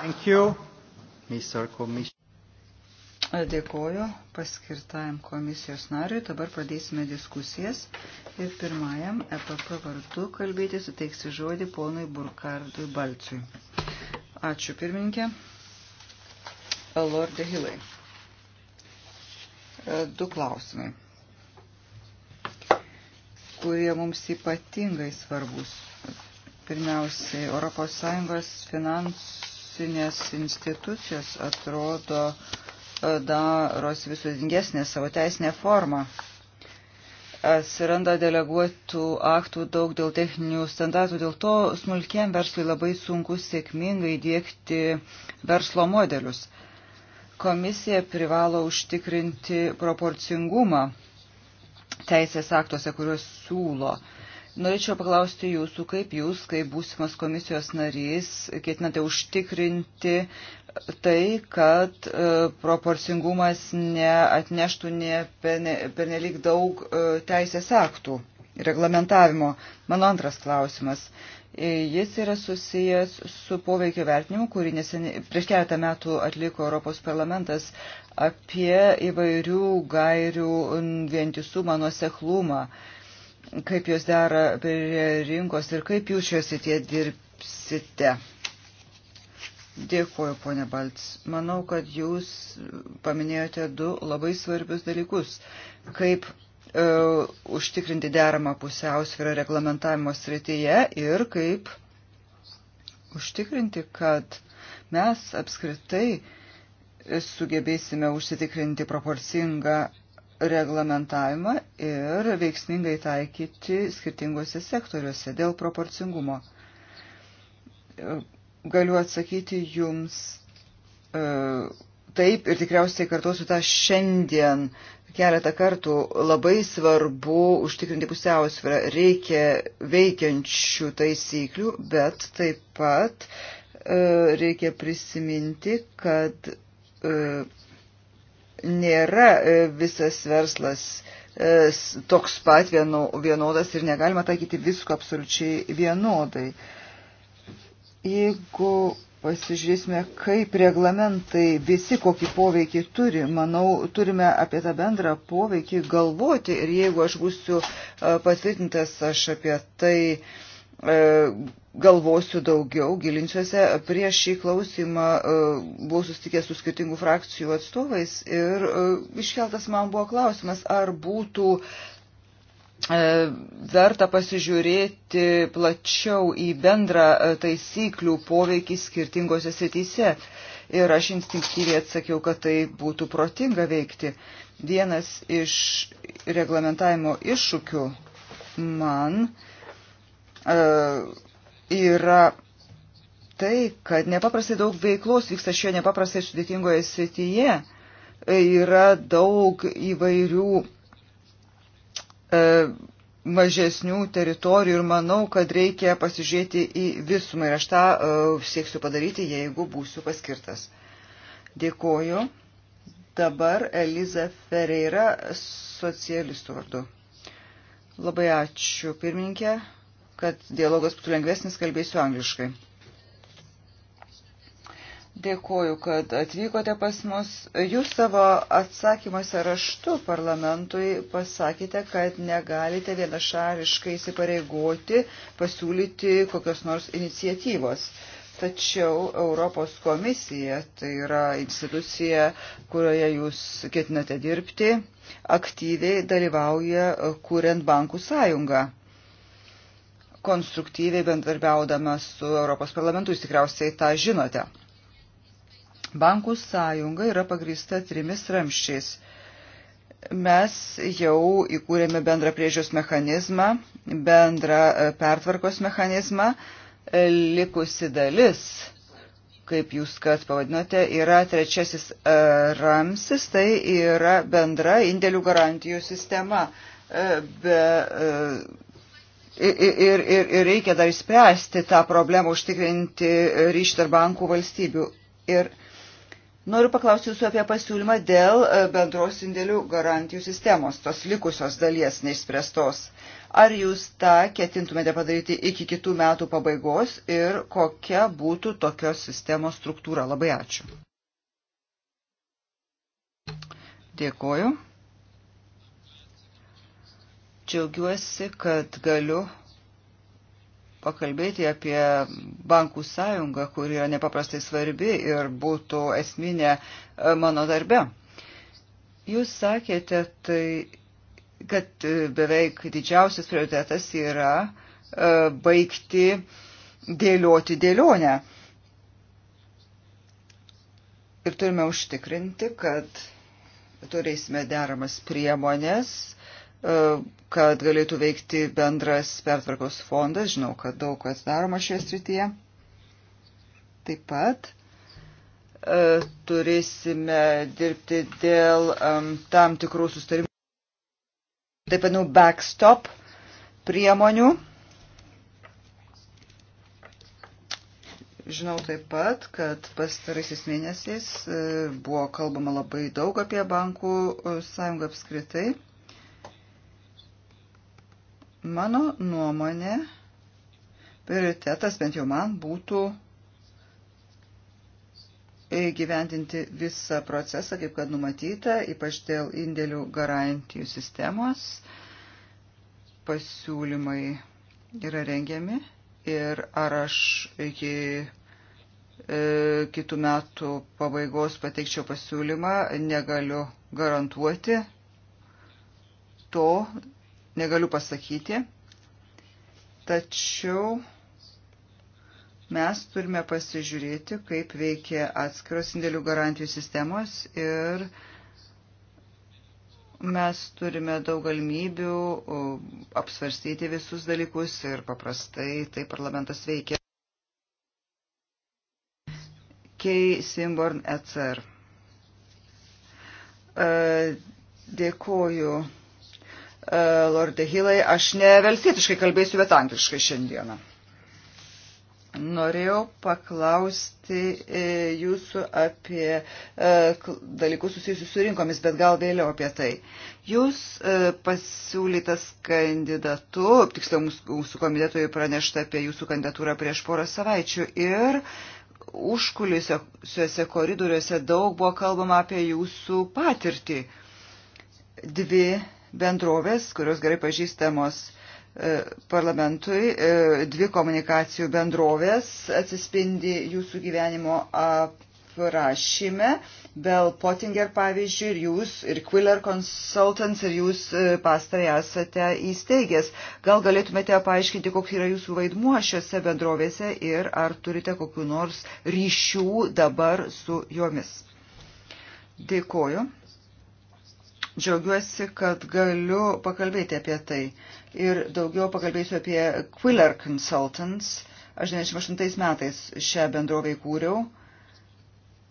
Thank you, Mr. Commission. Dėkoju paskirtajam komisijos nariui. Dabar pradėsime diskusijas. Ir pirmajam EPP vardu kalbėti suteiksiu žodį ponui Burkardui Balciui. Ačiū pirmininkė. Lorde Hilai. E, du klausimai, kurie mums ypatingai svarbus. Pirmiausiai, ES finansų finansinės institucijos atrodo e, daros vis sudingesnės savo teisinę formą. Atsiranda deleguotų aktų daug dėl techninių standartų, dėl to smulkiam verslui labai sunku sėkmingai dėkti verslo modelius. Komisija privalo užtikrinti proporcingumą teisės aktuose, kuriuos siūlo uh, Norėčiau paklausti jūsų, kaip jūs, kaip būsimas komisijos narys, ketinate užtikrinti tai, kad e, proporcingumas neatneštų ne pernelyg daug e, teisės aktų reglamentavimo. Mano antras klausimas. E, jis yra susijęs su poveikio vertinimu, kurį neseniai, prieš keletą metų atliko Europos parlamentas apie įvairių gairių vientisumą, nuoseklumą. Uh, kaip jos dera prie rinkos ir kaip jūs šios įtie dirbsite. Dėkuoju, ponė Balts. Manau, kad jūs paminėjote du labai svarbius dalykus. Kaip e, užtikrinti deramą pusiausvyrą reglamentavimo srityje ir kaip užtikrinti, kad mes apskritai sugebėsime užsitikrinti proporcingą reglamentavimą ir veiksmingai taikyti skirtingose sektoriuose dėl proporcingumo. Galiu atsakyti jums e, taip ir tikriausiai kartuosiu tą šiandien keletą kartų. Labai svarbu užtikrinti pusiausvyrą. Reikia veikiančių taisyklių, bet taip pat e, reikia prisiminti, kad e, nėra e, visas verslas e, toks pat vienodas ir negalima taikyti visko absoliučiai vienodai. Jeigu pasižiūrėsime, kaip reglamentai visi kokį poveikį turi, manau, turime apie tą bendrą poveikį galvoti ir jeigu aš būsiu e, patvirtintas, aš apie tai galvosiu daugiau, gilinsiuose. Prieš šį klausimą e, buvau susitikęs su skirtingų frakcijų atstovais ir e, iškeltas man buvo klausimas, ar būtų e, verta pasižiūrėti plačiau į bendrą taisyklių poveikį skirtingose srityse. Ir aš instinktyviai atsakiau, kad tai būtų protinga veikti. Vienas iš reglamentavimo iššūkių man uh, yra tai, kad nepaprastai daug veiklos vyksta šioje nepaprastai sudėtingoje srityje. E, yra daug įvairių e, mažesnių teritorijų ir manau, kad reikia pasižiūrėti į visumą ir aš tą e, sieksiu padaryti, jeigu būsiu paskirtas. Dėkoju. Dabar Eliza Ferreira socialistų vardu. Labai ačiū, pirmininkė kad dialogas būtų lengvesnis, kalbėsiu angliškai. Dėkuoju, kad atvykote pas mus. Jūs savo atsakymuose raštu parlamentui pasakėte, kad negalite vienašališkai įsipareigoti pasiūlyti kokios nors iniciatyvos. Tačiau Europos komisija, tai yra institucija, kurioje jūs ketinate dirbti, aktyviai dalyvauja kuriant bankų sąjungą konstruktyviai bendarbiaudama su Europos parlamentu, jūs tikriausiai tą žinote. Bankų sąjunga yra pagrįsta trimis ramščiais. Mes jau įkūrėme bendrą priežios mechanizmą, bendrą e, pertvarkos mechanizmą. E, likusi dalis, kaip jūs kas pavadinote, yra trečiasis e, ramsis, tai yra bendra indėlių garantijų sistema. Be, ir, ir, ir reikia dar spręsti tą problemą, užtikrinti ryšį tarp bankų valstybių. Ir noriu paklausti jūsų apie pasiūlymą dėl e, bendros indėlių garantijų sistemos, tos likusios dalies neišspręstos. Ar jūs tą ketintumėte padaryti iki kitų metų pabaigos ir kokia būtų tokios sistemos struktūra? Labai ačiū. Dėkoju. Džiaugiuosi, kad galiu pakalbėti apie bankų sąjungą, kuri yra nepaprastai svarbi ir būtų esminė e, mano darbe. Jūs sakėte, tai, kad e, beveik didžiausias prioritetas yra e, baigti dėlioti dėlionę. Ir turime užtikrinti, kad turėsime deramas priemonės, E, kad galėtų veikti bendras pertvarkos fondas. Žinau, kad daug kas daroma šioje srityje. Taip pat e, turėsime dirbti dėl tam tikrų sustarimų, taip pat nu, backstop priemonių. Žinau taip pat, kad pastaraisiais mėnesiais e, buvo kalbama labai daug apie bankų sąjungą apskritai. Mano nuomonė, prioritetas bent jau man būtų įgyvendinti visą procesą, kaip kad numatyta, ypač dėl indėlių garantijų sistemos. Pasiūlymai yra rengiami ir ar aš iki e, kitų metų pabaigos pateikčiau pasiūlymą, negaliu garantuoti to, negaliu pasakyti. Tačiau mes turime pasižiūrėti, kaip veikia atskiros indėlių garantijų sistemos ir mes turime daug galimybių apsvarstyti visus dalykus ir paprastai tai parlamentas veikia. Kei Simborn ECR. E, dėkoju Lorde Hilai, aš ne velsietiškai kalbėsiu, bet angliškai šiandieną. Norėjau paklausti e, jūsų apie e, dalykus susijusius su rinkomis, bet gal vėliau apie tai. Jūs e, pasiūlytas kandidatu, tiksliau mūsų komitetui pranešta apie jūsų kandidatūrą prieš porą savaičių ir užkulisiuose koridoriuose daug buvo kalbama apie jūsų patirtį. Dvi bendrovės, kurios gerai pažįstamos e, parlamentui, e, dvi komunikacijų bendrovės atsispindi jūsų gyvenimo aprašyme. Bell Pottinger pavyzdžiui ir jūs, ir Quiller Consultants, ir jūs e, pastarai esate įsteigęs. Gal galėtumėte paaiškinti, koks yra jūsų vaidmuo šiuose bendrovėse ir ar turite kokiu nors ryšių dabar su jomis. Dėkoju. Džiaugiuosi, kad galiu pakalbėti apie tai. Ir daugiau pakalbėsiu apie Quiller Consultants. Aš 98 metais šią bendrovę įkūriau.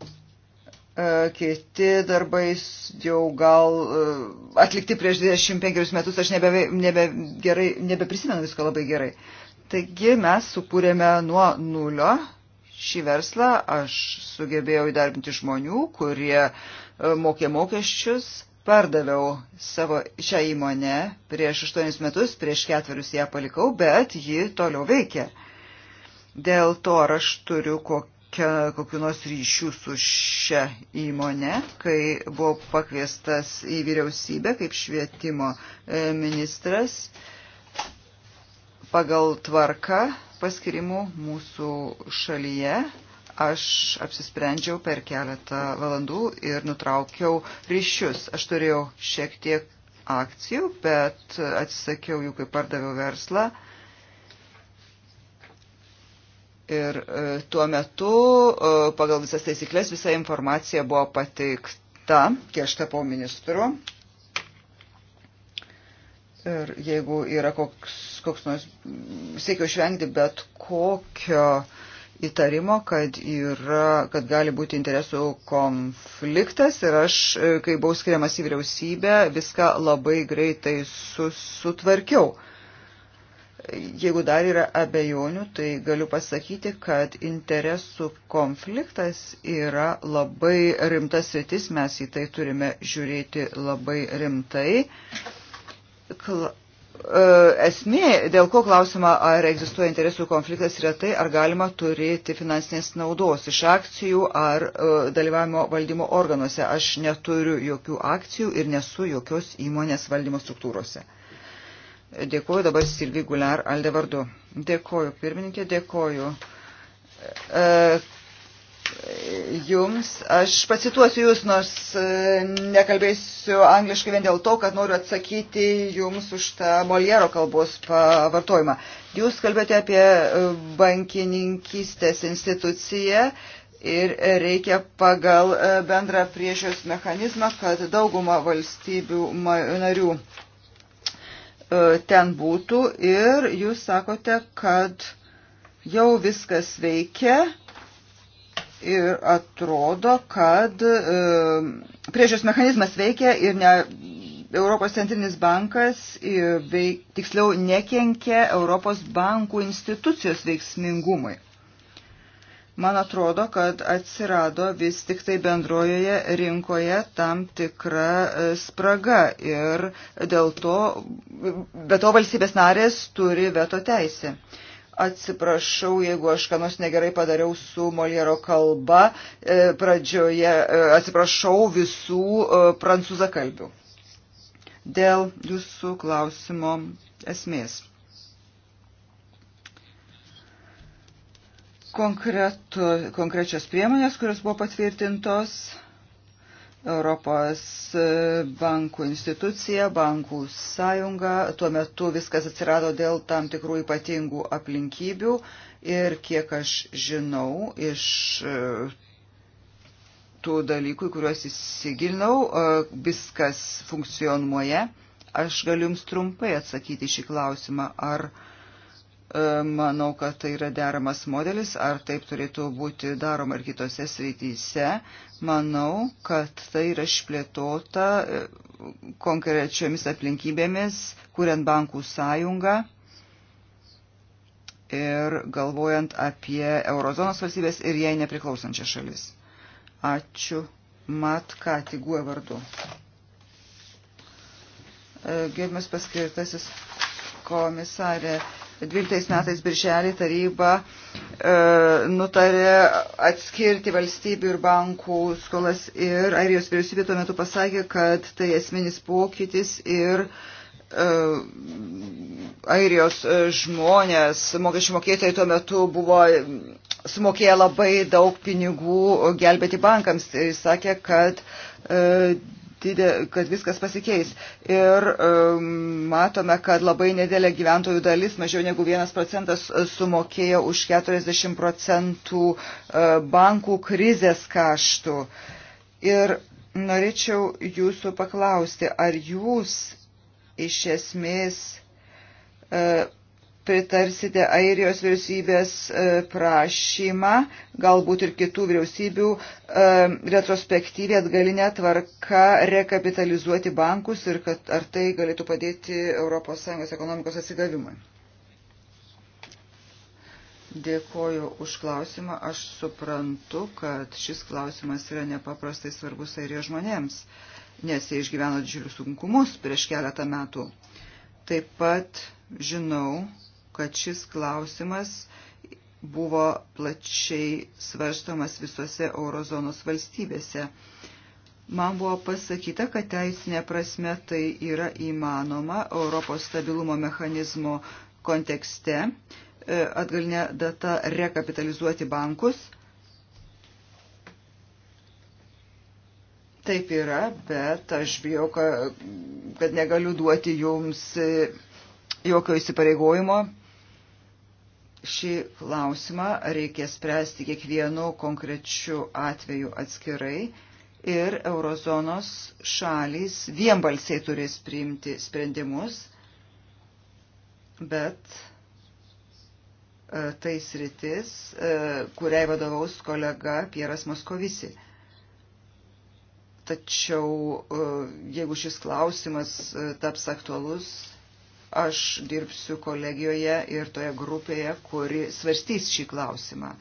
E, kiti darbai jau gal e, atlikti prieš 25 metus, aš nebe, nebe gerai, nebeprisimenu visko labai gerai. Taigi mes sukūrėme nuo nulio šį verslą, aš sugebėjau įdarbinti žmonių, kurie e, mokė mokesčius pardaviau savo šią įmonę prieš 8 metus, prieš ketverius ją palikau, bet ji toliau veikia. Dėl to ar aš turiu kokią, kokiu nors ryšių su šia įmonė, kai buvau pakviestas į vyriausybę kaip švietimo e, ministras pagal tvarką paskirimų mūsų šalyje aš apsisprendžiau per keletą valandų ir nutraukiau ryšius. Aš turėjau šiek tiek akcijų, bet atsisakiau jų, kai pardaviau verslą. Ir e, tuo metu e, pagal visas taisyklės visa informacija buvo pateikta, kai aš tapau ministru. Ir jeigu yra koks, koks nors, siekiau išvengti bet kokio uh, įtarimo, kad, yra, kad gali būti interesų konfliktas ir aš, kai buvau skiriamas į vyriausybę, viską labai greitai sutvarkiau. Jeigu dar yra abejonių, tai galiu pasakyti, kad interesų konfliktas yra labai rimtas rytis, mes į tai turime žiūrėti labai rimtai. Kla E, esmė, dėl ko klausima, ar egzistuoja interesų konfliktas, yra tai, ar galima turėti finansinės naudos iš akcijų ar e, dalyvavimo valdymo organuose. Aš neturiu jokių akcijų ir nesu jokios įmonės valdymo struktūrose. Dėkuoju dabar Silvi Gular Aldevardu. Dėkuoju, pirmininkė, dėkuoju. E, jums. Aš pacituosiu jūs, nors e, nekalbėsiu angliškai vien dėl to, kad noriu atsakyti jums už tą Moliero kalbos pavartojimą. Jūs kalbėjote apie e, bankininkystės instituciją ir reikia pagal e, bendrą priežios mechanizmą, kad dauguma valstybių narių ten būtų ir jūs sakote, kad jau viskas veikia ir atrodo, kad e, priežios mechanizmas veikia ir ne, Europos centrinis bankas ir veik, tiksliau nekenkia Europos bankų institucijos veiksmingumui. Man atrodo, kad atsirado vis tik tai bendrojoje rinkoje tam tikra e, spraga ir dėl to, be to valstybės narės turi veto teisę. E, Atsiprašau, jeigu aš ką nors negerai padariau su Moliero kalba. E, pradžioje e, atsiprašau visų e, prancūzakalbių. Dėl jūsų klausimo esmės. Konkretu, konkrečios priemonės, kurios buvo patvirtintos Europos e, bankų institucija, bankų sąjunga. Tuo metu viskas atsirado dėl tam tikrų ypatingų aplinkybių ir kiek aš žinau iš e, tų dalykų, į kuriuos įsigilinau, e, viskas funkcionuoja. Aš galiu Jums trumpai atsakyti šį klausimą, ar uh, E, manau, kad tai yra deramas modelis, ar taip turėtų būti daroma ir kitose srityse. Manau, kad tai yra išplėtota e, konkrečiomis aplinkybėmis, kuriant bankų sąjungą ir galvojant apie eurozonos valstybės ir jai nepriklausančią šalis. Ačiū. Mat, ką tik vardu. E, Gerbimas paskirtasis komisarė, 12 metais birželį taryba e, nutarė atskirti valstybių ir bankų skolas ir Airijos vyriausybė tuo metu pasakė, kad tai esminis pokytis ir e, Airijos e, žmonės, mokesčių mokėtojai tuo metu buvo sumokėję labai daug pinigų gelbėti bankams ir tai sakė, kad e, didė, kad viskas pasikeis. Ir um, matome, kad labai nedėlė gyventojų dalis, mažiau negu 1 procentas, e, sumokėjo už 40 procentų uh, bankų krizės kaštų. Ir norėčiau jūsų paklausti, ar jūs iš esmės uh, pritarsite Airijos vyriausybės e, prašymą, galbūt ir kitų vyriausybių, e, retrospektyviai atgalinę tvarką rekapitalizuoti bankus ir kad ar tai galėtų padėti ES ekonomikos atsigavimui. Dėkoju už klausimą. Aš suprantu, kad šis klausimas yra nepaprastai svarbus airijos žmonėms, nes jie išgyveno didžiulius sunkumus prieš keletą metų. Taip pat žinau, kad šis klausimas buvo plačiai svarstomas visose eurozonos valstybėse. Man buvo pasakyta, kad teisinė prasme tai yra įmanoma Europos stabilumo mechanizmo kontekste e, atgalinė data rekapitalizuoti bankus. Taip yra, bet aš bijau, kad negaliu duoti jums e, jokio įsipareigojimo Šį klausimą reikia spręsti kiekvienu konkrečiu atveju atskirai ir eurozonos šalys vienbalsiai turės priimti sprendimus, bet e, tai sritis, e, kuriai vadovaus kolega Pieras Moskovisi. Tačiau e, jeigu šis klausimas taps aktualus Aš dirbsiu kolegijoje ir toje grupėje, kuri svarstys šį klausimą.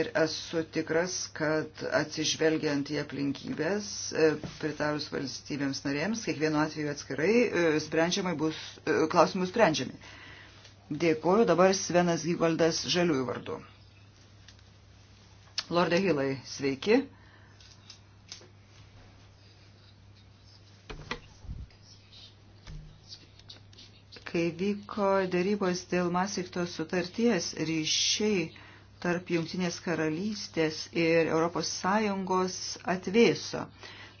Ir esu tikras, kad atsižvelgiant į aplinkybės, e, pritarus valstybėms narėms, kiekvienu atveju atskirai e, sprendžiamai bus e, klausimų sprendžiami. Dėkuoju dabar Svenas Gygoldas Žaliųjų vardu. Lorde Hilai, sveiki. Kai vyko dėrybos dėl Masikto sutarties, ryšiai tarp Jungtinės karalystės ir ES atvėso.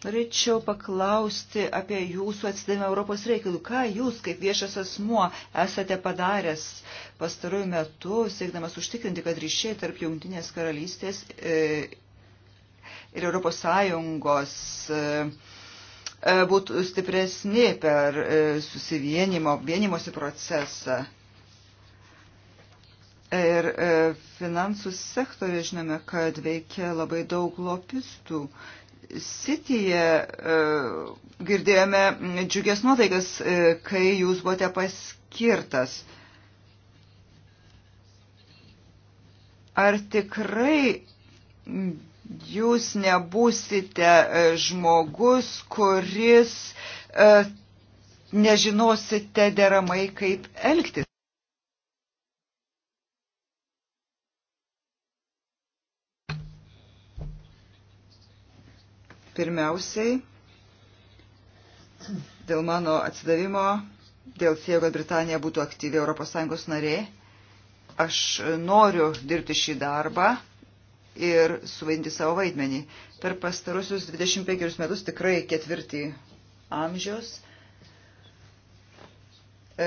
Norėčiau paklausti apie jūsų atsidavimą Europos reikalų. Ką jūs, kaip viešas asmuo, esate padaręs pastarųjų metų, siekdamas užtikrinti, kad ryšiai tarp Jungtinės karalystės e, ir Europos Sąjungos e, E, būtų stipresni per e, susivienimo, vienimosi procesą. Ir e, finansų sektorė žinome, kad veikia labai daug lopistų. Sityje girdėjome džiugės nuotaikas, kai jūs buvote paskirtas. Ar tikrai jūs nebūsite e, žmogus, kuris e, nežinosite deramai, kaip elgtis. Pirmiausiai, dėl mano atsidavimo, dėl siekio, kad Britanija būtų aktyvi ES narė, aš noriu dirbti šį darbą ir suvaidinti savo vaidmenį. Per pastarusius 25 metus tikrai ketvirtį amžiaus. E,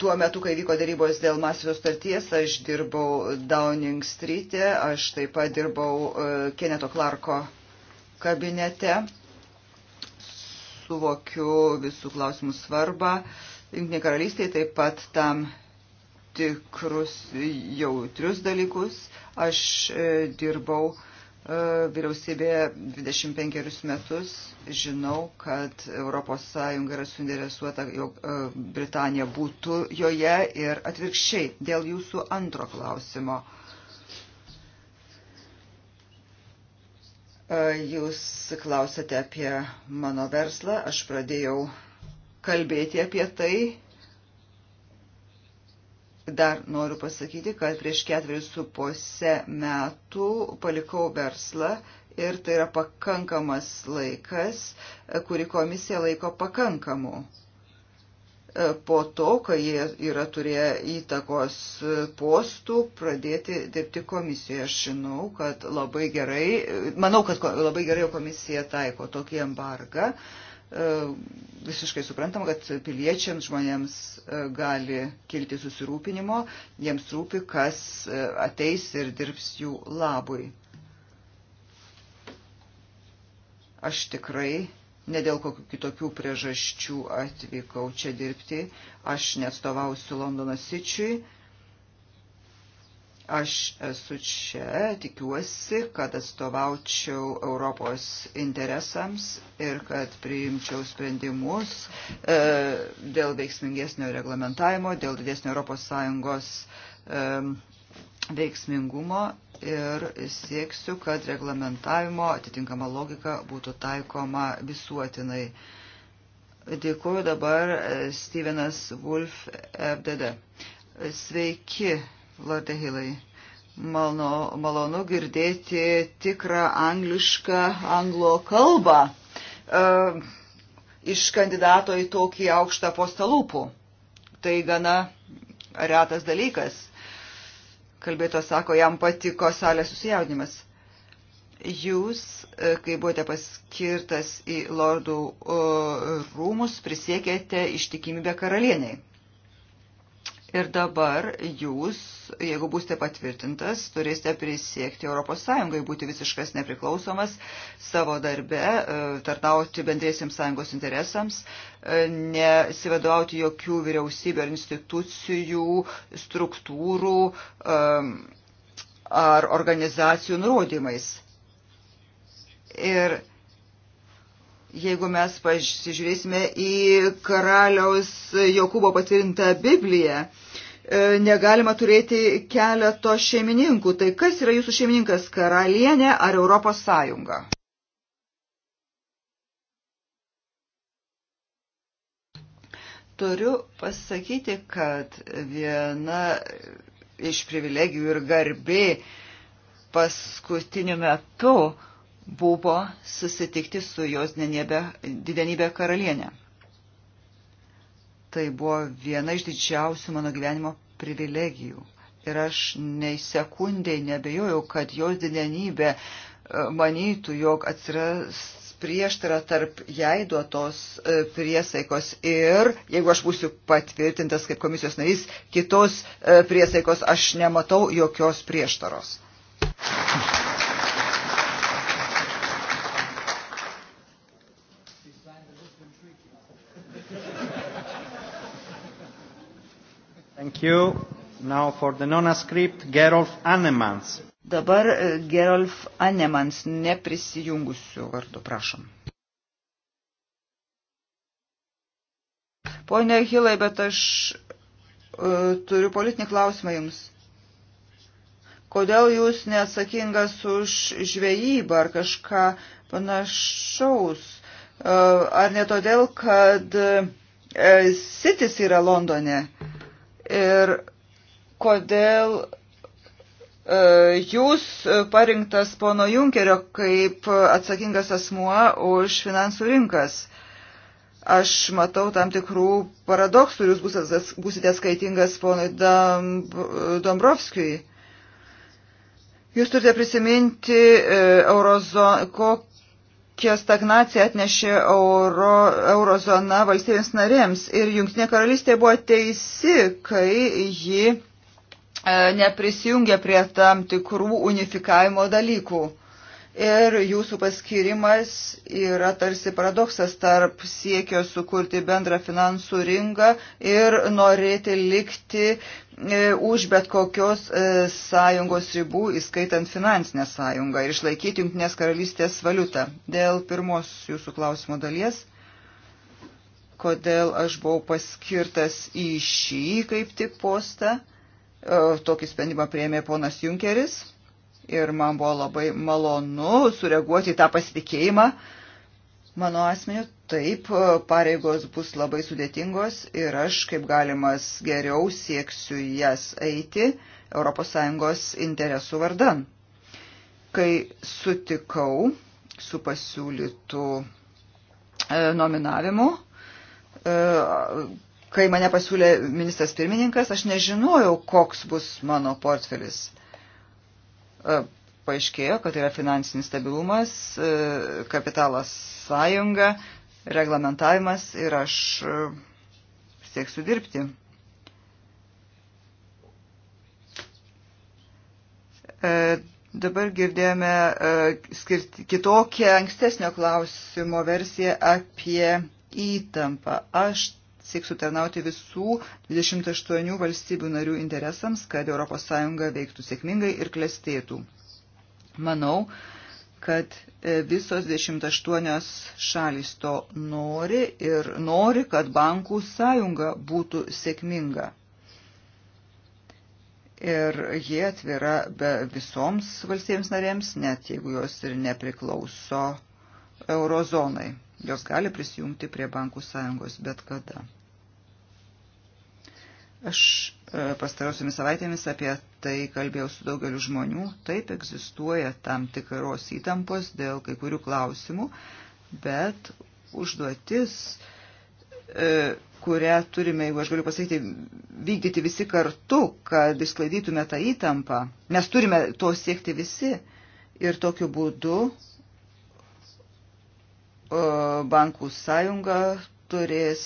tuo metu, kai vyko darybos dėl Masvio starties, aš dirbau Downing Street, e, aš taip pat dirbau e, Keneto Clarko kabinete, suvokiu visų klausimų svarbą. Junktinė karalystė taip pat tam tikrus jautrius dalykus. Aš e, dirbau e, vyriausybėje 25 metus, žinau, kad ES yra suinteresuota, jog e, Britanija būtų joje ir atvirkščiai dėl jūsų antro klausimo. Jūs klausėte apie mano verslą, aš pradėjau kalbėti apie tai Dar noriu pasakyti, kad prieš ketverius su puse metų palikau verslą ir tai yra pakankamas laikas, kurį komisija laiko pakankamu. E, po to, kai jie yra turėję įtakos postų, pradėti dirbti komisijoje. Aš žinau, kad labai gerai, manau, kad labai gerai komisija taiko tokį embargą. Uh, E, visiškai suprantam, kad piliečiams žmonėms e, gali kilti susirūpinimo, jiems rūpi, kas e, ateis ir dirbs jų labui. Aš tikrai ne dėl kokių kitokių priežasčių atvykau čia dirbti, aš neatstovausiu Londono sičiui Aš esu čia, tikiuosi, kad atstovaučiau Europos interesams ir kad priimčiau sprendimus e, dėl veiksmingesnio reglamentavimo, dėl didesnio ES e, veiksmingumo ir sieksiu, kad reglamentavimo atitinkama logika būtų taikoma visuotinai. Dėkuoju dabar e, Stevenas Wolf FDD. Sveiki, Lotte Hillai. Malonu, malonu girdėti tikrą anglišką anglo kalbą e, iš kandidato į tokį aukštą postą lūpų. Tai gana retas dalykas. Kalbėto sako, jam patiko salės susijaudinimas. Jūs, e, kai buvote paskirtas į lordų e, rūmus, prisiekėte ištikimybę karalieniai. Ir dabar jūs, jeigu būsite patvirtintas, turėsite prisiekti ES, būti visiškas nepriklausomas savo darbe, e, tarnauti bendrėsiams sąjungos interesams, e, nesivadovauti jokių vyriausybių ar institucijų, struktūrų e, ar organizacijų nurodymais. Ir Jeigu mes pasižiūrėsime į karaliaus Jokūbo patvirtintą Bibliją, e, negalima turėti keleto šeimininkų. Tai kas yra jūsų šeimininkas - karalienė ar Europos Sąjunga? Turiu pasakyti, kad viena iš privilegijų ir garbė paskutiniu metu uh, buvo susitikti su jos didenybė karalienė. Tai buvo viena iš didžiausių mano gyvenimo privilegijų. Ir aš nei sekundėj nebejojau, kad jos didenybė e, manytų, jog atsiras prieštara tarp jai duotos e, priesaikos ir, jeigu aš būsiu patvirtintas kaip komisijos narys, kitos e, priesaikos aš nematau jokios prieštaros. Thank you. Thank you. Now for the non-script Gerolf Annemans. Dabar e, Gerolf Annemans, neprisijungusiu vardu, prašom. Pone Hilai, bet aš uh, turiu politinį klausimą jums. Kodėl jūs neatsakingas už žvejybą ar kažką panašaus? Uh, ar ne todėl, kad uh, sitis yra Londone? Uh, ir kodėl e, jūs parinktas pono Junkerio kaip atsakingas asmuo už finansų rinkas. Aš matau tam tikrų paradoksų, jūs būsite skaitingas ponui Dombrovskijui. Jūs turite prisiminti, e, eurozo, kok, kokią stagnaciją atnešė euro, eurozona valstybėms narėms. Ir Junktinė karalystė buvo teisi, kai ji e, neprisijungė prie tam tikrų unifikavimo dalykų. Ir jūsų paskirimas yra tarsi paradoksas tarp siekio sukurti bendrą finansų ringą ir norėti likti E, už bet kokios e, sąjungos ribų, įskaitant finansinę sąjungą ir išlaikyti Junktinės karalystės valiutą. Dėl pirmos jūsų klausimo dalies, kodėl aš buvau paskirtas į šį kaip tik postą, e, tokį sprendimą prieėmė ponas Junkeris ir man buvo labai malonu sureaguoti į tą pasitikėjimą, Mano asmeniu taip, pareigos bus labai sudėtingos ir aš kaip galimas geriau sieksiu jas eiti ES interesų vardan. Kai sutikau su pasiūlytų e, nominavimu, e, kai mane pasiūlė ministras pirmininkas, aš nežinojau, koks bus mano portfelis e, paaiškėjo, kad yra finansinis stabilumas, e, kapitalas sąjunga, reglamentavimas ir aš e, sieksiu dirbti. E, dabar girdėjome kitokią ankstesnio klausimo versiją apie įtampą. Aš sieksiu tarnauti visų 28 valstybių narių interesams, kad ES veiktų sėkmingai ir klestėtų. Manau, kad e, visos 28 šalis to nori ir nori, kad bankų sąjunga būtų sėkminga. Ir jie atvira visoms valstybėms narėms, net jeigu jos ir nepriklauso eurozonai. Jos gali prisijungti prie bankų sąjungos bet kada. Aš e, pastarosiomis savaitėmis apie tai kalbėjau su daugeliu žmonių. Taip egzistuoja tam tikros įtampos dėl kai kurių klausimų, bet užduotis, e, kurią turime, jeigu aš galiu pasakyti, vykdyti visi kartu, kad išsklaidytume tą įtampą. Mes turime to siekti visi ir tokiu būdu e, bankų sąjunga turės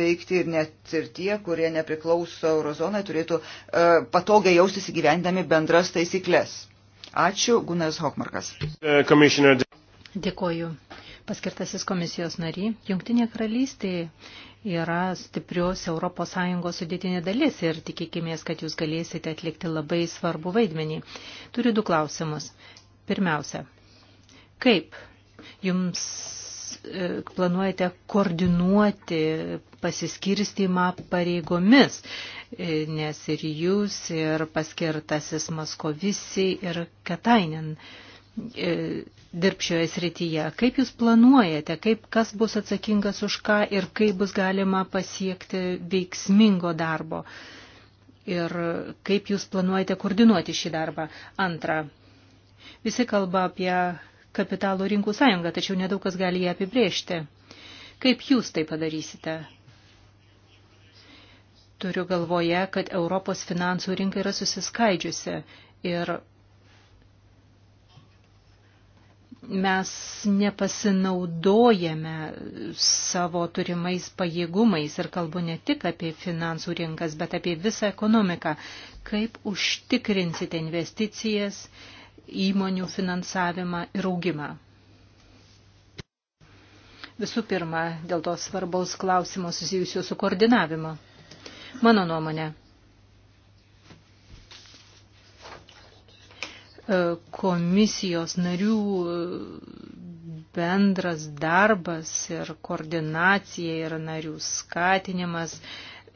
veikti ir net ir tie, kurie nepriklauso eurozonai, turėtų uh, patogiai jaustis įgyvendami bendras taisyklės. Ačiū, Gunas Hokmarkas. E, Dėkoju. Paskirtasis komisijos nary, Jungtinė karalystė yra stiprios ES sudėtinė dalis ir tikėkimės, kad jūs galėsite atlikti labai svarbų vaidmenį. Turiu du klausimus. Pirmiausia, kaip jums E, planuojate koordinuoti pasiskirstimą pareigomis, e, nes ir jūs, ir paskirtasis Maskovisi, ir Katainin e, dirb šioje srityje. Kaip jūs planuojate, kaip kas bus atsakingas už ką ir kaip bus galima pasiekti veiksmingo darbo? Ir kaip jūs planuojate koordinuoti šį darbą? Antra, visi kalba apie kapitalo rinkų sąjungą, tačiau nedaug kas gali ją apibrėžti. Kaip jūs tai padarysite? Turiu galvoje, kad Europos finansų rinka yra susiskaidžiusi ir mes nepasinaudojame savo turimais pajėgumais ir kalbu ne tik apie finansų rinkas, bet apie visą ekonomiką. Kaip užtikrinsite investicijas, įmonių finansavimą ir augimą. Visų pirma, dėl to svarbaus klausimo susijusio su koordinavimu. Mano nuomonė, e, komisijos narių e, bendras darbas ir koordinacija ir narių skatinimas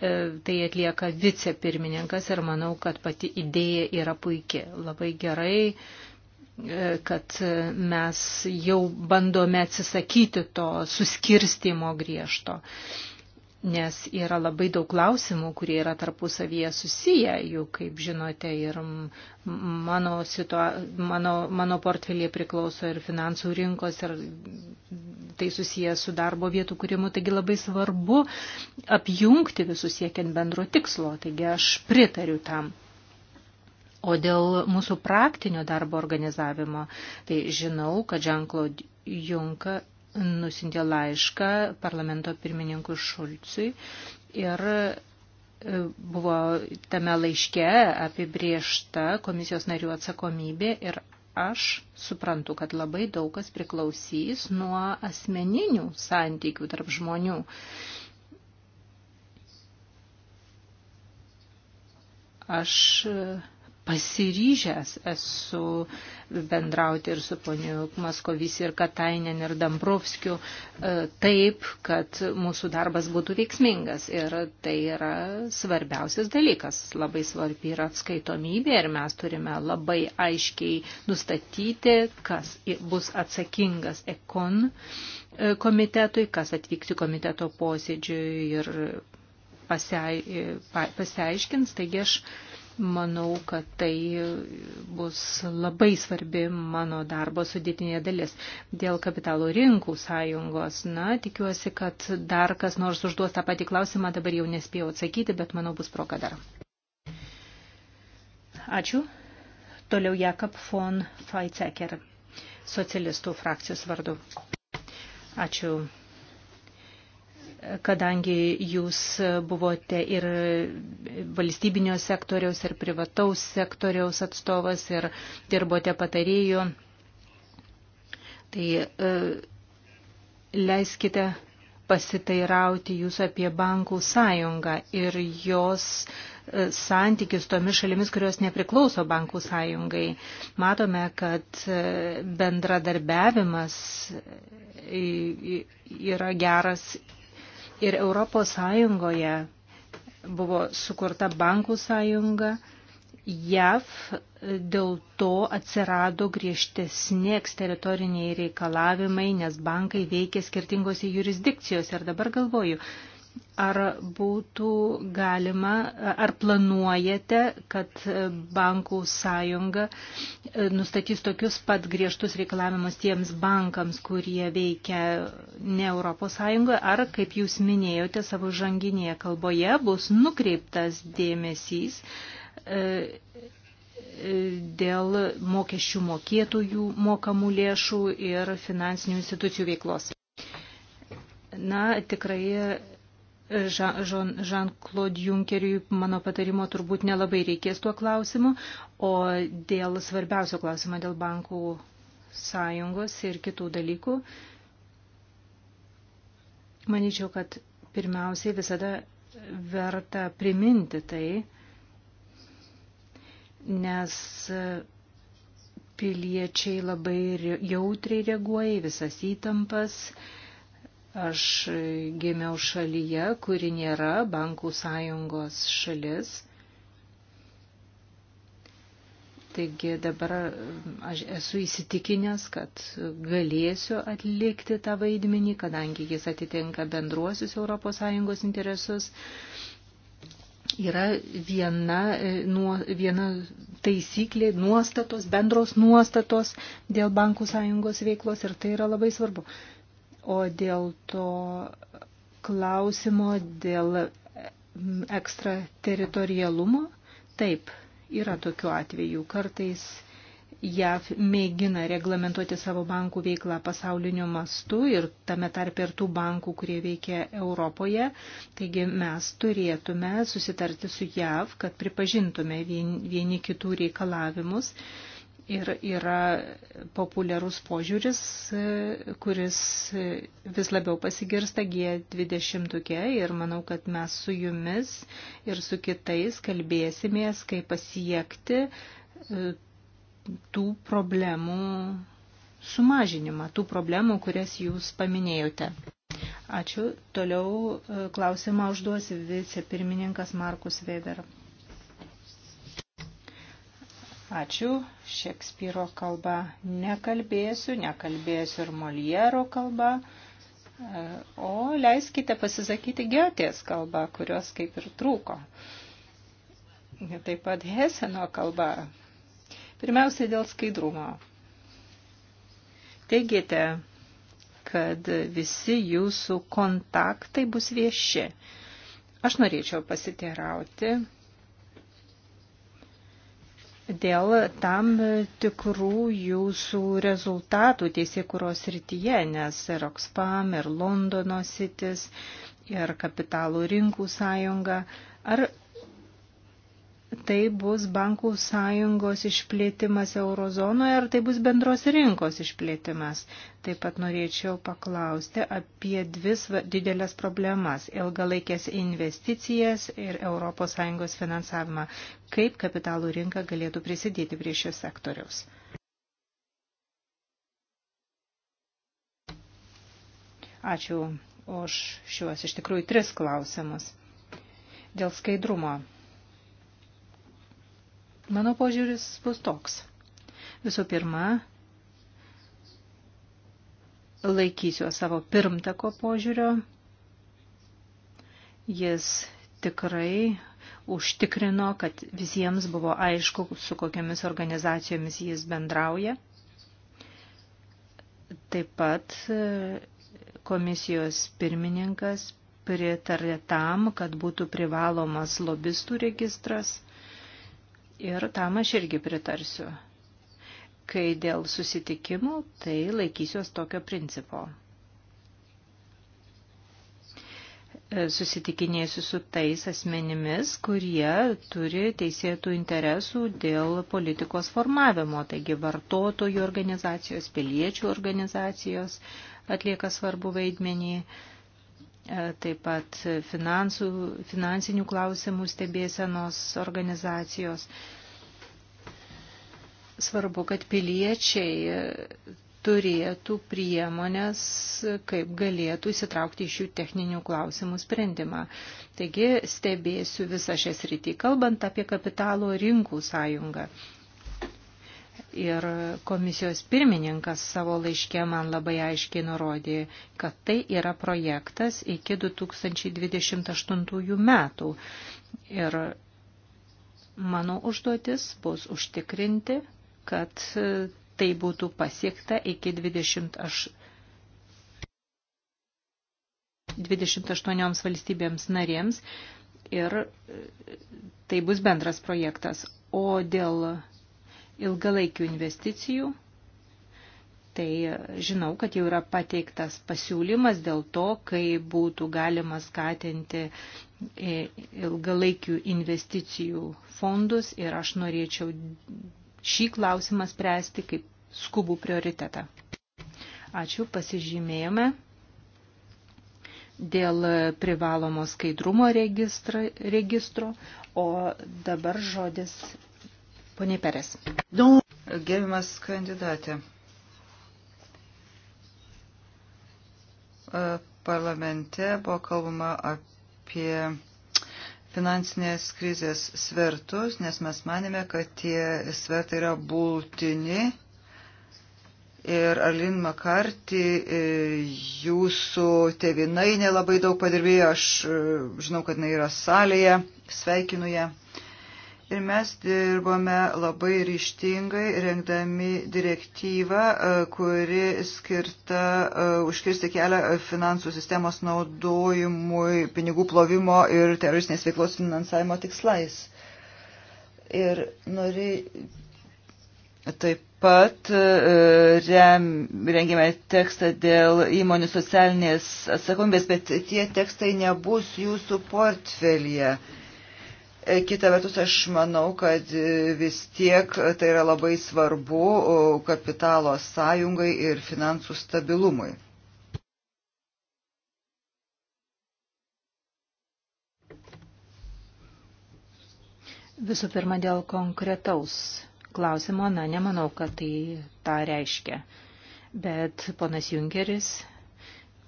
E, tai atlieka vicepirmininkas ir manau, kad pati idėja yra puikia. Labai gerai, e, kad mes jau bandome atsisakyti to suskirstimo griežto nes yra labai daug klausimų, kurie yra tarpusavyje susiję, juk, kaip žinote, ir mano, situa mano, mano portfelė priklauso ir finansų rinkos, ir tai susiję su darbo vietų kūrimu, taigi labai svarbu apjungti visus siekiant bendro tikslo, taigi aš pritariu tam. O dėl mūsų praktinio darbo organizavimo, tai žinau, kad Jean-Claude Juncker nusintė laišką parlamento pirmininkui Šulcui ir e, buvo tame laiške apibriešta komisijos narių atsakomybė ir aš suprantu, kad labai daug kas priklausys nuo asmeninių santykių tarp žmonių. Aš pasiryžęs esu bendrauti ir su poniu Maskovisi ir Katainen ir Dambrovskiu e, taip, kad mūsų darbas būtų veiksmingas. Ir tai yra svarbiausias dalykas. Labai svarbi yra atskaitomybė ir mes turime labai aiškiai nustatyti, kas bus atsakingas ekon e, komitetui, kas atvykti komiteto posėdžiui ir pasiai, e, pasiaiškins. Taigi aš Manau, kad tai bus labai svarbi mano darbo sudėtinė dalis. Dėl kapitalo rinkų sąjungos, na, tikiuosi, kad dar kas nors užduos tą patį klausimą, dabar jau nespėjau atsakyti, bet manau bus proga dar. Ačiū. Toliau Jakob von Feitzeker, socialistų frakcijos vardu. Ačiū kadangi jūs buvote ir valstybinio sektoriaus, ir privataus sektoriaus atstovas, ir dirbote patarėjų. Tai e, leiskite pasitairauti jūs apie bankų sąjungą ir jos e, santykius tomis šalimis, kurios nepriklauso bankų sąjungai. Matome, kad e, bendradarbiavimas yra geras Ir Europos Sąjungoje buvo sukurta bankų sąjunga. JAV dėl to atsirado griežtesni eksteritoriniai reikalavimai, nes bankai veikia skirtingose jurisdikcijose. Ir dabar galvoju, Ar būtų galima, ar planuojate, kad bankų sąjunga e, nustatys tokius pat griežtus reikalavimus tiems bankams, kurie veikia ne Europos sąjungoje, ar, kaip jūs minėjote savo žanginėje kalboje, bus nukreiptas dėmesys e, e, dėl mokesčių mokėtojų mokamų lėšų ir finansinių institucijų veiklos. Na, tikrai Jean-Claude Junkeriui mano patarimo turbūt nelabai reikės tuo klausimu, o dėl svarbiausio klausimo dėl bankų sąjungos ir kitų dalykų, manyčiau, kad pirmiausiai visada verta priminti tai, nes piliečiai labai jautriai reaguoja į visas įtampas, Aš gimiau šalyje, kuri nėra bankų sąjungos šalis. Taigi dabar mm, aš esu įsitikinęs, kad galėsiu atlikti tą vaidmenį, kadangi jis atitinka bendruosius ES interesus. Yra viena, e, nuo, viena taisyklė, nuostatos, bendros nuostatos dėl bankų sąjungos veiklos ir tai yra labai svarbu. O dėl to klausimo dėl ekstrateritorialumo, taip, yra tokių atvejų. Kartais JAV mėgina reglamentuoti savo bankų veiklą pasauliniu mastu ir tame tarp ir tų bankų, kurie veikia Europoje. Taigi mes turėtume susitarti su JAV, kad pripažintume vieni kitų reikalavimus Ir yra populiarus požiūris, kuris vis labiau pasigirsta G20 ir manau, kad mes su jumis ir su kitais kalbėsimės, kaip pasiekti e, tų problemų sumažinimą, tų problemų, kurias jūs paminėjote. Ačiū. Toliau e, klausimą užduos vicepirmininkas Markus Weber. Ačiū. Šekspyro kalba nekalbėsiu, nekalbėsiu ir Moliero kalba, o leiskite pasisakyti Giotės kalba, kurios kaip ir trūko. Taip pat Heseno kalba. Pirmiausia, dėl skaidrumo. Teigite, kad visi jūsų kontaktai bus vieši. Aš norėčiau pasiteirauti, dėl tam tikrų jūsų rezultatų teisėkuros rytyje, nes ir Oxfam, ir Londono sitis, ir kapitalų rinkų sąjunga. Ar tai bus bankų sąjungos išplėtimas eurozonoje ar tai bus bendros rinkos išplėtimas. Taip pat norėčiau paklausti apie dvi didelės problemas - ilgalaikės investicijas ir ES finansavimą. Kaip kapitalų rinka galėtų prisidėti prie šios sektoriaus? Ačiū už šiuos iš tikrųjų tris klausimus. Dėl skaidrumo Mano požiūris bus toks. Visų pirma, laikysiu savo pirmtako požiūrio. Jis tikrai užtikrino, kad visiems buvo aišku, su kokiamis organizacijomis jis bendrauja. Taip pat e, komisijos pirmininkas pritarė tam, kad būtų privalomas lobistų registras – Ir tam aš irgi pritarsiu. Kai dėl susitikimų, tai laikysiuos tokio principo. Susitikinėsiu su tais asmenimis, kurie turi teisėtų interesų dėl politikos formavimo, taigi vartotojų organizacijos, piliečių organizacijos atlieka svarbu vaidmenį E, taip pat finansų, finansinių klausimų stebėsenos organizacijos. Svarbu, kad piliečiai turėtų priemonės, kaip galėtų įsitraukti iš jų techninių klausimų sprendimą. Taigi stebėsiu visą šią sritį, kalbant apie kapitalo rinkų sąjungą. Ir komisijos pirmininkas savo laiške man labai aiškiai nurodė, kad tai yra projektas iki 2028 metų. Ir mano užduotis bus užtikrinti, kad tai būtų pasiekta iki 28. 28 valstybėms narėms ir tai bus bendras projektas. O dėl ilgalaikių investicijų. Tai e, žinau, kad jau yra pateiktas pasiūlymas dėl to, kai būtų galima skatinti e, ilgalaikių investicijų fondus ir aš norėčiau šį klausimą spręsti kaip skubų prioritetą. Ačiū, pasižymėjome dėl privalomo skaidrumo registro, registro o dabar žodis Pone Peres. Gerbimas kandidatė. Parlamente buvo kalbama apie finansinės krizės svertus, nes mes manėme, kad tie svertai yra būtini. Ir Arlin Makarti, e, jūsų tevinai nelabai daug padirbėjo, aš e, žinau, kad jinai yra salėje, sveikinu ją. Ja. Ir mes dirbome labai ryštingai, rengdami direktyvą, e, kuri skirta e, užkirsti kelią finansų sistemos naudojimui, pinigų plovimo ir teroristinės veiklos finansavimo tikslais. Ir nori taip pat e, rem, rengėme tekstą dėl įmonių socialinės atsakomybės, bet tie tekstai nebus jūsų portfelėje. E, kita vertus, aš manau, kad e, vis tiek e, tai yra labai svarbu kapitalo sąjungai ir finansų stabilumui. Visų pirma, dėl konkretaus klausimo, na, nemanau, kad tai tą reiškia. Bet ponas Junkeris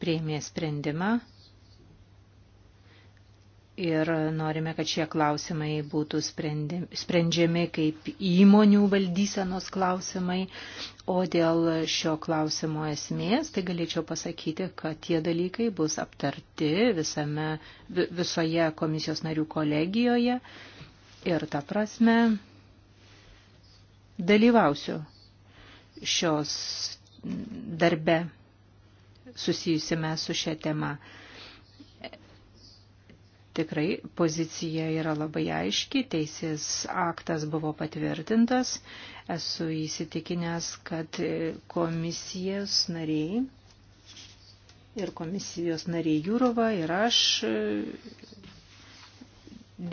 prieimė sprendimą ir norime, kad šie klausimai būtų sprendžiami kaip įmonių valdysenos klausimai. O dėl šio klausimo esmės, tai galėčiau pasakyti, kad tie dalykai bus aptarti visame, visoje komisijos narių kolegijoje. Ir ta prasme dalyvausiu šios darbe susijusime su šia tema. Tikrai pozicija yra labai aiški, teisės aktas buvo patvirtintas. Esu įsitikinęs, kad komisijos nariai ir komisijos nariai Jūrova ir aš e,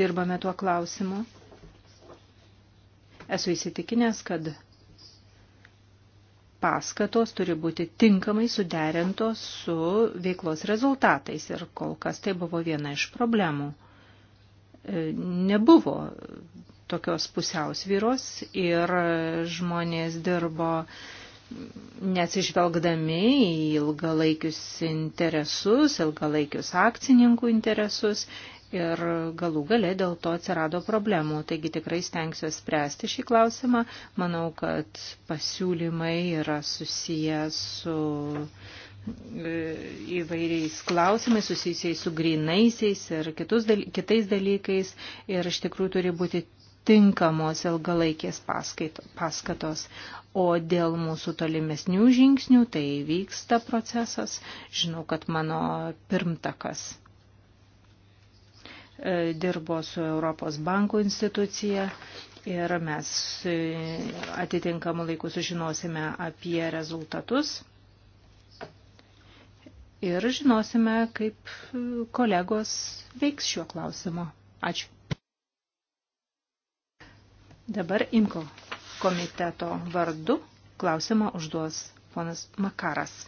dirbame tuo klausimu. Esu įsitikinęs, kad paskatos turi būti tinkamai suderintos su veiklos rezultatais ir kol kas tai buvo viena iš problemų. E, nebuvo tokios pusiausvyros ir žmonės dirbo neatsižvelgdami į ilgalaikius interesus, ilgalaikius akcininkų interesus ir galų gale dėl to atsirado problemų. Taigi tikrai stengsiuosi spręsti šį klausimą. Manau, kad pasiūlymai yra susiję su e, įvairiais klausimais susijusiais su grinaisiais ir kitus, kitais dalykais ir iš tikrųjų turi būti tinkamos ilgalaikės paskatos. O dėl mūsų tolimesnių žingsnių tai vyksta procesas. Žinau, kad mano pirmtakas E, dirbo su Europos bankų institucija ir mes e, atitinkamų laikų sužinosime apie rezultatus ir žinosime, kaip kolegos veiks šiuo klausimu. Ačiū. Dabar Imko komiteto vardu klausimą užduos ponas Makaras.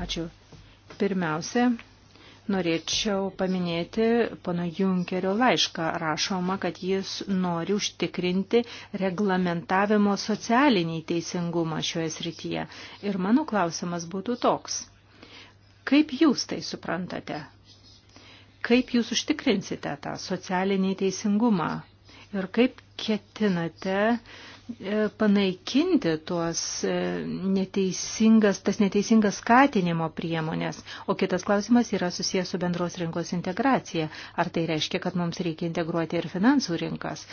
Ačiū. Pirmiausia, norėčiau paminėti pono Junkerio laišką. Rašoma, kad jis nori užtikrinti reglamentavimo socialinį teisingumą šioje srityje. Ir mano klausimas būtų toks. Kaip jūs tai suprantate? Kaip jūs užtikrinsite tą socialinį teisingumą? Ir kaip ketinate uh, E, panaikinti tuos e, neteisingas, tas neteisingas skatinimo priemonės. O kitas klausimas yra susijęs su bendros rinkos integracija. Ar tai reiškia, kad mums reikia integruoti ir finansų rinkas?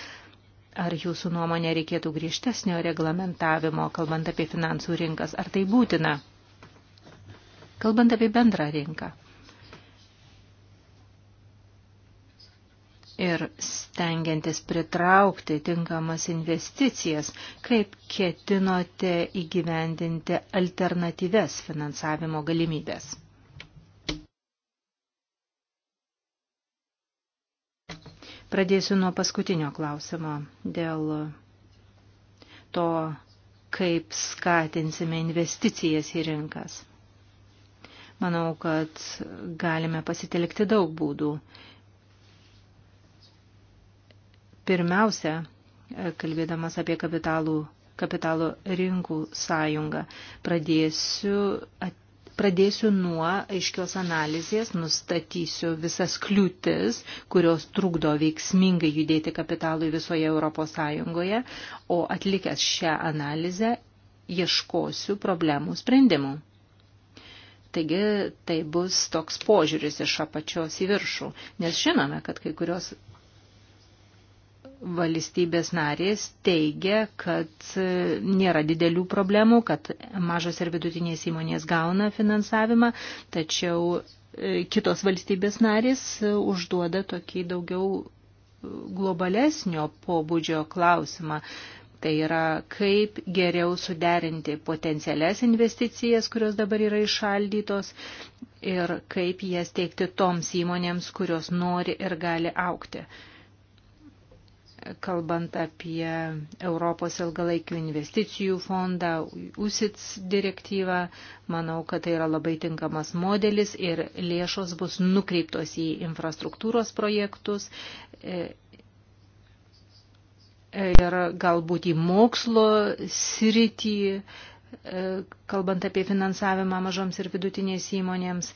Ar jūsų nuomonė reikėtų griežtesnio reglamentavimo, kalbant apie finansų rinkas? Ar tai būtina? Kalbant apie bendrą rinką. ir stengiantis pritraukti tinkamas investicijas, kaip ketinote įgyvendinti alternatyves finansavimo galimybės? Pradėsiu nuo paskutinio klausimo dėl to, kaip skatinsime investicijas į rinkas. Manau, kad galime pasitelkti daug būdų Pirmiausia, kalbėdamas apie kapitalų, kapitalo rinkų sąjungą, pradėsiu, at, pradėsiu nuo aiškios analizės, nustatysiu visas kliūtis, kurios trukdo veiksmingai judėti kapitalui visoje Europos Sąjungoje, o atlikęs šią analizę ieškosiu problemų sprendimų. Taigi tai bus toks požiūris iš apačios į viršų, nes žinome, kad kai kurios valstybės narės teigia, kad nėra didelių problemų, kad mažos ir vidutinės įmonės gauna finansavimą, tačiau e, kitos valstybės narės e, užduoda tokį daugiau e, globalesnio pobūdžio klausimą. Tai yra, kaip geriau suderinti potencialias investicijas, kurios dabar yra išaldytos, ir kaip jas teikti toms įmonėms, kurios nori ir gali aukti kalbant apie Europos ilgalaikių investicijų fondą, USITS direktyvą, manau, kad tai yra labai tinkamas modelis ir lėšos bus nukreiptos į infrastruktūros projektus e, e, ir galbūt į mokslo sritį E, kalbant apie finansavimą mažoms ir vidutinės įmonėms,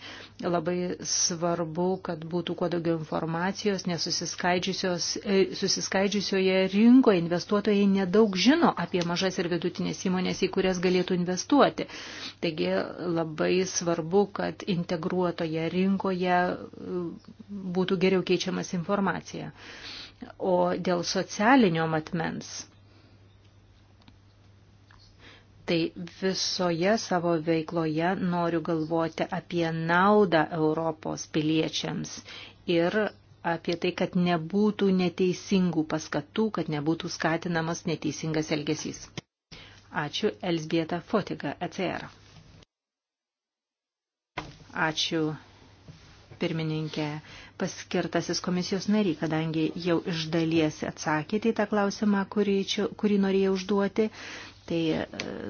labai svarbu, kad būtų kuo daugiau informacijos, nes e, susiskaidžiusioje rinkoje investuotojai nedaug žino apie mažas ir vidutinės įmonės, į kurias galėtų investuoti. Taigi labai svarbu, kad integruotoje rinkoje e, būtų geriau keičiamas informacija. O dėl socialinio matmens tai visoje savo veikloje noriu galvoti apie naudą Europos piliečiams ir apie tai, kad nebūtų neteisingų paskatų, kad nebūtų skatinamas neteisingas elgesys. Ačiū Elsbieta Fotiga, ECR. Ačiū pirmininkė paskirtasis komisijos nary, kadangi jau iš dalies atsakėte į tą klausimą, kurį, čia, kurį norėjau užduoti. Tai e,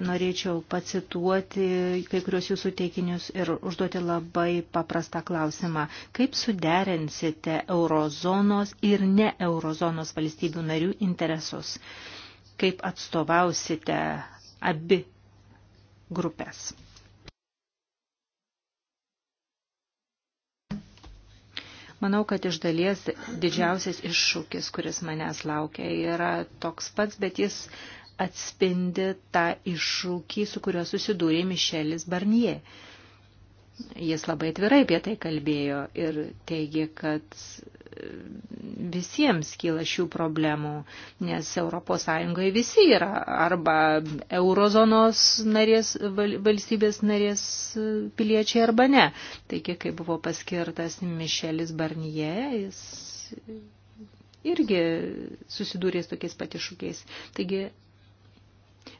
norėčiau pacituoti kai kurios jūsų teikinius ir užduoti labai paprastą klausimą. Kaip suderinsite eurozonos ir ne eurozonos valstybių narių interesus? Kaip atstovausite abi grupės? Manau, kad iš dalies didžiausias iššūkis, kuris manęs laukia, yra toks pats, bet jis atspindi tą iššūkį, su kuriuo susidūrė Mišelis Barnie. Jis labai atvirai apie tai kalbėjo ir teigė, kad visiems kyla šių problemų, nes ES visi yra arba eurozonos narės, valstybės narės piliečiai arba ne. Taigi, kai buvo paskirtas Mišelis Barnie, jis irgi susidūrė su tokiais patišūkiais. Taigi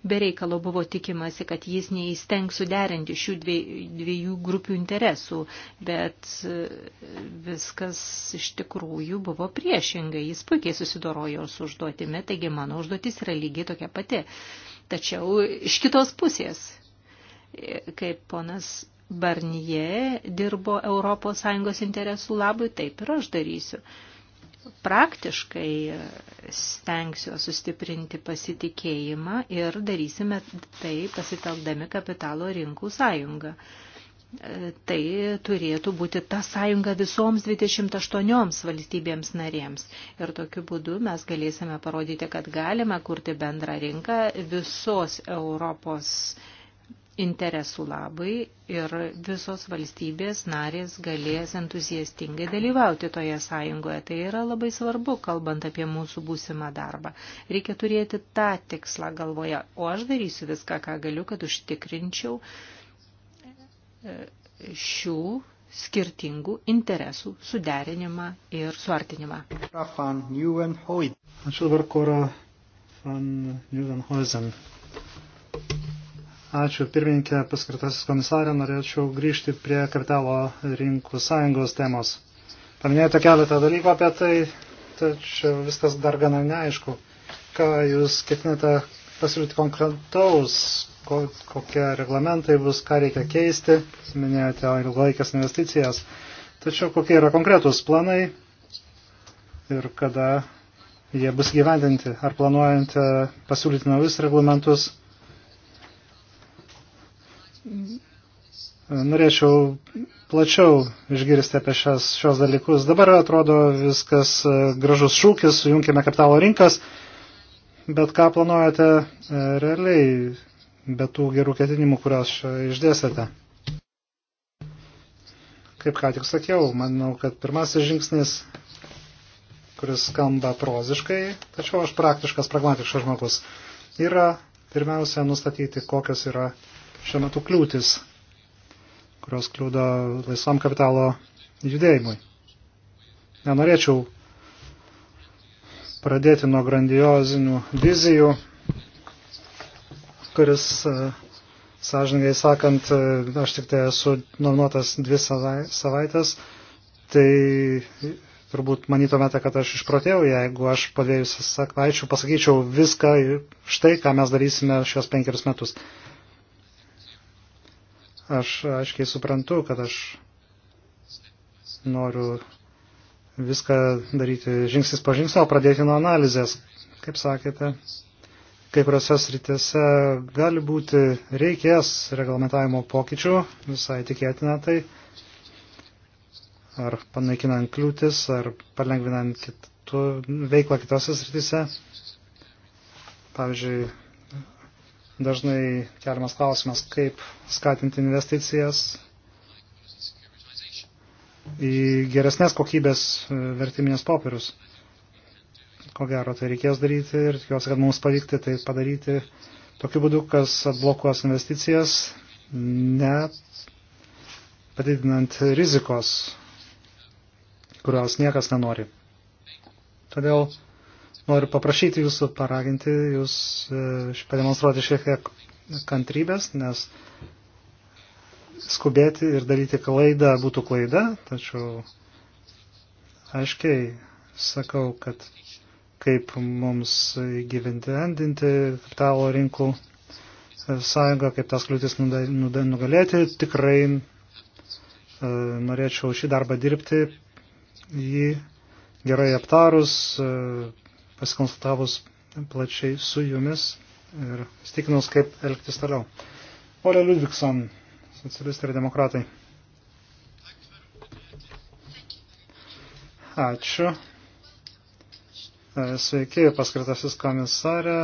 bereikalo buvo tikimasi, kad jis neįstengs suderinti šių dviejų grupių interesų, bet e, viskas iš tikrųjų buvo priešingai. Jis puikiai susidorojo su užduotimi, taigi mano užduotis yra lygiai tokia pati. Tačiau iš kitos pusės, e, kaip ponas Barnie dirbo ES interesų labui, taip ir aš darysiu praktiškai stengsiu sustiprinti pasitikėjimą ir darysime tai pasitelkdami kapitalo rinkų sąjungą. Tai turėtų būti ta sąjunga visoms 28 valstybėms narėms. Ir tokiu būdu mes galėsime parodyti, kad galime kurti bendrą rinką visos Europos interesų labai ir visos valstybės narės galės entuziastingai dalyvauti toje sąjungoje. Tai yra labai svarbu, kalbant apie mūsų būsimą darbą. Reikia turėti tą tikslą galvoje, o aš darysiu viską, ką galiu, kad užtikrinčiau e, šių skirtingų interesų suderinimą ir suartinimą. Ačiū dabar, Kora van Nieuwenhuizen. Ačiū pirmininkė, paskirtasis komisarė, norėčiau grįžti prie kapitalo rinkų sąjungos temos. Paminėjote keletą dalykų apie tai, tačiau viskas dar gana neaišku. Ką jūs ketinate pasiūlyti konkretaus, ko, kokie reglamentai bus, ką reikia keisti, minėjote ilgalaikės investicijas, tačiau kokie yra konkretūs planai ir kada jie bus gyvendinti, ar planuojant pasiūlyti naujus reglamentus norėčiau plačiau išgirsti apie šias, šios dalykus. Dabar atrodo viskas e, gražus šūkis, sujungime kapitalo rinkas, bet ką planuojate e, realiai be tų gerų ketinimų, kurios išdėsite? Kaip ką tik sakiau, manau, kad pirmasis žingsnis, kuris skamba proziškai, tačiau aš praktiškas, pragmatiškas žmogus, yra pirmiausia nustatyti, kokios yra šiuo metu kliūtis, kurios kliūda laisvam kapitalo judėjimui. Nenorėčiau pradėti nuo grandiozinių vizijų, kuris, e, sąžininkai sakant, e, aš tik tai esu nominuotas dvi savaitės, tai turbūt manytumėte, kad aš išprotėjau, jeigu aš pavėjus sakvaičių pasakyčiau viską, štai ką mes darysime šios penkerius metus. Aš aiškiai suprantu, kad aš noriu viską daryti žingsnis po žingsnio, pradėti nuo analizės. Kaip sakėte, kai kuriuose sritėse gali būti reikės reglamentavimo pokyčių, visai tikėtina tai, ar panaikinant kliūtis, ar palengvinant kitų, veiklą kitose sritise. Pavyzdžiui, dažnai keliamas klausimas, kaip skatinti investicijas į geresnės kokybės e, vertiminės popierius. Ko gero, tai reikės daryti ir tikiuosi, kad mums pavykti tai padaryti tokiu būdu, kas atblokuos investicijas, ne padidinant rizikos, kurios niekas nenori. Todėl Noriu paprašyti jūsų, paraginti jūs e, pademonstruoti šiek tiek kantrybės, nes skubėti ir daryti klaidą būtų klaida, tačiau aiškiai sakau, kad kaip mums įgyvendinti kapitalo rinkų e, sąjungą, kaip tas kliūtis nugalėti, tikrai e, norėčiau šį darbą dirbti, jį gerai aptarus, e, pasikonsultavus plačiai su jumis ir stikinus, kaip elgtis toliau. Ole Ludvigson, socialistai ir demokratai. Ačiū. Sveiki, paskirtasis komisarė.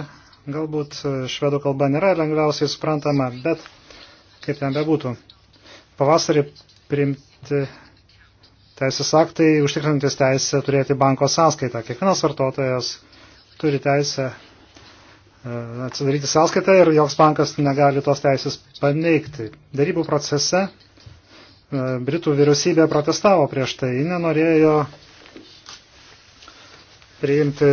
Galbūt švedų kalba nėra lengviausiai suprantama, bet kaip ten bebūtų. Pavasarį priimti teisės aktai užtikrinantis teisę turėti banko sąskaitą. Kiekvienas vartotojas turi teisę e, atsidaryti sąskaitą ir joks bankas negali tos teisės paneigti. Darybų procese e, Britų vyriausybė protestavo prieš tai, nenorėjo priimti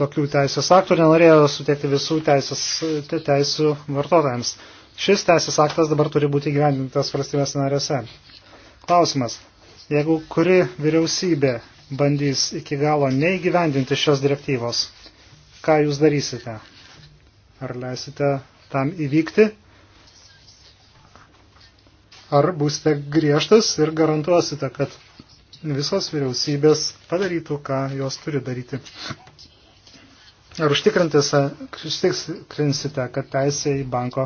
tokių teisės aktų, nenorėjo suteikti visų teisės, teisų vartotojams. Šis teisės aktas dabar turi būti gyvendintas valstybės narėse. Klausimas. Jeigu kuri vyriausybė bandys iki galo neįgyvendinti šios direktyvos, ką jūs darysite? Ar leisite tam įvykti? Ar būsite griežtas ir garantuosite, kad visos vyriausybės padarytų, ką jos turi daryti? Ar užtikrinsite, kad teisė į banko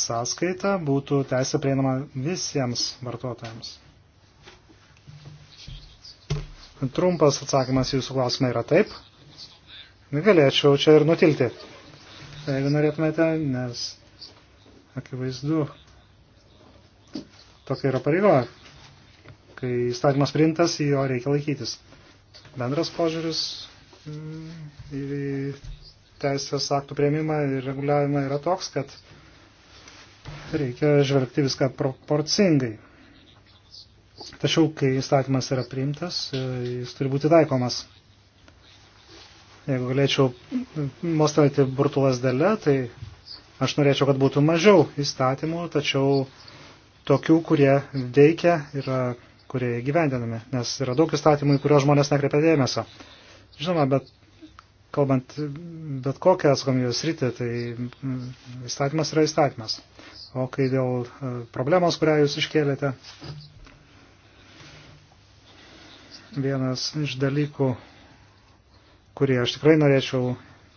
sąskaitą būtų teisė prieinama visiems vartotojams? Trumpas atsakymas jūsų klausimą yra taip. Galėčiau čia ir nutilti, jeigu norėtumėte, nes akivaizdu, tokia yra pareiga. Kai įstatymas priimtas, jo reikia laikytis. Bendras požiūris mm, į teisės aktų prieimimą ir reguliavimą yra toks, kad reikia žvelgti viską proporcingai. Tačiau, kai įstatymas yra priimtas, e, jis turi būti taikomas. Jeigu galėčiau mostelėti burtų lasdelę, tai aš norėčiau, kad būtų mažiau įstatymų, tačiau tokių, kurie veikia, yra, kurie įgyvendinami, nes yra daug įstatymų, į kuriuos žmonės nekreipia dėmesio. Žinoma, bet kalbant bet kokią atsakomybės rytį, tai mm, įstatymas yra įstatymas. O kai dėl e, problemos, kurią jūs iškėlėte, vienas iš dalykų, kurį aš tikrai norėčiau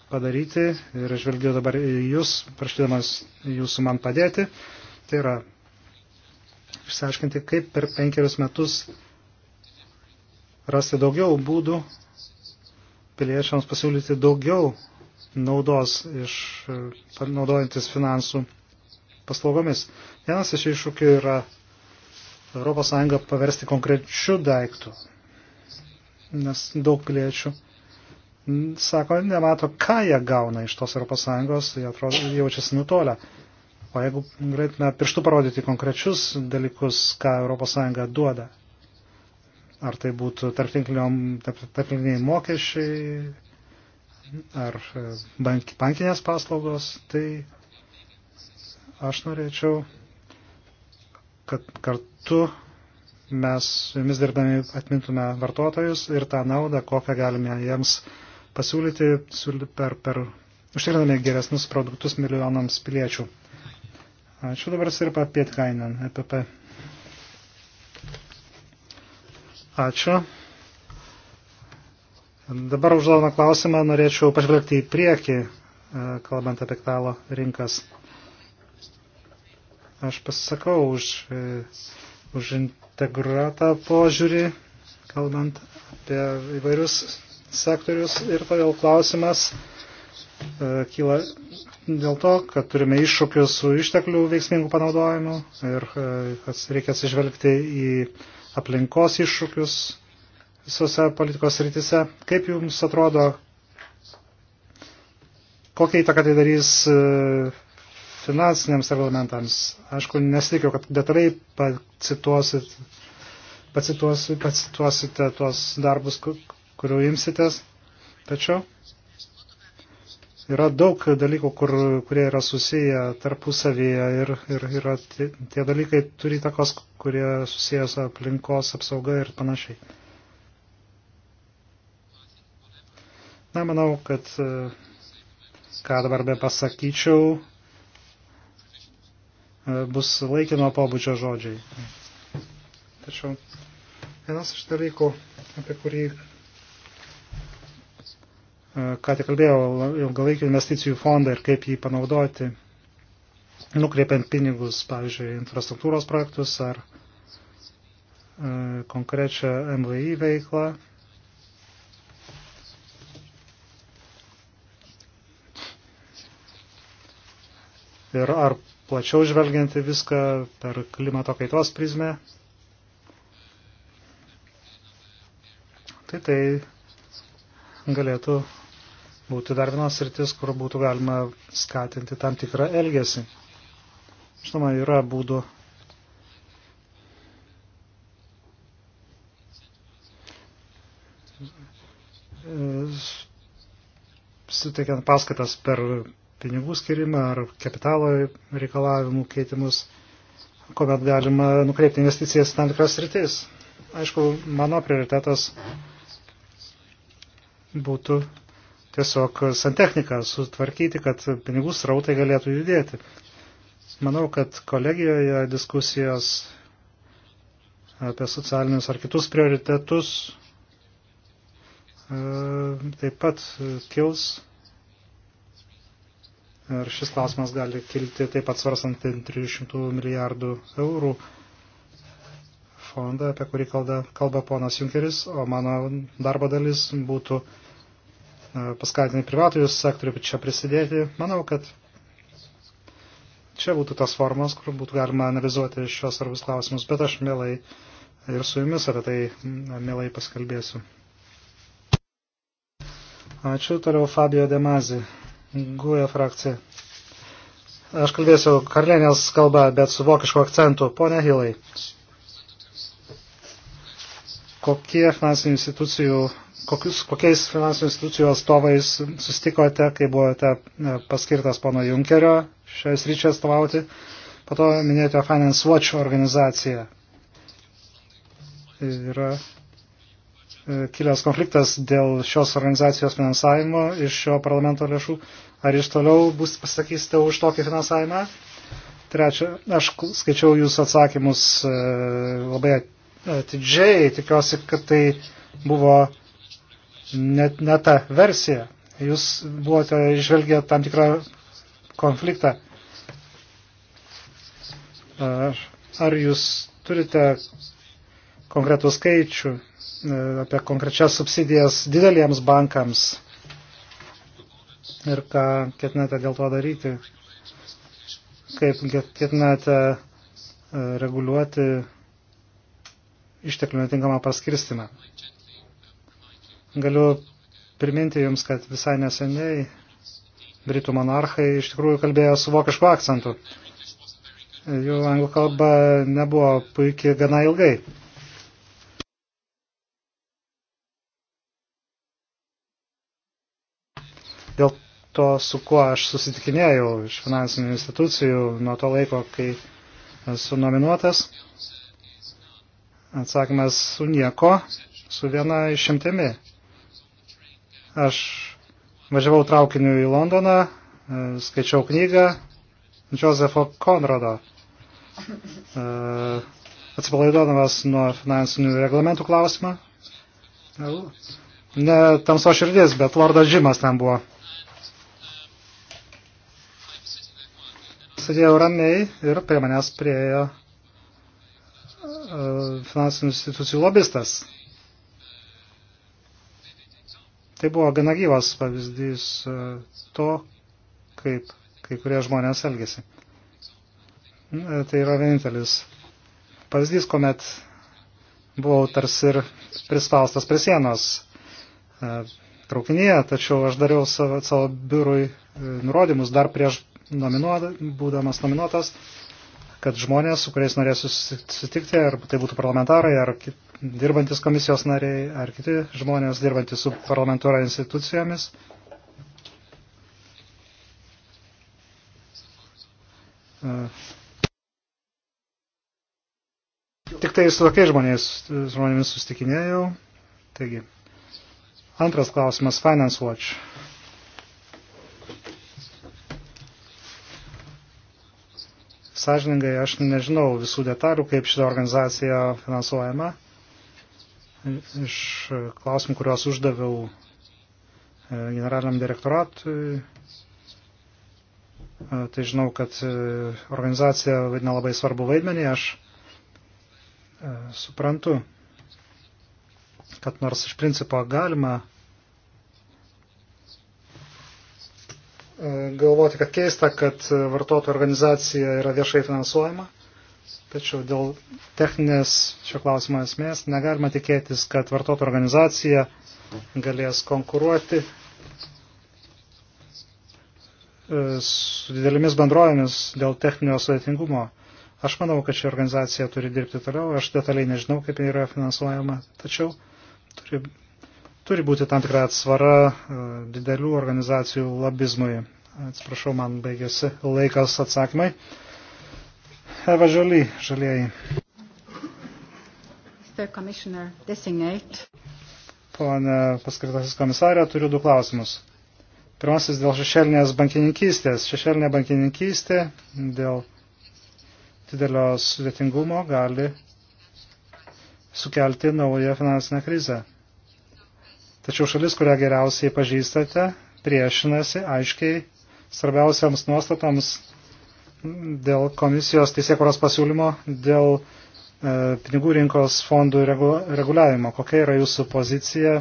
padaryti ir aš žvelgiu dabar į jūs, prašydamas jūsų man padėti, tai yra išsiaiškinti, kaip per penkerius metus rasti daugiau būdų piliečiams pasiūlyti daugiau naudos iš naudojantis finansų paslaugomis. Vienas iš iššūkių yra ES paversti konkrečių daiktų nes daug piliečių sako, nemato, ką jie gauna iš tos ES, tai jie atrodo, jaučiasi nutolę. O jeigu galėtume pirštų parodyti konkrečius dalykus, ką ES duoda, ar tai būtų tarptinkliniai mokesčiai, ar e, bank, bankinės paslaugos, tai aš norėčiau, kad kartu mes jomis dirbdami atmintume vartotojus ir tą naudą, kokią galime jiems pasiūlyti per, per užtikrinami geresnius produktus milijonams piliečių. Ačiū dabar Sirpa Pietkainen, EPP. Ačiū. Dabar užduodamą klausimą norėčiau pažvelgti į priekį, e, kalbant apie kapitalo rinkas. Aš pasisakau už, e, už integruotą požiūrį, kalbant apie įvairius sektorius. Ir todėl klausimas e, kyla dėl to, kad turime iššūkius su išteklių veiksmingų panaudojimu ir e, kad reikia atsižvelgti į aplinkos iššūkius visose politikos rytise. Kaip jums atrodo, kokią įtaką tai darys e, finansiniams reglamentams. Aišku, nesitikiu, kad detaliai pacituosit, pacituosi, pacituosite tuos darbus, kurių imsitės. Tačiau yra daug dalykų, kur, kurie yra susiję tarpusavyje ir, ir yra tie, tie dalykai turi takos, kurie susiję su aplinkos apsauga ir panašiai. Na, manau, kad ką dabar be pasakyčiau, E, bus laikino pobūdžio žodžiai. Tačiau vienas iš dalykų, apie kurį e, ką tik kalbėjau, ilgalaikių investicijų fondą ir kaip jį panaudoti, nukreipiant pinigus, pavyzdžiui, infrastruktūros projektus ar e, konkrečią MVI veiklą. Ir ar plačiau žvelgianti viską per klimato kaitos prizmę. Tai tai galėtų būti dar vienas sritis, kur būtų galima skatinti tam tikrą elgesį. Žinoma, yra būdų suteikiant paskatas per pinigų skirimą ar kapitalo reikalavimų keitimus, kuomet galima nukreipti investicijas į tam tikras rytis. Aišku, mano prioritetas būtų tiesiog santechniką sutvarkyti, kad pinigų srautai galėtų judėti. Manau, kad kolegijoje diskusijos apie socialinius ar kitus prioritetus e, taip pat kils Ir šis klausimas gali kilti taip pat svarstant 300 milijardų eurų fondą, apie kurį kalba, kalba ponas Junkeris, o mano darbo dalis būtų e, paskatinti privatojus sektorių čia prisidėti. Manau, kad čia būtų tas formas, kur būtų galima analizuoti šios svarbus klausimus, bet aš mielai ir su jumis apie tai mielai paskalbėsiu. Ačiū, toliau Fabio Demazi. Guja frakcija. Aš kalbėsiu karlenės kalbą, bet su vokišku akcentu. Pone Hilai, kokie finansinių institucijų, kokius, kokiais finansinių institucijų atstovais sustikote, kai buvote e, paskirtas pono Junkerio šioje sryčioje atstovauti? Po to minėjote Finance Watch organizaciją. Yra E, kilęs konfliktas dėl šios organizacijos finansavimo iš šio parlamento lėšų. Ar iš toliau bus pasakysite už tokį finansavimą? Trečia, aš skaičiau jūsų atsakymus e, labai atidžiai, tikiuosi, kad tai buvo net ne ta versija. Jūs buvote išvelgę tam tikrą konfliktą. E, ar jūs turite konkretų skaičių e, apie konkrečias subsidijas dideliems bankams ir ką ketinate dėl to daryti, kaip ketinate e, reguliuoti išteklių netinkamą paskirstimą. Galiu priminti Jums, kad visai neseniai Britų monarchai iš tikrųjų kalbėjo su vokišku akcentu. Jų anglų kalba nebuvo puikiai gana ilgai. dėl to, su kuo aš susitikinėjau iš finansinių institucijų nuo to laiko, kai esu nominuotas. Atsakymas su nieko, su viena išimtimi. Aš važiavau traukiniu į Londoną, e, skaičiau knygą Josefo Konrado. E, atsipalaiduodamas nuo finansinių reglamentų klausimą. Ne tamso širdis, bet Lordas Žymas ten buvo. Sėdėjau ramiai ir prie manęs priejo e, finansinių institucijų lobistas. Tai buvo gana gyvas pavyzdys e, to, kaip kai kurie žmonės elgesi. E, tai yra vienintelis pavyzdys, kuomet buvau tarsi ir prispaustas prie sienos traukinyje, tačiau aš dariau savo, savo biurui nurodymus dar prieš nominuot, būdamas nominuotas, kad žmonės, su kuriais norėsiu susitikti, ar tai būtų parlamentarai, ar dirbantis komisijos nariai, ar kiti žmonės dirbantis su parlamentaro institucijomis, Tik tai su tokiais žmonės, žmonėmis sustikinėjau. Taigi, antras klausimas, Finance Watch. Sažiningai, aš nežinau visų detalių, kaip šita organizacija finansuojama. Iš klausimų, kuriuos uždaviau e, generaliniam direktoratui, e, tai žinau, kad e, organizacija vaidina labai svarbu vaidmenį. Aš suprantu, kad nors iš principo galima E, galvoti, kad keista, kad vartotojų organizacija yra viešai finansuojama, tačiau dėl techninės šio klausimo esmės negalima tikėtis, kad vartotojų organizacija galės konkuruoti e, su didelėmis bendrovėmis dėl techninio sudėtingumo. Aš manau, kad ši organizacija turi dirbti toliau, aš detaliai nežinau, kaip ji yra finansuojama, tačiau turi turi būti tam tikra atsvara e, didelių organizacijų lobizmui. Atsiprašau, man baigėsi laikas atsakymai. Eva Žoly, žalieji. Pone paskirtasis komisarė, turiu du klausimus. Pirmasis dėl šešėlinės bankininkystės. Šešėlinė bankininkystė dėl didelio sudėtingumo gali sukelti naują finansinę krizę. Tačiau šalis, kurią geriausiai pažįstate, priešinasi aiškiai svarbiausiams nuostatams dėl komisijos teisėkuros pasiūlymo, dėl e, pinigų rinkos fondų regu, reguliavimo. Kokia yra jūsų pozicija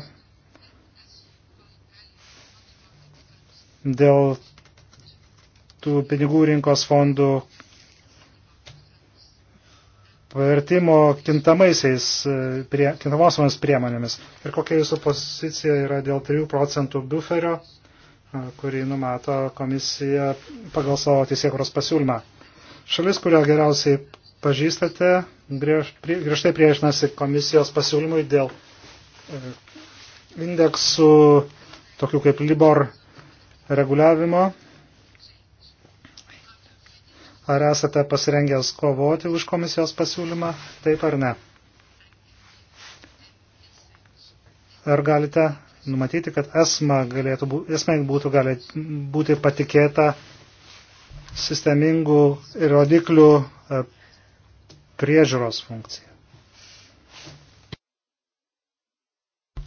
dėl tų pinigų rinkos fondų vertimo kintamaisiais, e, prie, kintamosiamis priemonėmis. Ir kokia jūsų pozicija yra dėl 3 procentų buferio, e, kurį numato komisija pagal savo teisėkuros pasiūlymą. Šalis, kurią geriausiai pažįstate, griež, prie, griežtai priešinasi komisijos pasiūlymui dėl e, indeksų, tokių kaip Libor reguliavimo Ar esate pasirengęs kovoti už komisijos pasiūlymą, taip ar ne? Ar galite numatyti, kad esma, galėtų, esma būtų gali būti patikėta sistemingų rodiklių e, priežiūros funkcija?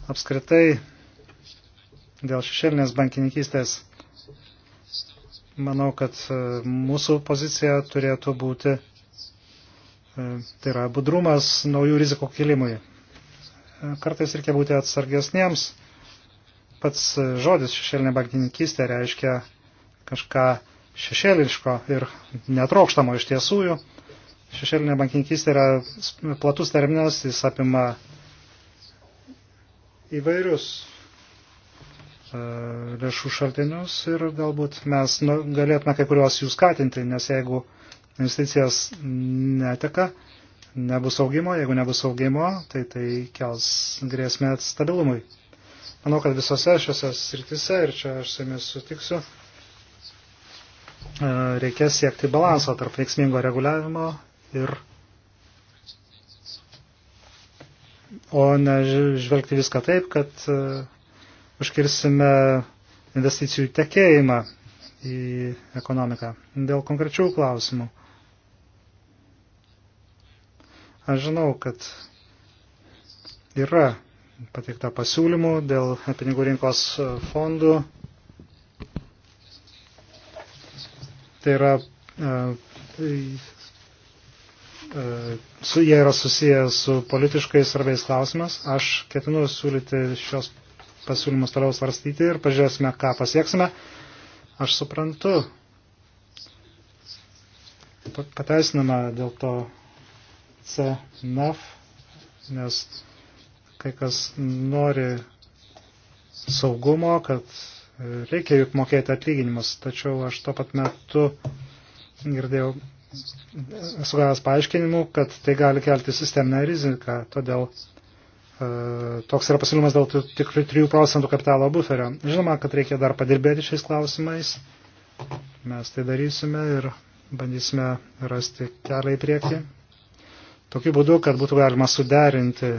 Apskritai, dėl šešėlinės bankininkystės manau, kad e, mūsų pozicija turėtų būti, e, tai yra budrumas naujų rizikų kilimui. E, kartais reikia būti atsargesniems. Pats žodis šešėlinė bankininkystė reiškia kažką šešėliško ir netrokštamo iš tiesų. Šešėlinė bankininkystė yra platus terminas, jis apima įvairius E, lėšų šaltinius ir galbūt mes nu, galėtume kai kuriuos jų skatinti, nes jeigu investicijas neteka, nebus augimo, jeigu nebus augimo, tai tai kels grėsmę stabilumui. Manau, kad visose šiose sritise, ir čia aš su jumis sutiksiu, e, reikės siekti balanso tarp veiksmingo reguliavimo ir o ne žvelgti viską taip, kad e, užkirsime investicijų tekėjimą į ekonomiką. Dėl konkrečių klausimų. Aš žinau, kad yra pateikta pasiūlymų dėl pinigų rinkos fondų. Tai yra, e, e, su, jie yra susiję su politiškai svarbiais klausimas. Aš ketinu siūlyti šios pasiūlymus toliau svarstyti ir pažiūrėsime, ką pasieksime. Aš suprantu, pateisinama dėl to CNAF, nes kai kas nori saugumo, kad reikia juk mokėti atlyginimus, tačiau aš tuo pat metu girdėjau, esu gavęs paaiškinimų, kad tai gali kelti sisteminę riziką, todėl E, toks yra pasiūlymas dėl tikrų 3 procentų kapitalo buferio. Žinoma, kad reikia dar padirbėti šiais klausimais. Mes tai darysime ir bandysime rasti kelią į priekį. Tokiu būdu, kad būtų galima suderinti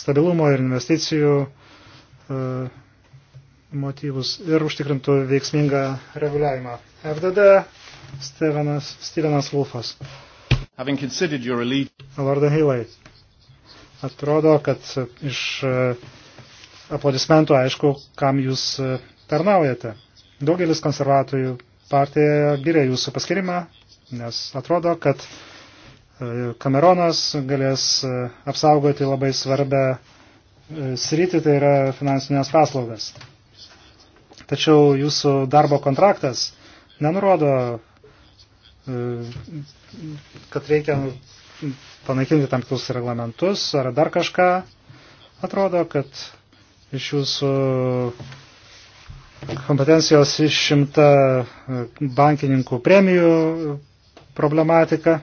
stabilumo ir investicijų e, motyvus ir užtikrintų veiksmingą reguliavimą. FDD Stevenas, Stevenas Wolfas. Lorda Hilai, Atrodo, kad iš e, aplodismentų aišku, kam jūs e, tarnaujate. Daugelis konservatorių partija gyrė jūsų paskirimą, nes atrodo, kad e, Kameronas galės apsaugoti labai svarbę sritį, tai yra finansinės paslaugas. Tačiau jūsų darbo kontraktas nenurodo, kad reikia panaikinti tam tikrus reglamentus ar dar kažką. Atrodo, kad iš jūsų kompetencijos išimta e, bankininkų premijų problematika.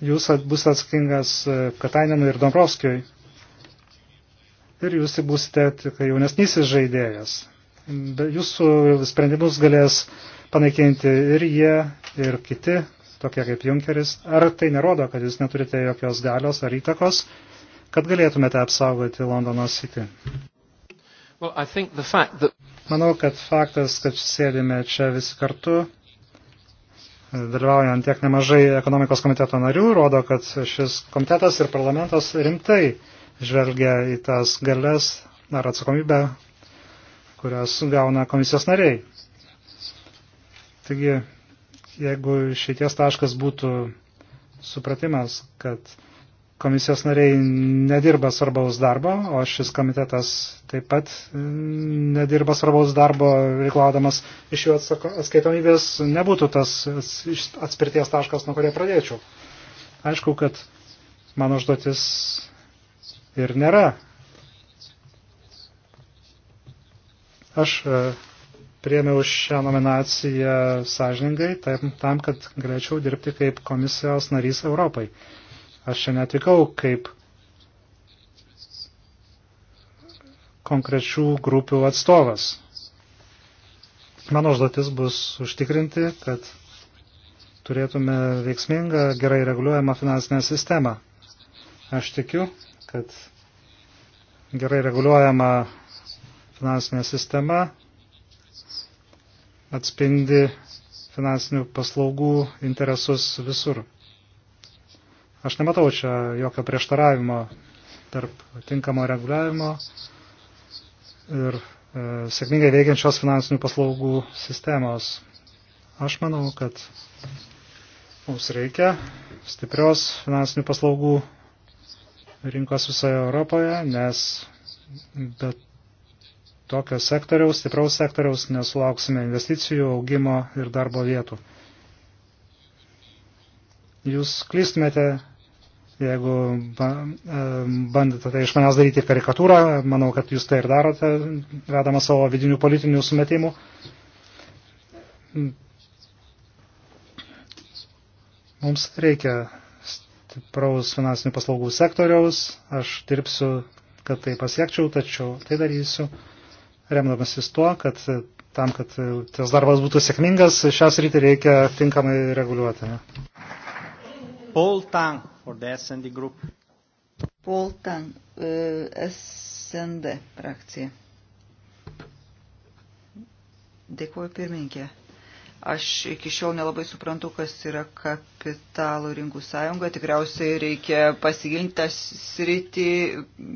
Jūs bus atsakingas e, Katainenui ir Dombrovskijui. Ir jūs būsite tik jaunesnysis žaidėjas. Jūsų sprendimus galės uh, panaikinti ir jie, ir kiti, tokie kaip Junkeris. Ar tai nerodo, kad jūs neturite jokios galios ar įtakos, kad galėtumėte apsaugoti Londono City? Well, that... Manau, kad faktas, kad sėdime čia visi kartu, dalyvaujant tiek nemažai ekonomikos komiteto narių, rodo, kad šis komitetas ir parlamentas rimtai žvelgia į tas galės ar atsakomybę, kurias gauna komisijos nariai. Taigi, jeigu šities taškas būtų supratimas, kad komisijos nariai nedirba svarbaus darbo, o šis komitetas taip pat mm, nedirba svarbaus darbo, reiklaudamas iš jų atskaitomybės, nebūtų tas atspirties taškas, nuo kurio pradėčiau. Aišku, kad mano užduotis ir nėra. Aš e, priemiau šią nominaciją sąžiningai, tam, kad galėčiau dirbti kaip komisijos narys Europai. Aš čia netikau kaip konkrečių grupių atstovas. Mano užduotis bus užtikrinti, kad turėtume veiksmingą, gerai reguliuojamą finansinę sistemą. Aš tikiu, kad gerai reguliuojama finansinė sistema atspindi finansinių paslaugų interesus visur. Aš nematau čia jokio prieštaravimo tarp tinkamo reguliavimo ir e, sėkmingai veikiančios finansinių paslaugų sistemos. Aš manau, kad mums reikia stiprios finansinių paslaugų rinkos visoje Europoje, nes bet tokio sektoriaus, stipraus sektoriaus, nesulauksime investicijų, augimo ir darbo vietų. Jūs klystumėte, jeigu e, bandėte tai iš manęs daryti karikatūrą, manau, kad jūs tai ir darote, vedama savo vidinių politinių sumetimų. Mums reikia stipraus finansinių paslaugų sektoriaus, aš dirbsiu, kad tai pasiekčiau, tačiau tai darysiu remdamasis tuo, kad e, tam, kad e, tas darbas būtų sėkmingas, šią sritį reikia tinkamai reguliuoti. Paul Tang for the SND group. Paul Tang, e, SND frakcija. Dėkuoju pirmininkė. Aš iki šiol nelabai suprantu, kas yra kapitalo rinkų sąjunga. Tikriausiai reikia pasigilinti tą sritį,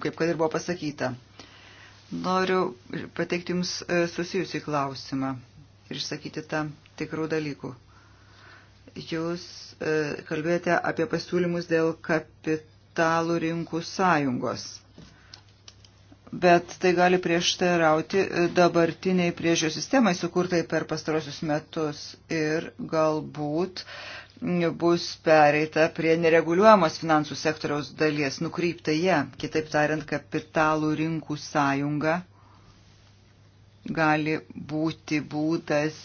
kaip kad ir buvo pasakyta. Noriu pateikti Jums e, susijusį klausimą ir išsakyti tam tikrų dalykų. Jūs e, kalbėjote apie pasiūlymus dėl kapitalų rinkų sąjungos, bet tai gali prieštarauti e, dabartiniai priežio sistemai sukurtai per pastarosius metus ir galbūt uh, bus pereita prie nereguliuojamos finansų sektoriaus dalies, nukreipta jie, kitaip tariant, kapitalų rinkų sąjunga gali būti būdas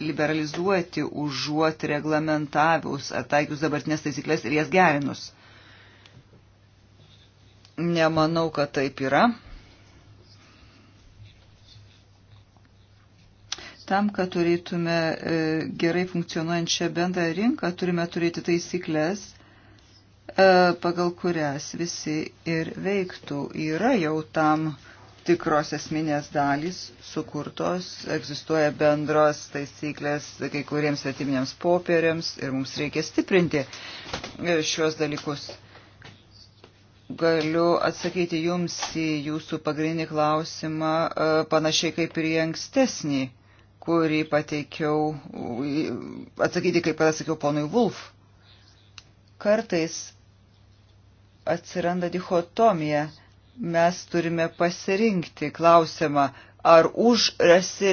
liberalizuoti užuot reglamentavus, attaikius dabartinės taisyklės ir jas gerinus. Nemanau, kad taip yra. Tam, kad turėtume e, gerai funkcionuojančią bendrą rinką, turime turėti taisyklės, e, pagal kurias visi ir veiktų. Yra jau tam tikros esminės dalys sukurtos, egzistuoja bendros taisyklės kai kuriems svetiminiams popieriams ir mums reikia stiprinti e, šios dalykus. Galiu atsakyti jums į jūsų pagrindinį klausimą panašiai kaip ir į ankstesnį kurį pateikiau, atsakyti, kaip pasakiau ponui Wolf. Kartais atsiranda dichotomija. Mes turime pasirinkti klausimą, ar už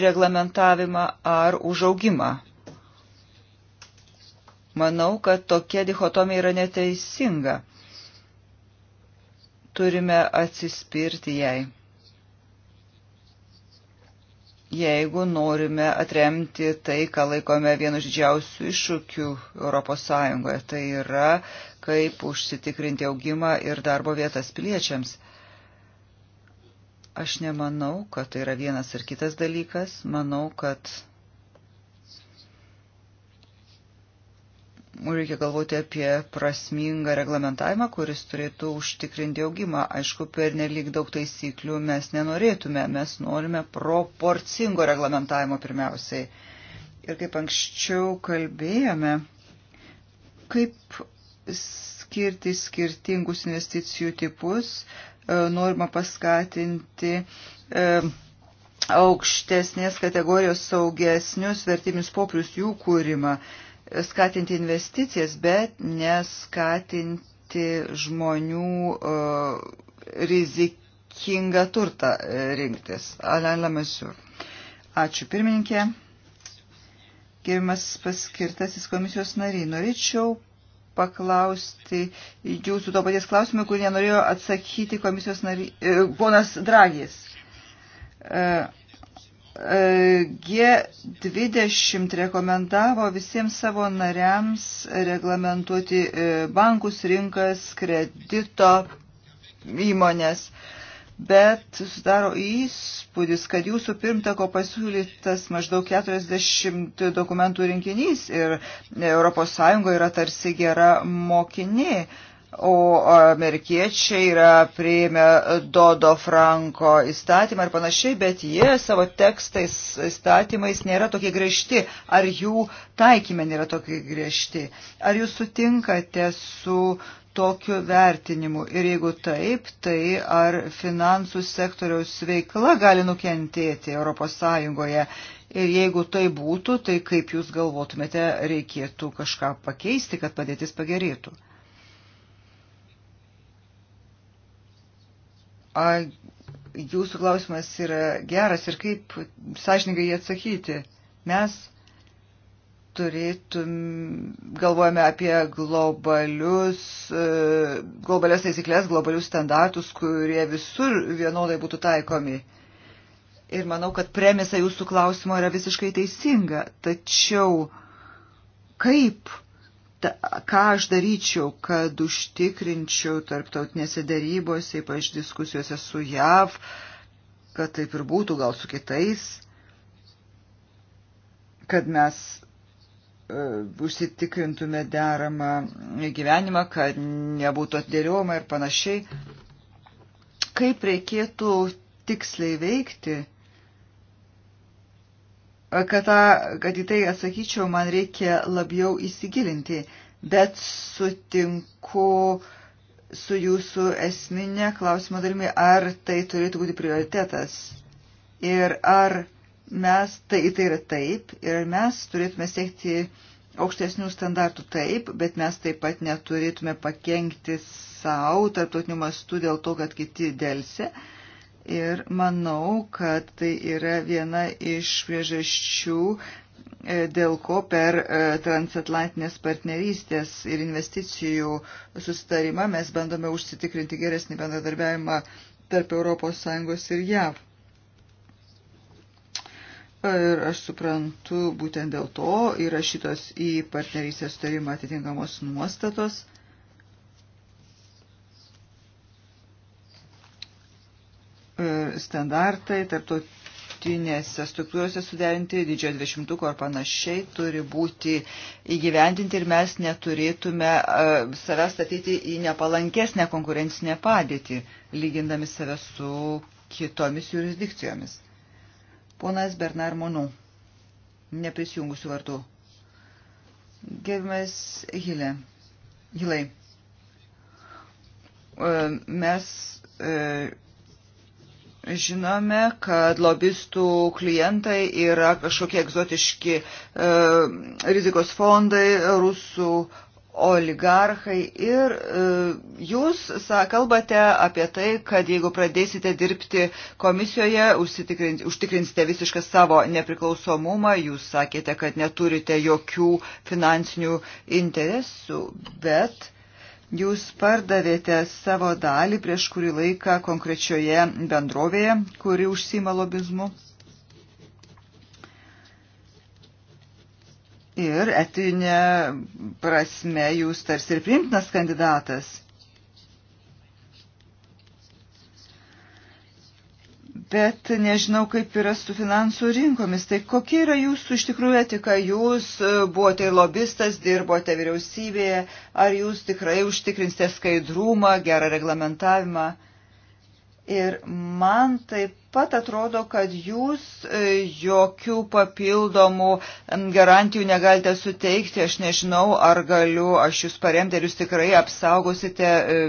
reglamentavimą, ar už augimą. Manau, kad tokia dichotomija yra neteisinga. Turime atsispirti jai jeigu norime atremti tai, ką laikome vienu iš didžiausių iššūkių ES, tai yra kaip užsitikrinti augimą ir darbo vietas piliečiams. Aš nemanau, kad tai yra vienas ar kitas dalykas, manau, kad reikia galvoti apie prasmingą reglamentavimą, kuris turėtų užtikrinti augimą. Aišku, per nelik daug taisyklių mes nenorėtume, mes norime proporcingo reglamentavimo pirmiausiai. Ir kaip anksčiau kalbėjome, kaip skirti skirtingus investicijų tipus, e, norima paskatinti e, aukštesnės kategorijos saugesnius vertimius popierius jų kūrimą skatinti investicijas, bet neskatinti žmonių e, rizikingą turtą e, rinktis. Alain Lamasiur. Ačiū pirmininkė. Gerimas paskirtasis komisijos nariai. Norėčiau paklausti jūsų to paties klausimą, kurį nenorėjo atsakyti komisijos nariai, e, ponas Dragis. E, G20 rekomendavo visiems savo nariams reglamentuoti e, bankus, rinkas, kredito įmonės. Bet susidaro įspūdis, kad jūsų pirmtako pasiūlytas maždaug 40 dokumentų rinkinys ir ES yra tarsi gera mokinė. O amerikiečiai yra prieimę Dodo Franko įstatymą ir panašiai, bet jie savo tekstais įstatymais nėra tokie griežti. Ar jų taikymė nėra tokie griežti? Ar jūs sutinkate su tokiu vertinimu? Ir jeigu taip, tai ar finansų sektoriaus veikla gali nukentėti ES? Ir jeigu tai būtų, tai kaip jūs galvotumėte, reikėtų kažką pakeisti, kad padėtis pagerėtų? A, jūsų klausimas yra geras ir kaip sąžininkai jį atsakyti. Mes turėtum, galvojame apie globalius, e, globalias taisyklės, globalius standartus, kurie visur vienodai būtų taikomi. Ir manau, kad premisa jūsų klausimo yra visiškai teisinga. Tačiau kaip ta, ką aš daryčiau, kad užtikrinčiau tarptautinėse darybose, ypač diskusijose su JAV, kad taip ir būtų, gal su kitais, kad mes uh, užsitikrintume deramą gyvenimą, kad nebūtų atdėliojama ir panašiai. Kaip reikėtų tiksliai veikti? Kad, ta, kad į tai atsakyčiau, man reikia labiau įsigilinti, bet sutinku su jūsų esminė klausimo dalimi, ar tai turėtų būti prioritetas ir ar mes, tai, tai yra taip, ir mes turėtume siekti aukštesnių standartų taip, bet mes taip pat neturėtume pakengti savo tarptautiniu mastu dėl to, kad kiti dėlse. Uh, Ir manau, kad tai yra viena iš priežasčių, e, dėl ko per e, transatlantinės partnerystės ir investicijų sustarimą mes bandome užsitikrinti geresnį bendradarbiavimą tarp ES ir JAV. Ir aš suprantu, būtent dėl to įrašytos į partnerystės sutarimą atitinkamos nuostatos. E, standartai tarptautinėse struktūrose suderinti, didžiojo dvidešimtuko ar panašiai turi būti įgyvendinti ir mes neturėtume e, save statyti į nepalankesnę konkurencinę padėtį, lygindami save su kitomis jurisdikcijomis. Ponas Bernard Monų, neprisijungusiu vardu. Gerbimas Hilė. Hilai. E, mes Žinome, kad lobistų klientai yra kažkokie egzotiški e, rizikos fondai, rusų oligarchai ir e, jūs sa, kalbate apie tai, kad jeigu pradėsite dirbti komisijoje, užtikrinsite visišką savo nepriklausomumą, jūs sakėte, kad neturite jokių finansinių interesų, bet Jūs pardavėte savo dalį prieš kurį laiką konkrečioje bendrovėje, kuri užsima lobizmu. Ir etinė prasme jūs tarsi ir primtinas kandidatas. Bet nežinau, kaip yra su finansų rinkomis. Tai kokia yra jūsų iš tikrųjų etika? Jūs e, buvote lobistas, dirbote vyriausybėje, ar jūs tikrai užtikrinsite skaidrumą, gerą reglamentavimą? Ir man taip pat atrodo, kad jūs e, jokių papildomų garantijų negalite suteikti. Aš nežinau, ar galiu aš jūs paremti, ar jūs tikrai apsaugosite e,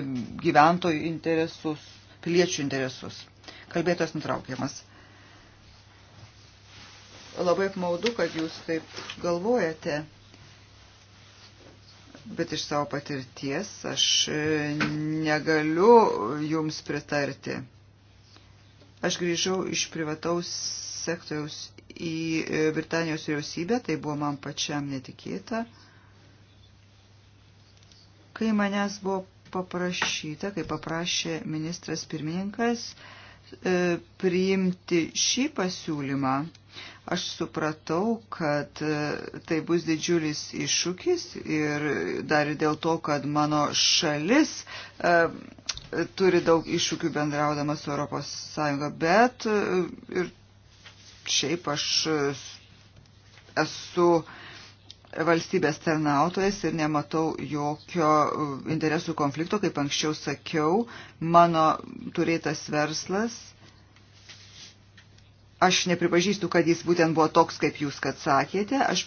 gyventojų interesus, piliečių interesus. Kalbėtojas nutraukiamas. Labai apmaudu, kad jūs taip galvojate, bet iš savo patirties aš e, negaliu jums pritarti. Aš grįžau iš privataus sektoriaus į e, Britanijos vyriausybę, tai buvo man pačiam netikėta. Kai manęs buvo paprašyta, kai paprašė ministras pirmininkas, E, priimti šį pasiūlymą, aš supratau, kad e, tai bus didžiulis iššūkis ir dar ir dėl to, kad mano šalis e, turi daug iššūkių bendraudama su ES, bet ir šiaip aš esu valstybės tarnautojas ir nematau jokio uh, interesų konflikto, kaip anksčiau sakiau, mano turėtas verslas. Aš nepripažįstu, kad jis būtent buvo toks, kaip jūs, kad sakėte. Aš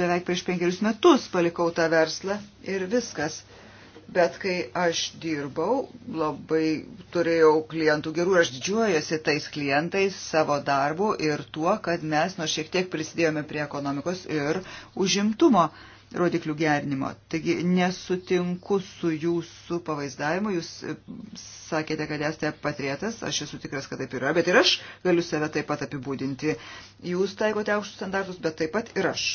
beveik prieš penkerius metus palikau tą verslą ir viskas. Uh, bet kai aš dirbau, labai turėjau klientų gerų ir aš didžiuojuosi tais klientais savo darbu ir tuo, kad mes nuo šiek tiek prisidėjome prie ekonomikos ir užimtumo rodiklių gerinimo. Taigi nesutinku su jūsų pavaizdavimu, jūs e, sakėte, kad esate patrietas, aš esu tikras, kad taip yra, bet ir aš galiu save taip pat apibūdinti. Jūs taikote aukštus standartus, bet taip pat ir aš.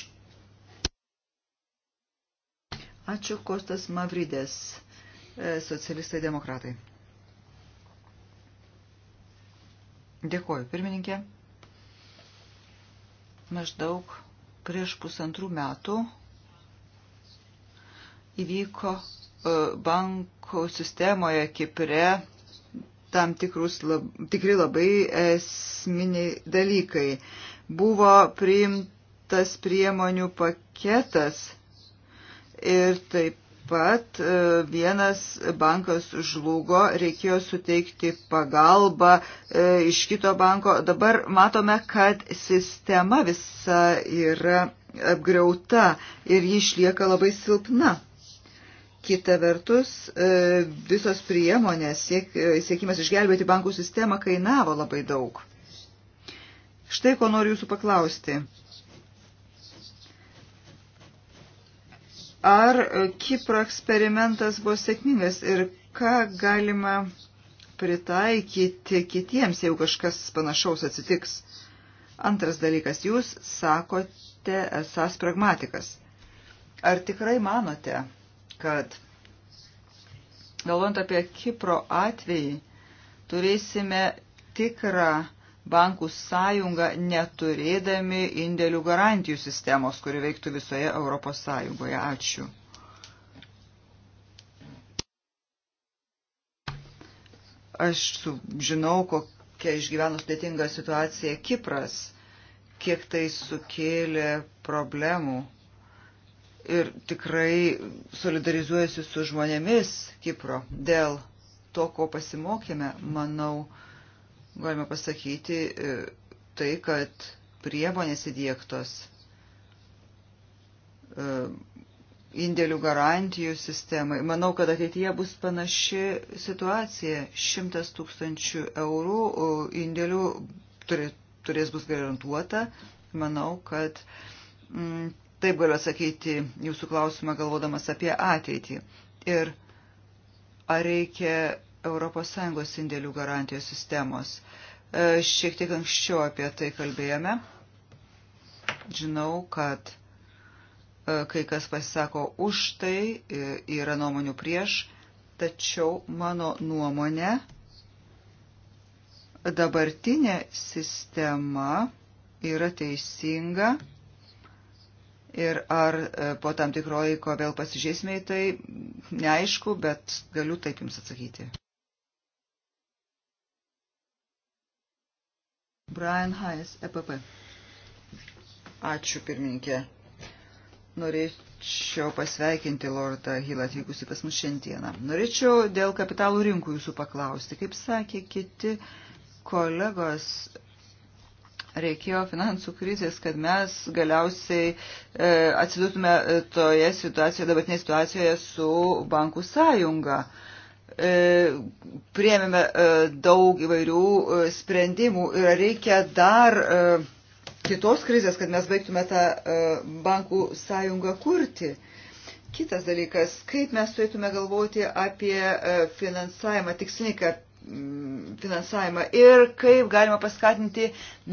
Ačiū Kostas Mavridės, e, socialistai demokratai. Dėkoju, pirmininkė. Maždaug prieš pusantrų metų įvyko e, bankų sistemoje Kipre tam tikrus, lab, tikri labai esminiai dalykai. Buvo priimtas priemonių paketas ir taip pat e, vienas bankas žlugo, reikėjo suteikti pagalbą e, iš kito banko. Dabar matome, kad sistema visa yra apgriauta ir ji išlieka labai silpna. Kita vertus, e, visos priemonės, siek, siekimas išgelbėti bankų sistemą kainavo labai daug. Štai ko noriu jūsų paklausti. Ar Kipro eksperimentas buvo sėkmingas ir ką galima pritaikyti kitiems, jeigu kažkas panašaus atsitiks? Antras dalykas, jūs sakote esas pragmatikas. Ar tikrai manote, kad galvojant apie Kipro atvejį, turėsime tikrą bankų sąjungą neturėdami indėlių garantijų sistemos, kuri veiktų visoje Europos sąjungoje. Ačiū. Aš žinau, kokia išgyveno sudėtinga situacija Kipras, kiek tai sukėlė problemų. Ir tikrai solidarizuojasi su žmonėmis Kipro dėl to, ko pasimokėme, manau, uh, galime pasakyti e, tai, kad priemonės įdėktos e, indėlių garantijų sistemai. Manau, kad ateityje bus panaši situacija. Šimtas tūkstančių eurų indėlių turės bus garantuota. Manau, kad m, mm, taip galiu atsakyti jūsų klausimą galvodamas apie ateitį. Ir ar reikia ES indėlių garantijos sistemos. E, šiek tiek anksčiau apie tai kalbėjome. Žinau, kad e, kai kas pasisako už tai, e, yra nuomonių prieš, tačiau mano nuomonė dabartinė sistema yra teisinga ir ar po tam tikro laiko vėl pasižiūrėsime į tai, neaišku, bet galiu taip jums atsakyti. Brian Hayes, EPP. Ačiū, pirmininkė. Norėčiau pasveikinti Lordą Hilą atvykusi pas mus šiandieną. Norėčiau dėl kapitalų rinkų jūsų paklausti. Kaip sakė kiti kolegos, reikėjo finansų krizės, kad mes galiausiai e, atsidūtume toje situacijoje, dabartinėje situacijoje su bankų sąjunga. E, E, priemėme e, daug įvairių e, sprendimų ir reikia dar kitos krizės, kad mes baigtume tą bankų sąjungą kurti. Kitas dalykas, kaip mes turėtume galvoti apie finansavimą, tikslinį mm, finansavimą ir kaip galima paskatinti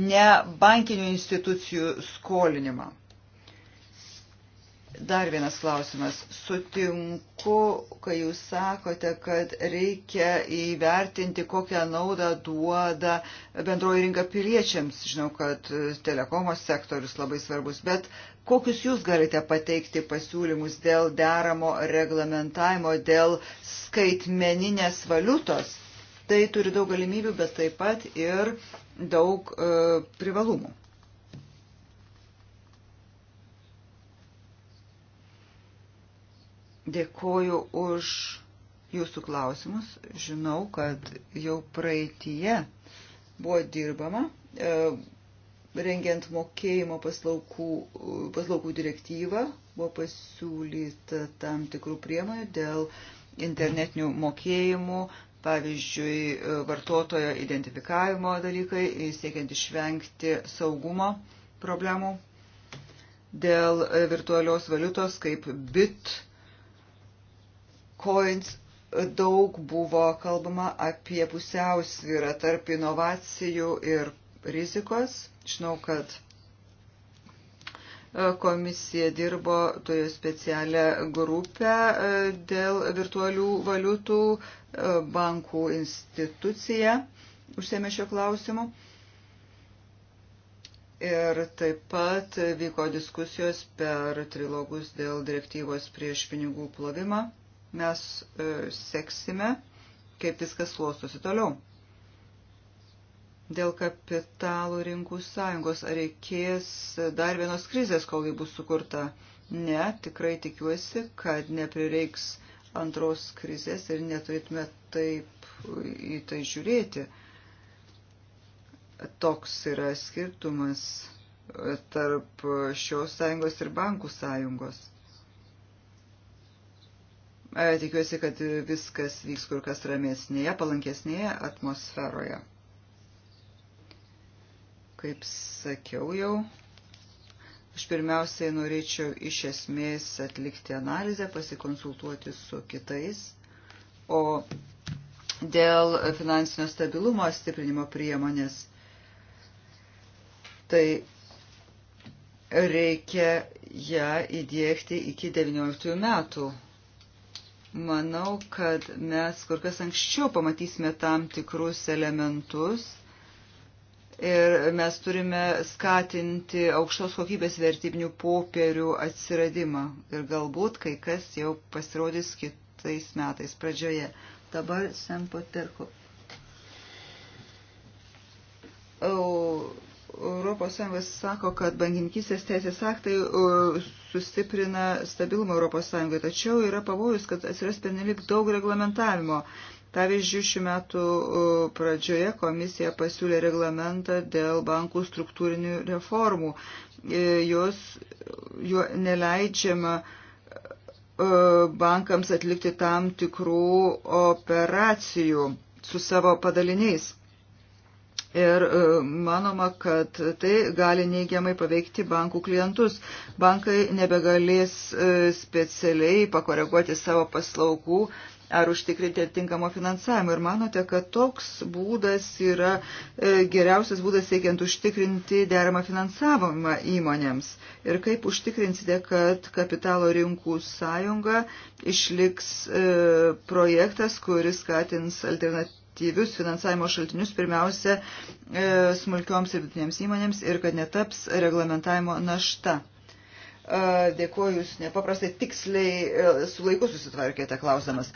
ne bankinių institucijų skolinimą. Dar vienas klausimas. Sutinku, kai jūs sakote, kad reikia įvertinti, kokią naudą duoda bendroji rinka piliečiams. Žinau, kad telekomos sektorius labai svarbus, bet kokius jūs galite pateikti pasiūlymus dėl deramo reglamentavimo, dėl skaitmeninės valiutos? Tai turi daug galimybių, bet taip pat ir daug e, privalumų. Dėkoju už jūsų klausimus. Žinau, kad jau praeitie buvo dirbama e, rengiant mokėjimo paslaugų, paslaugų direktyvą, buvo pasiūlyta tam tikrų priemonių dėl internetinių mokėjimų, pavyzdžiui, e, vartotojo identifikavimo dalykai, siekiant išvengti saugumo problemų, dėl e, virtualios valiutos kaip bit Coins e, daug buvo kalbama apie pusiausvyrą tarp inovacijų ir rizikos. Žinau, kad e, komisija dirbo toje specialią grupę e, dėl virtualių valiutų, bankų institucija užsėmė šio klausimu. Ir taip pat vyko diskusijos per trilogus dėl direktyvos prieš pinigų plovimą mes e, seksime, kaip viskas klostosi toliau. Dėl kapitalų rinkų sąjungos ar reikės dar vienos krizės, kol ji bus sukurta? Ne, tikrai tikiuosi, kad neprireiks antros krizės ir neturėtume taip į tai žiūrėti. Toks yra skirtumas e, tarp šios sąjungos ir bankų sąjungos. E, tikiuosi, kad viskas vyks kur kas ramesnėje, palankesnėje atmosferoje. Kaip sakiau jau, aš pirmiausiai norėčiau iš esmės atlikti analizę, pasikonsultuoti su kitais, o dėl finansinio stabilumo stiprinimo priemonės, tai reikia ją įdėkti iki 19 metų Manau, kad mes kur kas anksčiau pamatysime tam tikrus elementus ir mes turime skatinti aukštos kokybės vertybinių popierių atsiradimą ir galbūt kai kas jau pasirodys kitais metais pradžioje. Dabar Sempo Terko. ES sako, kad bankininkystės teisės aktai sustiprina stabilumą ES, tačiau yra pavojus, kad atsiras pernelik daug reglamentavimo. Pavyzdžiui, šių metų pradžioje komisija pasiūlė reglamentą dėl bankų struktūrinių reformų. E, jos juo neleidžiama bankams atlikti tam tikrų operacijų su savo padaliniais Ir e, manoma, kad tai gali neigiamai paveikti bankų klientus. Bankai nebegalės e, specialiai pakoreguoti savo paslaugų ar užtikrinti atitinkamo finansavimo. Ir manote, kad toks būdas yra e, geriausias būdas siekiant užtikrinti deramą finansavimą įmonėms. Ir kaip užtikrinsite, kad kapitalo rinkų sąjunga išliks projektas, kuris skatins alternatyvą alternatyvius finansavimo šaltinius, pirmiausia, e, smulkioms ir vidutinėms įmonėms ir kad netaps reglamentavimo našta. E, dėkuoju, jūs nepaprastai tiksliai e, su laiku susitvarkėte klausdamas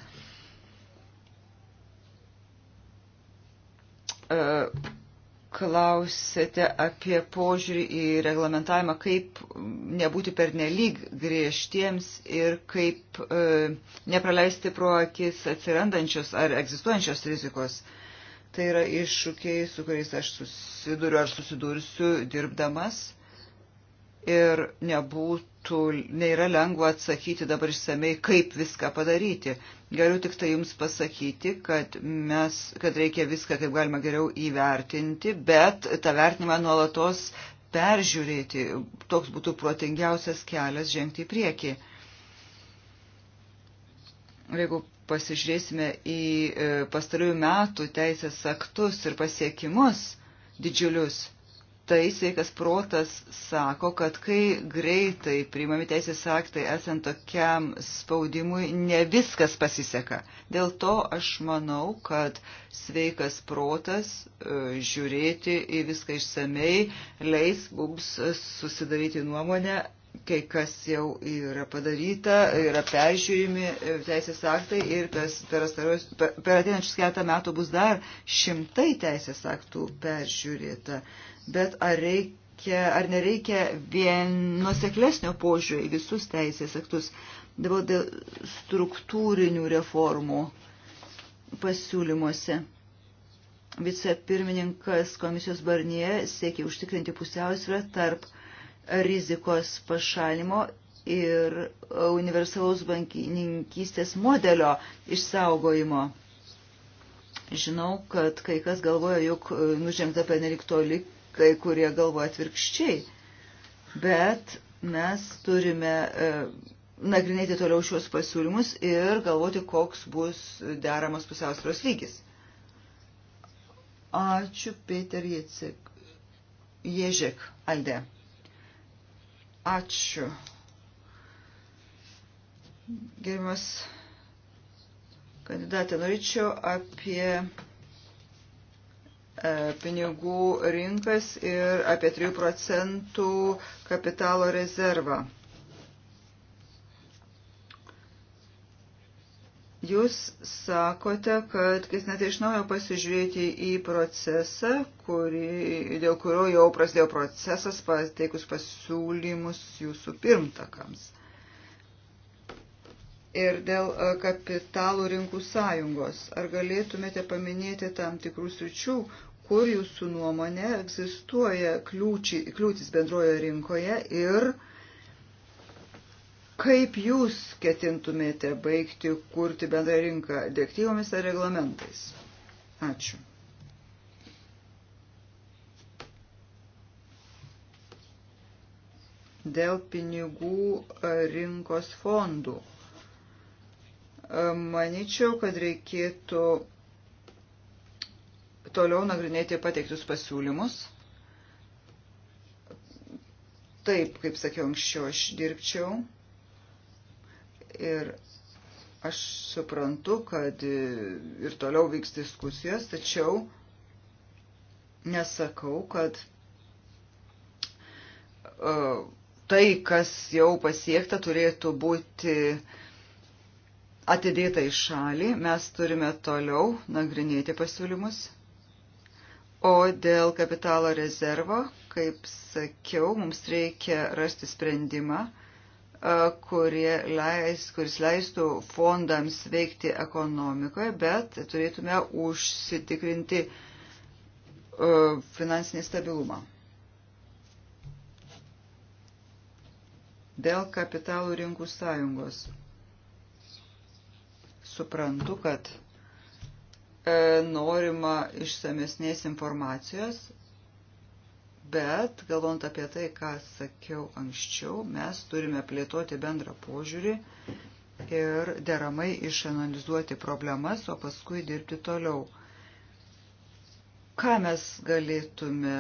klausėte apie požiūrį į reglamentavimą, kaip nebūti pernelyg griežtiems ir kaip e, nepraleisti pro akis atsirandančios ar egzistuojančios rizikos. Tai yra iššūkiai, su kuriais aš susiduriu ar susidursiu dirbdamas. Ir nebūtų, nėra lengva atsakyti dabar išsamei, kaip viską padaryti. Galiu tik tai Jums pasakyti, kad, mes, kad reikia viską kaip galima geriau įvertinti, bet tą vertinimą nuolatos peržiūrėti. Toks būtų protingiausias kelias žengti į priekį. Jeigu pasižiūrėsime į e, pastarųjų metų teisės aktus ir pasiekimus didžiulius, tai sveikas protas sako, kad kai greitai priimami teisės aktai esant tokiam spaudimui, ne viskas pasiseka. Dėl to aš manau, kad sveikas protas e, žiūrėti į viską išsamei leis mums susidaryti nuomonę kai kas jau yra padaryta, yra peržiūrimi e, teisės aktai ir per, per, per ateinančius keletą metų bus dar šimtai teisės aktų peržiūrėta bet ar, reikia, ar nereikia vien nuseklesnio požiūrį į visus teisės aktus. Dabar dėl struktūrinių reformų pasiūlymuose. Vicepirmininkas komisijos Barnie siekia užtikrinti pusiausvę tarp rizikos pašalimo ir universalaus bankininkystės modelio išsaugojimo. Žinau, kad kai kas galvoja, jog nužengta penelik toli kai kurie galvoja atvirkščiai. Bet mes turime e, nagrinėti toliau šios pasiūlymus ir galvoti, koks bus deramas pusiausvėros lygis. Ačiū, Peter Jėcik. Ježek, Alde. Ačiū. Gerimas kandidatė, norėčiau apie E, pinigų rinkas ir apie 3 procentų kapitalo rezervą. Jūs sakote, kad kas net iš naujo pasižiūrėti į procesą, kuri, dėl kurio jau prasidėjo procesas pateikus pasiūlymus jūsų pirmtakams ir dėl e, kapitalų rinkų sąjungos. Ar galėtumėte paminėti tam tikrų sričių, kur jūsų nuomonė egzistuoja kliūči, kliūtis bendrojo rinkoje ir kaip jūs ketintumėte baigti kurti bendrą rinką direktyvomis ar reglamentais? Ačiū. Dėl pinigų e, rinkos fondų manyčiau, kad reikėtų toliau nagrinėti pateiktus pasiūlymus. Taip, kaip sakiau anksčiau, aš dirbčiau ir aš suprantu, kad ir toliau vyks diskusijos, tačiau nesakau, kad uh, tai, kas jau pasiekta, turėtų būti uh, atidėta į šalį, mes turime toliau nagrinėti pasiūlymus. O dėl kapitalo rezervo, kaip sakiau, mums reikia rasti sprendimą, leis, kuris leistų fondams veikti ekonomikoje, bet turėtume užsitikrinti finansinį stabilumą. Dėl kapitalų rinkų sąjungos suprantu, kad e, norima išsamesnės informacijos, bet galvant apie tai, ką sakiau anksčiau, mes turime plėtoti bendrą požiūrį ir deramai išanalizuoti problemas, o paskui dirbti toliau. Ką mes galėtume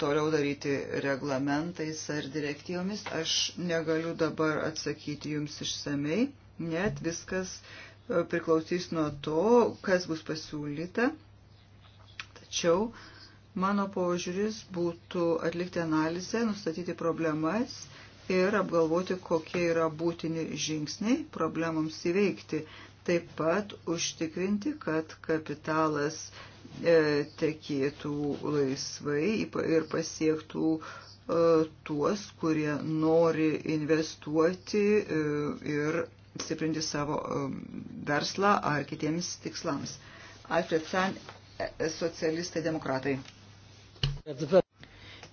toliau daryti reglamentais ar direktyvomis, aš negaliu dabar atsakyti jums išsamei, net viskas uh, priklausys nuo to, kas bus pasiūlyta. Tačiau mano požiūris būtų atlikti analizę, nustatyti problemas ir apgalvoti, kokie yra būtini žingsniai problemams įveikti. Taip pat užtikrinti, kad kapitalas e, tekėtų laisvai ir pasiektų e, tuos, kurie nori investuoti e, ir stiprinti savo um, verslą ar kitiems tikslams. Alfred San, e, e, socialistai demokratai.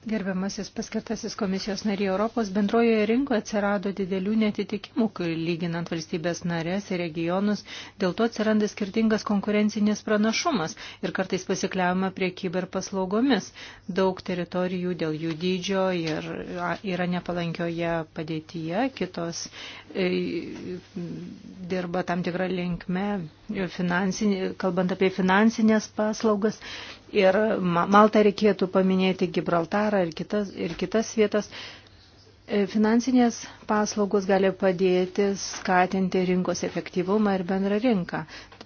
Gerbiamasis paskirtasis komisijos nariai Europos bendrojoje rinkoje atsirado didelių netitikimų, lyginant valstybės narės ir regionus, dėl to atsiranda skirtingas konkurencinės pranašumas ir kartais pasikliaujama prie kiber paslaugomis. Daug teritorijų dėl jų dydžio ir yra nepalankioje padėtyje, kitos e, dirba tam tikrą linkme, kalbant apie finansinės paslaugas ir Maltą reikėtų paminėti, Gibraltarą ir kitas, ir kitas vietas. E, finansinės paslaugos gali padėti skatinti rinkos efektyvumą ir bendrą rinką.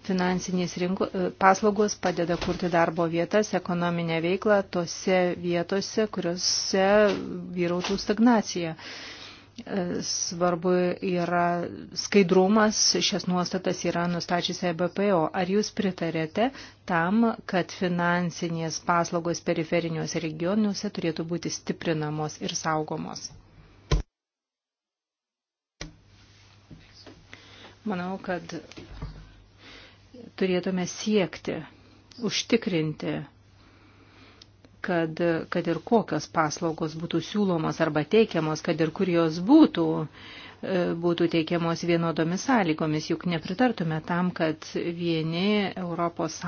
Finansinės rinko, e, paslaugos padeda kurti darbo vietas, ekonominę veiklą tose vietose, kuriuose vyrautų stagnacija svarbu yra skaidrumas, šias nuostatas yra nustačiusi EBPO. Ar jūs pritarėte tam, kad finansinės paslaugos periferiniuose regioniuose turėtų būti stiprinamos ir saugomos? Manau, kad turėtume siekti, užtikrinti kad, kad ir kokios paslaugos būtų siūlomos arba teikiamos, kad ir kur jos būtų, e, būtų teikiamos vienodomis sąlygomis, juk nepritartume tam, kad vieni ES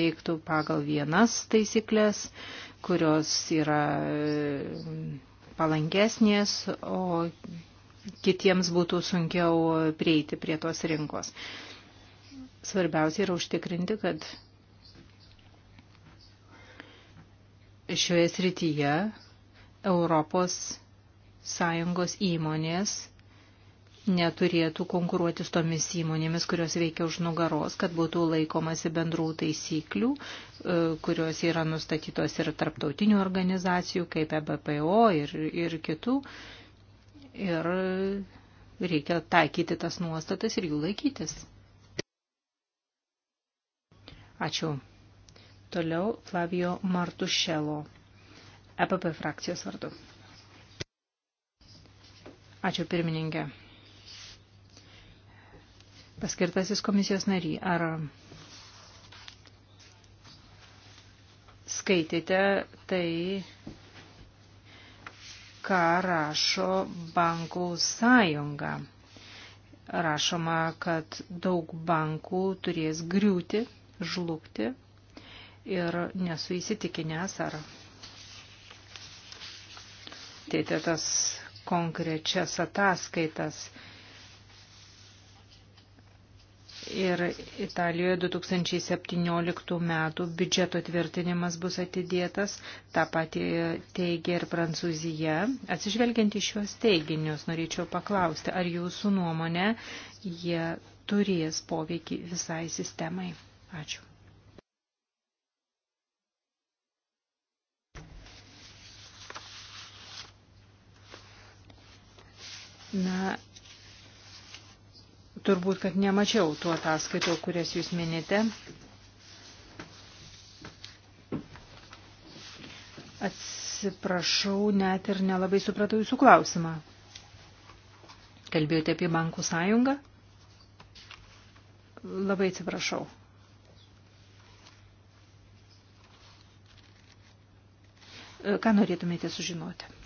veiktų pagal vienas taisyklės, kurios yra e, palankesnės, o kitiems būtų sunkiau prieiti prie tos rinkos. Svarbiausia yra užtikrinti, kad šioje srityje Europos Sąjungos įmonės neturėtų konkuruoti su tomis įmonėmis, kurios veikia už nugaros, kad būtų laikomasi bendrų taisyklių, e, kurios yra nustatytos ir tarptautinių organizacijų, kaip EBPO ir, ir kitų. Ir reikia taikyti tas nuostatas ir jų laikytis. Ačiū Toliau Flavio Martušelo, EPP frakcijos vardu. Ačiū pirmininkė. Paskirtasis komisijos nary, ar skaitėte tai, ką rašo bankų sąjunga? Rašoma, kad daug bankų turės griūti, žlugti ir nesu įsitikinęs, ar teitė tas konkrečias ataskaitas. Ir Italijoje 2017 metų biudžeto tvirtinimas bus atidėtas, tą patį teigia ir Prancūzija. Atsižvelgiant į šios teiginius, norėčiau paklausti, ar jūsų nuomonė jie turės poveikį visai sistemai. Ačiū. Na, turbūt, kad nemačiau tuo ataskaito, kurias jūs minite. Atsiprašau, net ir nelabai supratau jūsų klausimą. Kalbėjote apie bankų sąjungą? Labai atsiprašau. Ką norėtumėte sužinoti?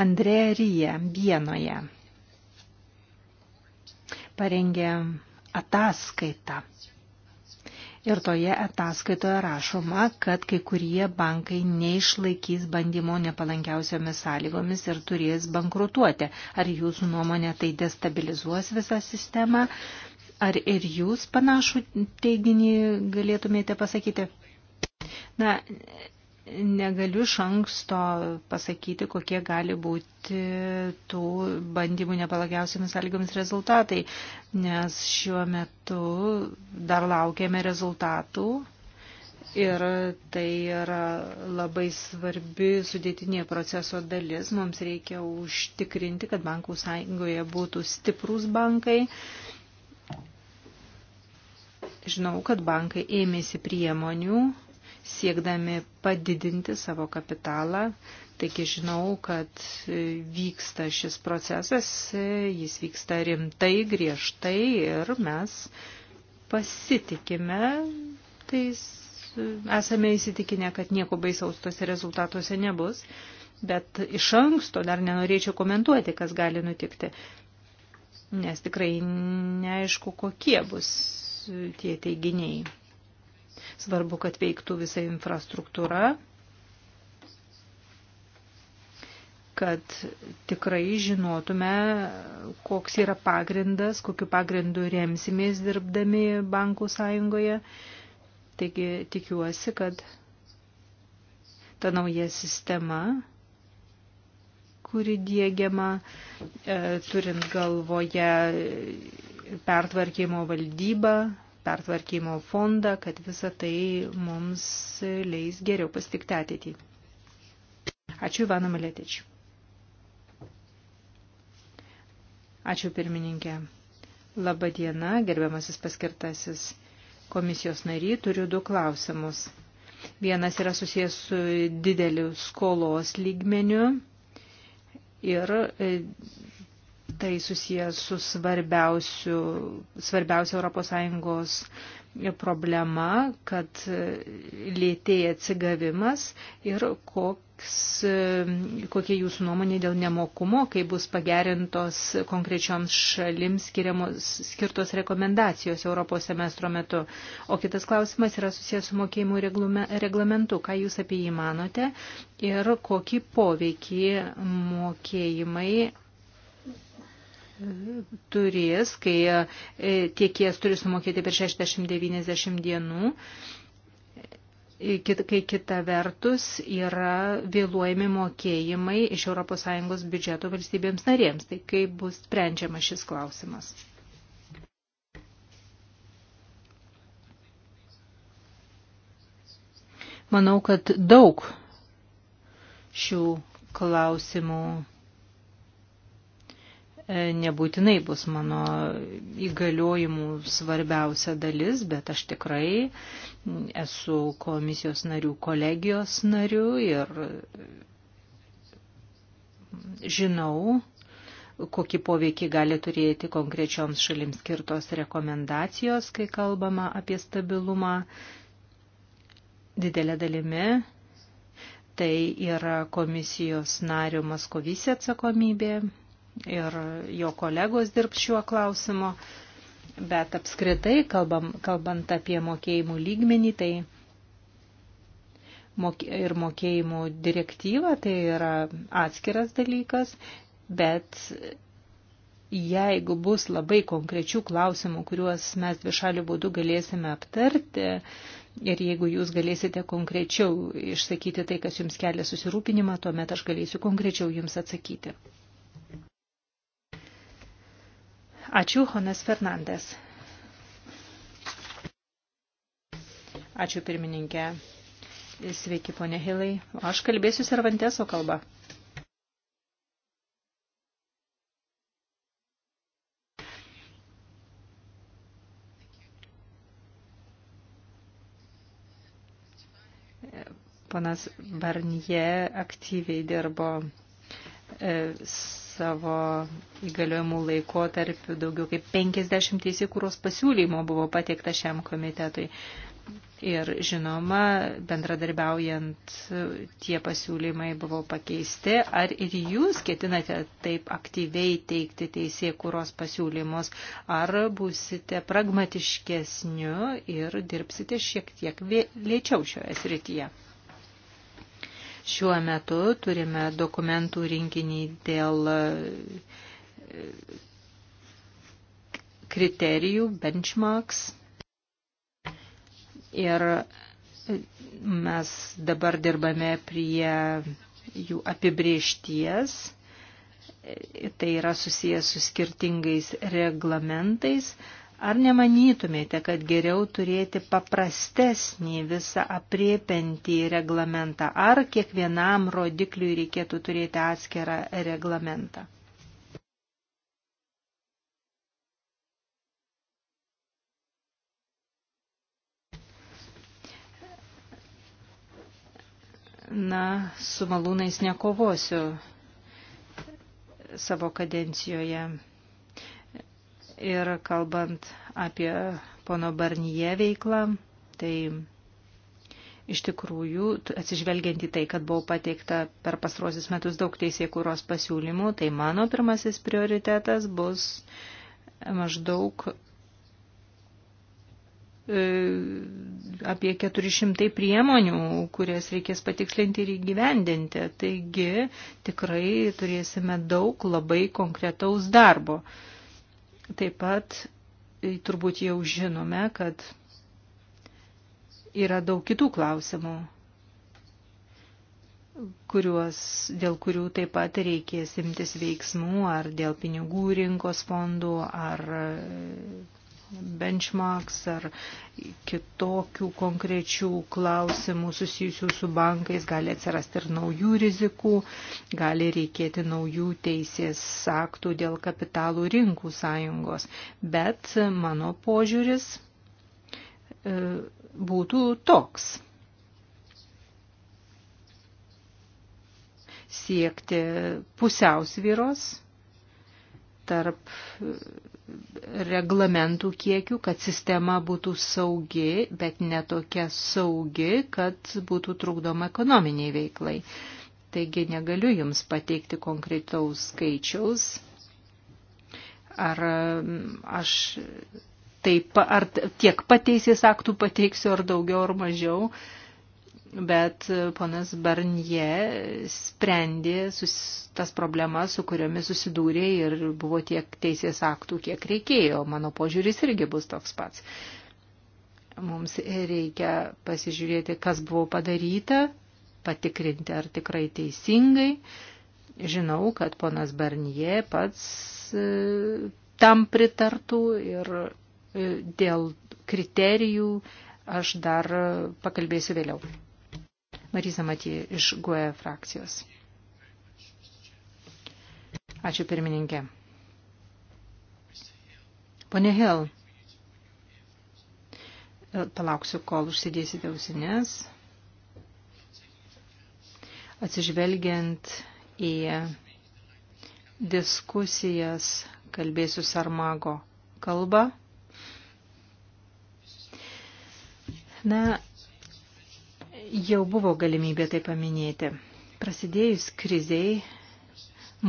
Andrė Ryja Vienoje parengė ataskaitą. Ir toje ataskaitoje rašoma, kad kai kurie bankai neišlaikys bandymo nepalankiausiomis sąlygomis ir turės bankrutuoti. Ar jūsų nuomonė tai destabilizuos visą sistemą? Ar ir jūs panašų teiginį galėtumėte pasakyti? Na, negaliu iš anksto pasakyti, kokie gali būti tų bandymų nepalagiausiamis sąlygomis rezultatai, nes šiuo metu dar laukiame rezultatų ir tai yra labai svarbi sudėtinė proceso dalis. Mums reikia užtikrinti, kad bankų sąjungoje būtų stiprus bankai. Žinau, kad bankai ėmėsi priemonių siekdami padidinti savo kapitalą. Taigi žinau, kad vyksta šis procesas, jis vyksta rimtai, griežtai ir mes pasitikime, tai esame įsitikinę, kad nieko baisaus tose rezultatuose nebus, bet iš anksto dar nenorėčiau komentuoti, kas gali nutikti, nes tikrai neaišku, kokie bus tie teiginiai. Svarbu, kad veiktų visa infrastruktūra, kad tikrai žinotume, koks yra pagrindas, kokiu pagrindu remsimės dirbdami bankų sąjungoje. Taigi tikiuosi, kad ta nauja sistema kuri dėgiama, e, turint galvoje pertvarkymo valdybą, pertvarkymo fondą, kad visa tai mums leis geriau pasitikti ateitį. Ačiū Ivana Maletič. Ačiū pirmininkė. Labą dieną, gerbiamasis paskirtasis komisijos nary, turiu du klausimus. Vienas yra susijęs su dideliu skolos lygmeniu ir e, tai susijęs su svarbiausia ES problema, kad lėtėja atsigavimas ir koks, kokie jūsų nuomonė dėl nemokumo, kai bus pagerintos konkrečioms šalims skiriamos, skirtos rekomendacijos Europos semestro metu. O kitas klausimas yra susijęs su mokėjimų reglamentu. Ką jūs apie jį manote ir kokį poveikį mokėjimai turės, kai e, tiekėjas turi sumokėti per 60-90 dienų, e, kai kita vertus yra vėluojami mokėjimai iš ES biudžeto valstybėms narėms. Tai kaip bus sprendžiama šis klausimas? Manau, kad daug šių klausimų E, nebūtinai bus mano įgaliojimų svarbiausia dalis, bet aš tikrai esu komisijos narių kolegijos narių ir žinau, kokį poveikį gali turėti konkrečioms šalims skirtos rekomendacijos, kai kalbama apie stabilumą. Didelė dalimi tai yra komisijos nario Maskovysė atsakomybė, ir jo kolegos dirbs šiuo klausimu, bet apskritai, kalbam, kalbant apie mokėjimų lygmenį, tai ir mokėjimų direktyva, tai yra atskiras dalykas, bet jeigu bus labai konkrečių klausimų, kuriuos mes dvišalių būdų galėsime aptarti, ir jeigu jūs galėsite konkrečiau išsakyti tai, kas jums kelia susirūpinimą, tuomet aš galėsiu konkrečiau jums atsakyti. Ačiū, Jonas Fernandes. Ačiū, pirmininkė. Sveiki, ponė Hilai. Aš kalbėsiu Servanteso kalbą. Ponas Barnie aktyviai dirbo E, savo įgaliojimų laikotarpiu daugiau kaip 50 teisėkūros pasiūlymo buvo pateikta šiam komitetui. Ir žinoma, bendradarbiaujant e, tie pasiūlymai buvo pakeisti. Ar ir jūs ketinate taip aktyviai teikti teisėkūros pasiūlymus, ar būsite pragmatiškesniu ir dirbsite šiek tiek lėčiau šioje srityje? Šiuo metu turime dokumentų rinkinį dėl e, kriterijų, benchmarks. Ir mes dabar dirbame prie jų apibriešties. E, tai yra susijęs su skirtingais reglamentais. Ar nemanytumėte, kad geriau turėti paprastesnį visą apriepentį reglamentą, ar kiekvienam rodikliui reikėtų turėti atskirą reglamentą? Na, su malūnais nekovosiu savo kadencijoje Ir kalbant apie pono Barnyje veiklą, tai iš tikrųjų, atsižvelgiant į tai, kad buvo pateikta per pastrosius metus daug teisėkūros pasiūlymų, tai mano pirmasis prioritetas bus maždaug e, apie 400 priemonių, kurias reikės patikslinti ir įgyvendinti. Taigi tikrai turėsime daug labai konkretaus darbo. Taip pat turbūt jau žinome, kad yra daug kitų klausimų, kuriuos, dėl kurių taip pat reikės imtis veiksmų, ar dėl pinigų rinkos fondų, ar benchmarks ar kitokių konkrečių klausimų susijusių su bankais, gali atsirasti ir naujų rizikų, gali reikėti naujų teisės aktų dėl kapitalų rinkų sąjungos. Bet mano požiūris e, būtų toks. Siekti pusiausvyros tarp reglamentų kiekių, kad sistema būtų saugi, bet netokia saugi, kad būtų trukdoma ekonominiai veiklai. Taigi negaliu Jums pateikti konkretaus skaičiaus. Ar aš taip, ar tiek pateisės aktų pateiksiu, ar daugiau, ar mažiau. Uh, Bet e, ponas Barnie sprendė sus, tas problemas, su kuriomis susidūrė ir buvo tiek teisės aktų, kiek reikėjo. Mano požiūris irgi bus toks pats. Mums reikia pasižiūrėti, kas buvo padaryta, patikrinti, ar tikrai teisingai. Žinau, kad ponas Barnie pats e, tam pritartų ir e, dėl kriterijų aš dar pakalbėsiu vėliau. Marisa Matija iš GUE frakcijos. Ačiū pirmininkė. Pone Hill, palauksiu, kol užsidėsite ausinės. Atsižvelgiant į diskusijas, kalbėsiu Sarmago kalbą. Na, jau buvo galimybė tai paminėti. Prasidėjus kriziai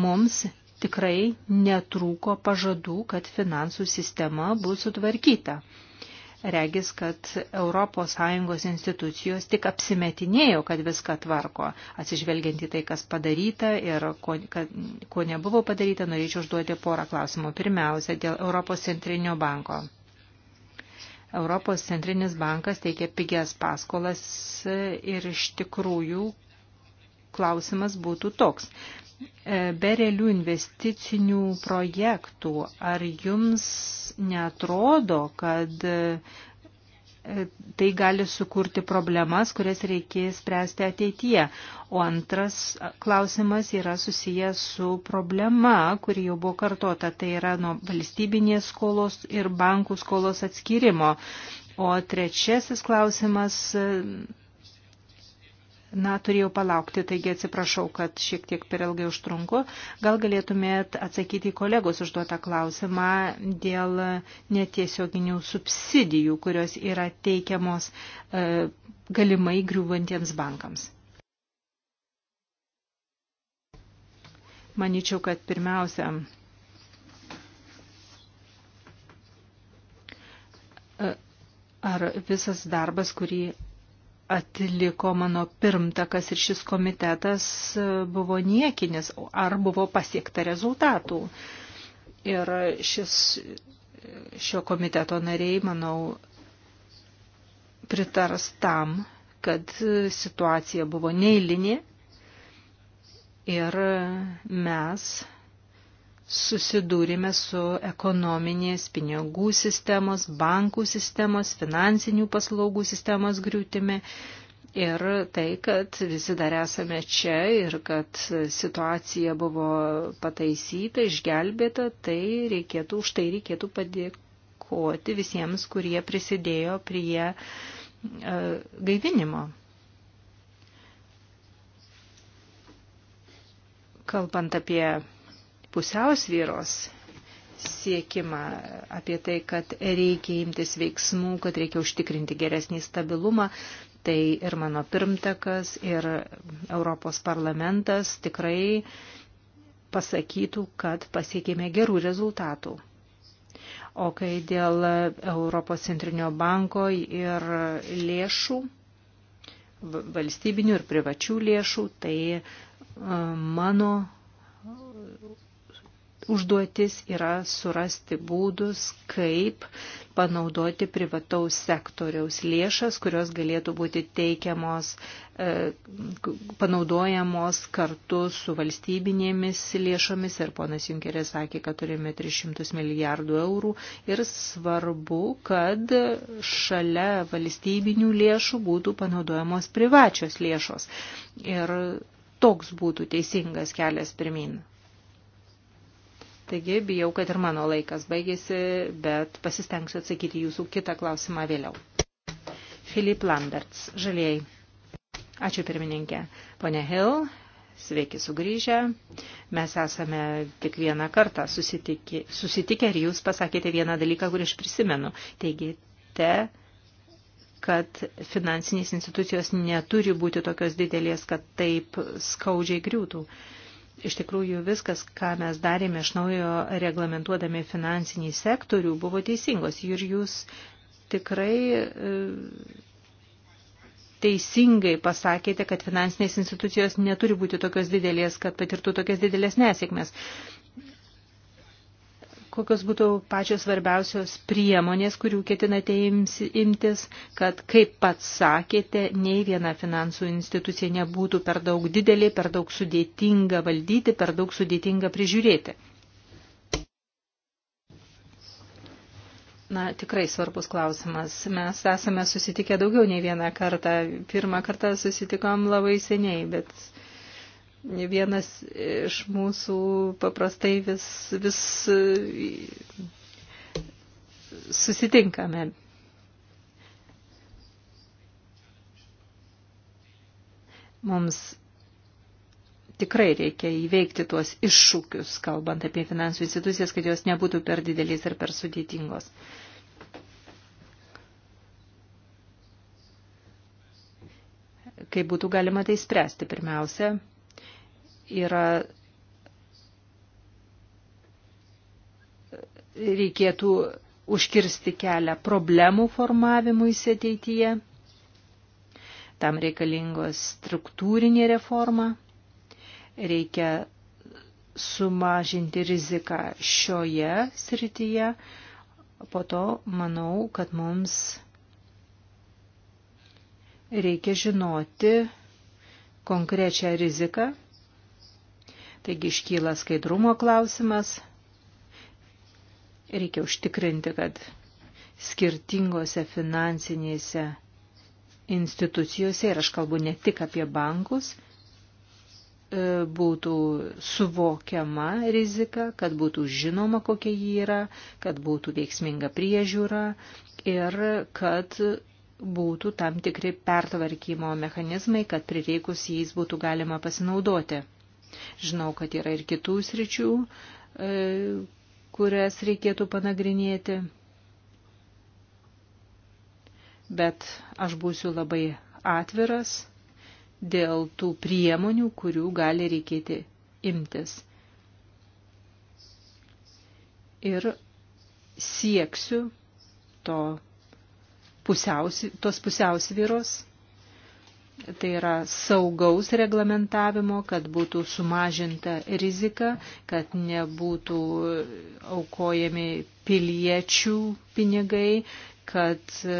mums tikrai netrūko pažadų, kad finansų sistema bus sutvarkyta. Regis, kad ES institucijos tik apsimetinėjo, kad viską tvarko. Atsižvelgiant į tai, kas padaryta ir ko, kad, ko nebuvo padaryta, norėčiau užduoti porą klausimų. Pirmiausia, dėl ES centrinio banko. Europos centrinis bankas teikia pigias paskolas ir iš tikrųjų klausimas būtų toks. E, be realių investicinių projektų, ar jums netrodo, kad tai gali sukurti problemas, kurias reikės spręsti ateityje. O antras klausimas yra susijęs su problema, kuri jau buvo kartota, tai yra nuo valstybinės skolos ir bankų skolos atskirimo. O trečiasis klausimas Na, turėjau palaukti, taigi atsiprašau, kad šiek tiek per ilgai užtrunku. Gal galėtumėt atsakyti į kolegos užduotą klausimą dėl netiesioginių subsidijų, kurios yra teikiamos e, galimai griūvantiems bankams. Maničiau, kad pirmiausia. E, ar visas darbas, kurį atliko mano pirmtakas ir šis komitetas e, buvo niekinis, ar buvo pasiekta rezultatų. Ir šis, šio komiteto nariai, manau, pritars tam, kad situacija buvo neįlinė ir mes susidūrėme su ekonominės pinigų sistemos, bankų sistemos, finansinių paslaugų sistemos griūtimi. Ir tai, kad visi dar esame čia ir kad situacija buvo pataisyta, išgelbėta, tai reikėtų, už tai reikėtų padėkoti visiems, kurie prisidėjo prie e, gaivinimo. Kalbant apie pusiausvyros siekimą, apie tai, kad reikia imtis veiksmų, kad reikia užtikrinti geresnį stabilumą. Tai ir mano pirmtakas, ir Europos parlamentas tikrai pasakytų, kad pasiekėme gerų rezultatų. O kai dėl Europos centrinio banko ir lėšų, valstybinių ir privačių lėšų, tai e, mano užduotis yra surasti būdus, kaip panaudoti privataus sektoriaus lėšas, kurios galėtų būti teikiamos, e, panaudojamos kartu su valstybinėmis lėšomis. Ir ponas Junkeris sakė, kad turime 300 milijardų eurų. Ir svarbu, kad šalia valstybinių lėšų būtų panaudojamos privačios lėšos. Ir toks būtų teisingas kelias pirmin. Taigi bijau, kad ir mano laikas baigėsi, bet pasistengsiu atsakyti jūsų kitą klausimą vėliau. Filip Lamberts, žalieji. Ačiū pirmininkė. Pone Hill, sveiki sugrįžę. Mes esame tik vieną kartą susitikę, susitikę ir jūs pasakėte vieną dalyką, kurį aš prisimenu. Teigėte, kad finansinės institucijos neturi būti tokios didelės, kad taip skaudžiai griūtų. Uh, iš tikrųjų viskas, ką mes darėme iš naujo reglamentuodami finansinį sektorių, buvo teisingos. Ir jūs tikrai e, teisingai pasakėte, kad finansinės institucijos neturi būti tokios didelės, kad patirtų tokias didelės nesėkmės kokios būtų pačios svarbiausios priemonės, kurių ketinate imtis, kad, kaip pats sakėte, nei viena finansų institucija nebūtų per daug didelė, per daug sudėtinga valdyti, per daug sudėtinga prižiūrėti. Na, tikrai svarbus klausimas. Mes esame susitikę daugiau nei vieną kartą. Pirmą kartą susitikom labai seniai, bet Vienas iš mūsų paprastai vis, vis susitinkame. Mums tikrai reikia įveikti tuos iššūkius, kalbant apie finansų institucijas, kad jos nebūtų per didelės ir per sudėtingos. Kaip būtų galima tai spręsti? Pirmiausia, yra reikėtų užkirsti kelią problemų formavimui ateityje. Tam reikalingos struktūrinė reforma. Reikia sumažinti riziką šioje srityje. Po to manau, kad mums reikia žinoti konkrečią riziką Taigi iškyla skaidrumo klausimas. Reikia užtikrinti, kad skirtingose finansinėse institucijose, ir aš kalbu ne tik apie bankus, e, būtų suvokiama rizika, kad būtų žinoma, kokia jį yra, kad būtų veiksminga priežiūra ir kad būtų tam tikri pertvarkymo mechanizmai, kad prireikus jais būtų galima pasinaudoti. Žinau, kad yra ir kitų sričių, e, kurias reikėtų panagrinėti. Bet aš būsiu labai atviras dėl tų priemonių, kurių gali reikėti imtis. Ir sieksiu to pusiaus, tos pusiausvyros tai yra saugaus reglamentavimo, kad būtų sumažinta rizika, kad nebūtų aukojami piliečių pinigai, kad e,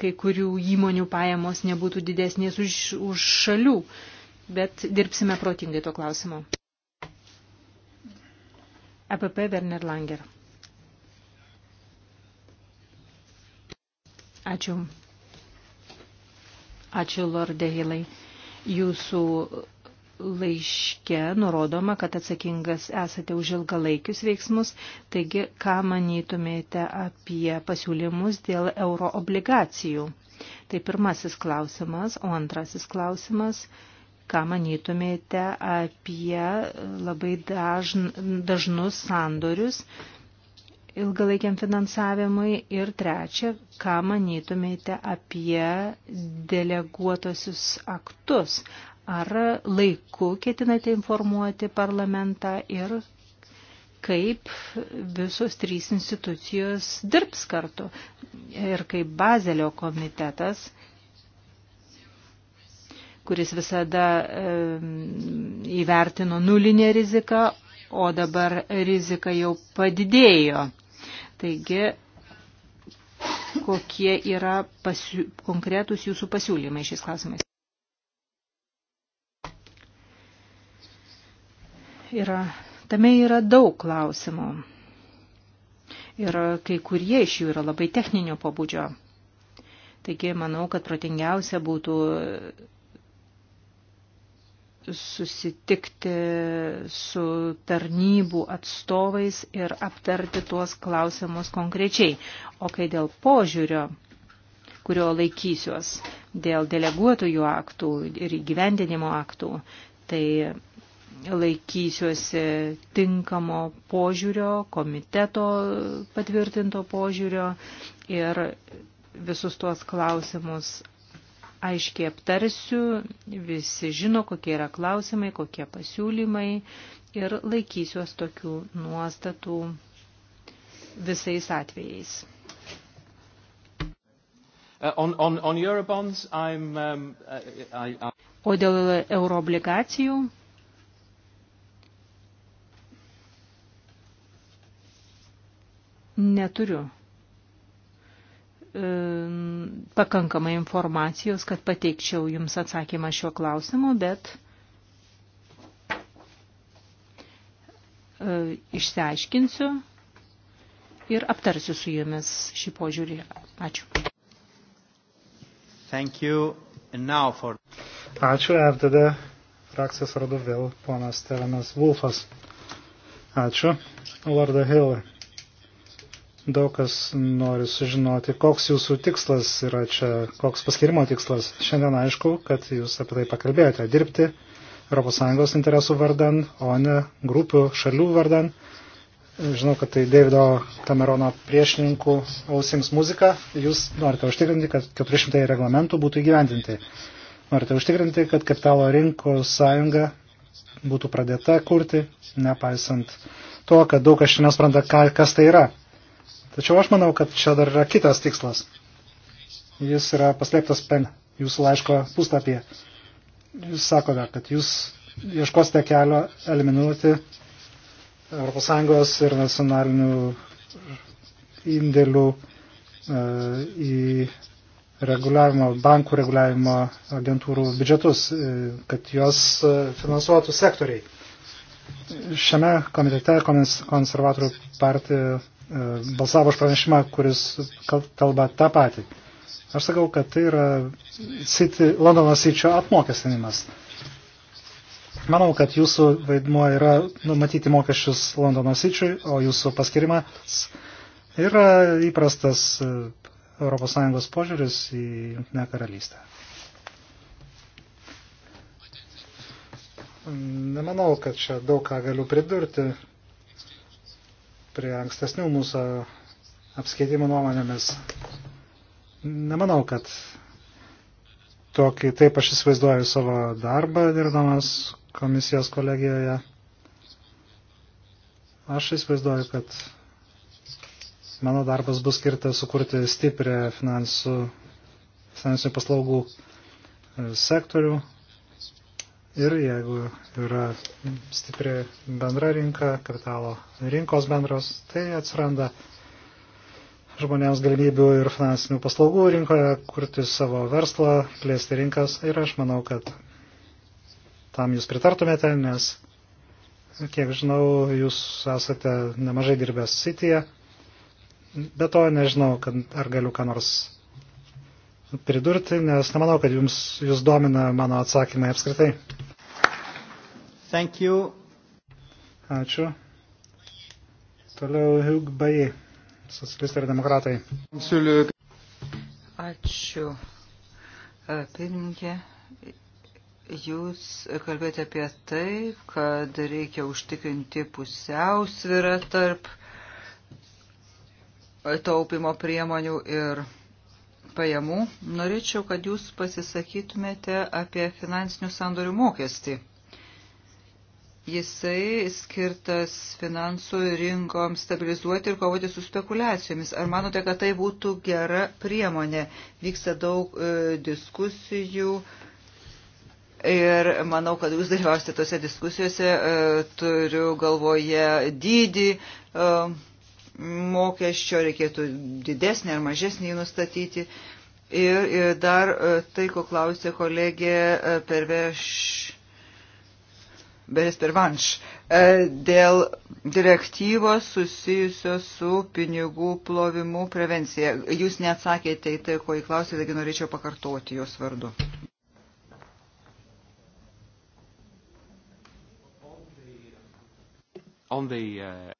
kai kurių įmonių pajamos nebūtų didesnės už, už šalių, bet dirbsime protingai to klausimo. APP e Werner Langer. Ačiū. Ačiū, Lorde Hilai. Jūsų laiške nurodoma, kad atsakingas esate už ilgalaikius veiksmus, taigi ką manytumėte apie pasiūlymus dėl euro obligacijų? Tai pirmasis klausimas, o antrasis klausimas, ką manytumėte apie labai dažn, dažnus sandorius ilgalaikiam finansavimui ir trečia, ką manytumėte apie deleguotosius aktus. Ar laiku ketinate informuoti parlamentą ir kaip visos trys institucijos dirbs kartu ir kaip Bazelio komitetas kuris visada e, įvertino nulinę riziką, o dabar rizika jau padidėjo. Taigi, kokie yra pasiū, konkretus jūsų pasiūlymai šiais klausimais? Yra, tame yra daug klausimų. Ir kai kurie iš jų yra labai techninio pobūdžio. Taigi, manau, kad protingiausia būtų susitikti su tarnybų atstovais ir aptarti tuos klausimus konkrečiai. O kai dėl požiūrio, kurio laikysiuos, dėl deleguotojų aktų ir įgyvendinimo aktų, tai laikysiuosi tinkamo požiūrio, komiteto patvirtinto požiūrio ir visus tuos klausimus aiškiai aptarsiu, visi žino, kokie yra klausimai, kokie pasiūlymai ir laikysiuos tokių nuostatų visais atvejais. Uh, on, on, on Eurobonds, I'm, um, I, I... O dėl euroobligacijų neturiu Um, pakankamai informacijos, kad pateikčiau Jums atsakymą šiuo klausimu, bet uh, išsiaiškinsiu ir aptarsiu su Jumis šį požiūrį. Ačiū. Thank you. And now for... Ačiū, FDD frakcijos vardu vėl ponas Stevenas Vulfas. Ačiū, Lorda Hill. Daug kas nori sužinoti, koks jūsų tikslas yra čia, koks paskirimo tikslas. Šiandien aišku, kad jūs apie tai pakalbėjote. Dirbti ES interesų vardan, o ne grupių šalių vardan. Žinau, kad tai Davido Kamerono priešininkų ausims muzika. Jūs norite užtikrinti, kad 400 reglamentų būtų įgyvendinti. Norite užtikrinti, kad kapitalo rinkų sąjunga būtų pradėta kurti, nepaisant to, kad daug kas šiandien spranta, kas tai yra. Tačiau aš manau, kad čia dar yra kitas tikslas. Jis yra paslėptas pen jūsų laiško puslapyje. Jūs sakote, kad jūs ieškosite kelio eliminuoti ES ir nacionalinių indėlių e, į reguliavimo, bankų reguliavimo agentūrų biudžetus, e, kad juos e, finansuotų sektoriai. Šiame komitete konservatorių partija E, balsavo už pranešimą, kuris kalba tą patį. Aš sakau, kad tai yra city, Londono sičio apmokestinimas. Manau, kad jūsų vaidmuo yra numatyti mokesčius Londono sičiui, o jūsų paskirimas yra įprastas ES požiūris į Junktinę karalystę. Nemanau, kad čia daug ką galiu pridurti prie ankstesnių mūsų apskaitimų nuomonėmis. Nemanau, kad tokį, taip aš įsivaizduoju savo darbą dirbdamas komisijos kolegijoje. Aš įsivaizduoju, kad mano darbas bus skirtas sukurti stiprią finansų, finansinių paslaugų sektorių, Ir jeigu yra stipri bendra rinka, kapitalo rinkos bendros, tai atsiranda žmonėms galimybių ir finansinių paslaugų rinkoje, kurti savo verslą, plėsti rinkas. Ir aš manau, kad tam jūs pritartumėte, nes, kiek žinau, jūs esate nemažai dirbęs Cityje. Be to nežinau, kad, ar galiu ką nors pridurti, nes nemanau, kad jums, jūs domina mano atsakymai apskritai. Thank you. Ačiū. Toliau Hug Baji, socialistai ir demokratai. Ačiū. E, pirmininkė, Jūs kalbėjote apie tai, kad reikia užtikrinti pusiausvyrą tarp taupimo priemonių ir pajamų, norėčiau, kad jūs pasisakytumėte apie finansinių sandorių mokestį. Jisai skirtas finansų rinkoms stabilizuoti ir kovoti su spekulacijomis. Ar manote, kad tai būtų gera priemonė? Vyksta daug e, diskusijų ir manau, kad jūs dalyvausite tose diskusijose. E, turiu galvoje dydį. E, mokesčio reikėtų didesnį ar mažesnį nustatyti. Ir, ir dar e, tai, ko klausė kolegė e, Perveš. Beres Pervanš, e, dėl direktyvos susijusios su pinigų plovimu prevencija. Jūs neatsakėte į tai, ko įklausėte, taigi norėčiau pakartoti jos vardu. On the, uh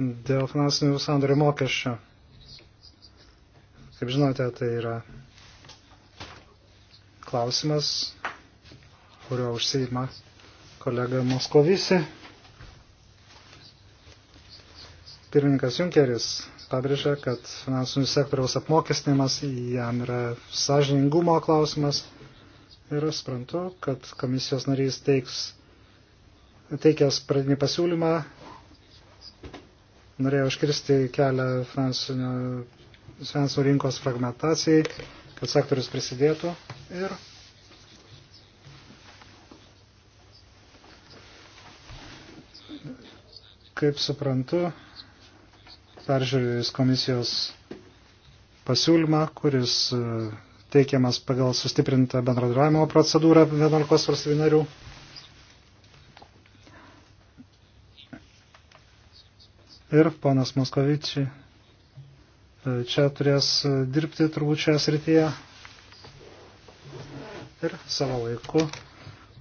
dėl finansinių sandorių mokesčio. Kaip žinote, tai yra klausimas, kurio užsiima kolega Moskovisi. Pirmininkas Junkeris pabrėžia, kad finansinių sektoriaus apmokestinimas jam yra sąžiningumo klausimas. Ir aš suprantu, kad komisijos narys teiks, teikęs pradinį pasiūlymą norėjo iškirsti kelią finansų rinkos fragmentacijai, kad sektorius prisidėtų ir kaip suprantu, peržiūrėjus komisijos pasiūlymą, kuris e, teikiamas pagal sustiprintą bendradarbiavimo procedūrą 11 valstybių narių. ir ponas Moskovičiai e, čia turės dirbti turbūt šioje srityje ir savo laiku,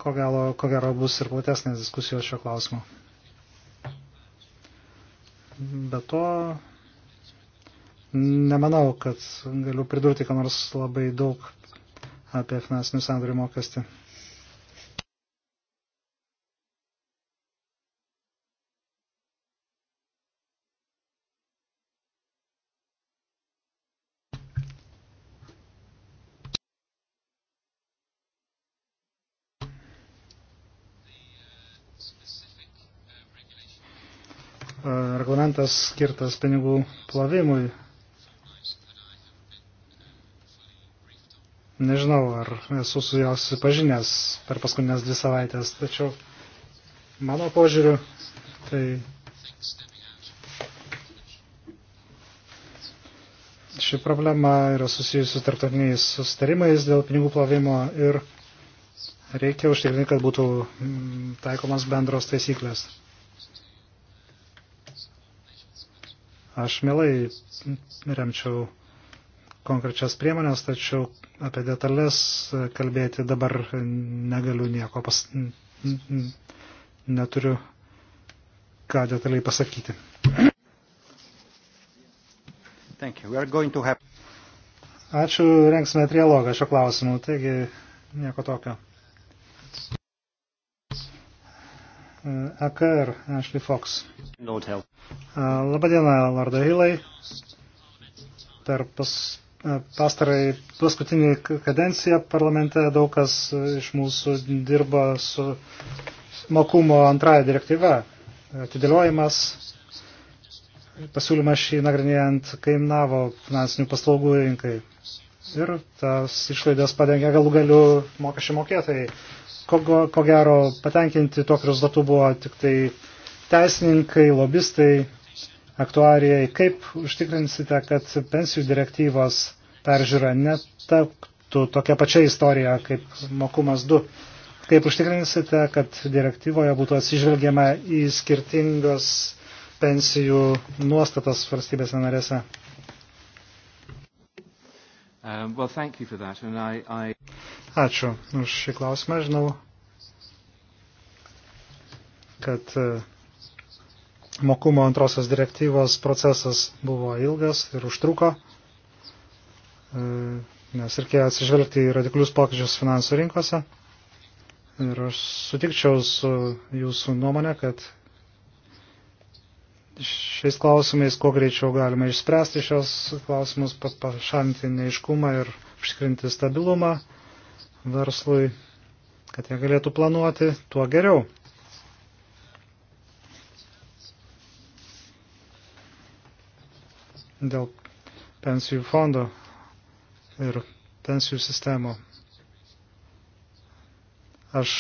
ko, galo, ko gero bus ir platesnės diskusijos šio klausimu. Be to, nemanau, kad galiu pridurti, ką nors labai daug apie finansinių sandorių mokestį. reglamentas skirtas pinigų plovimui. Nežinau, ar esu su jos pažinęs per paskutinės dvi savaitės, tačiau mano požiūriu, tai ši problema yra susijusi su tarptautiniais sustarimais dėl pinigų plovimo ir reikia užtikrinti, kad būtų mm, taikomas bendros taisyklės. Aš mielai remčiau konkrečias priemonės, tačiau apie detalės kalbėti dabar negaliu nieko, pas, neturiu ką detaliai pasakyti. Have... Ačiū, rengsime trialogą šio klausimu, taigi nieko tokio. Uh, AKR Ashley Fox. Uh, Labadiena, Lorda Hilai. Per pas, uh, pastarai paskutinį kadenciją parlamente daug kas iš mūsų dirba su mokumo antrąją direktyvą. Atidėliojimas, pasiūlymas šį nagrinėjant kaimnavo finansinių paslaugų rinkai ir tas išlaidas padengia galų galių mokesčių mokėtojai. Ko, ko gero patenkinti tokiu rezultatu buvo tik tai teisininkai, lobistai, aktuarijai. Kaip užtikrinsite, kad pensijų direktyvos peržiūra netaptų tokia pačia istorija kaip mokumas 2? Kaip užtikrinsite, kad direktyvoje būtų atsižvelgiama į skirtingas pensijų nuostatas valstybėse narėse? Um, well, thank you for that. And I, I... Ačiū už šį klausimą. Žinau, kad uh, mokumo antrosios direktyvos procesas buvo ilgas ir užtruko, uh, nes reikėjo atsižvelgti į radiklius pokyčius finansų rinkose. Ir aš sutikčiau su jūsų nuomonė, kad šiais klausimais, kuo greičiau galime išspręsti šios klausimus, pašalinti neiškumą ir užtikrinti stabilumą verslui, kad jie galėtų planuoti, tuo geriau. Dėl pensijų fondo ir pensijų sistemų. Aš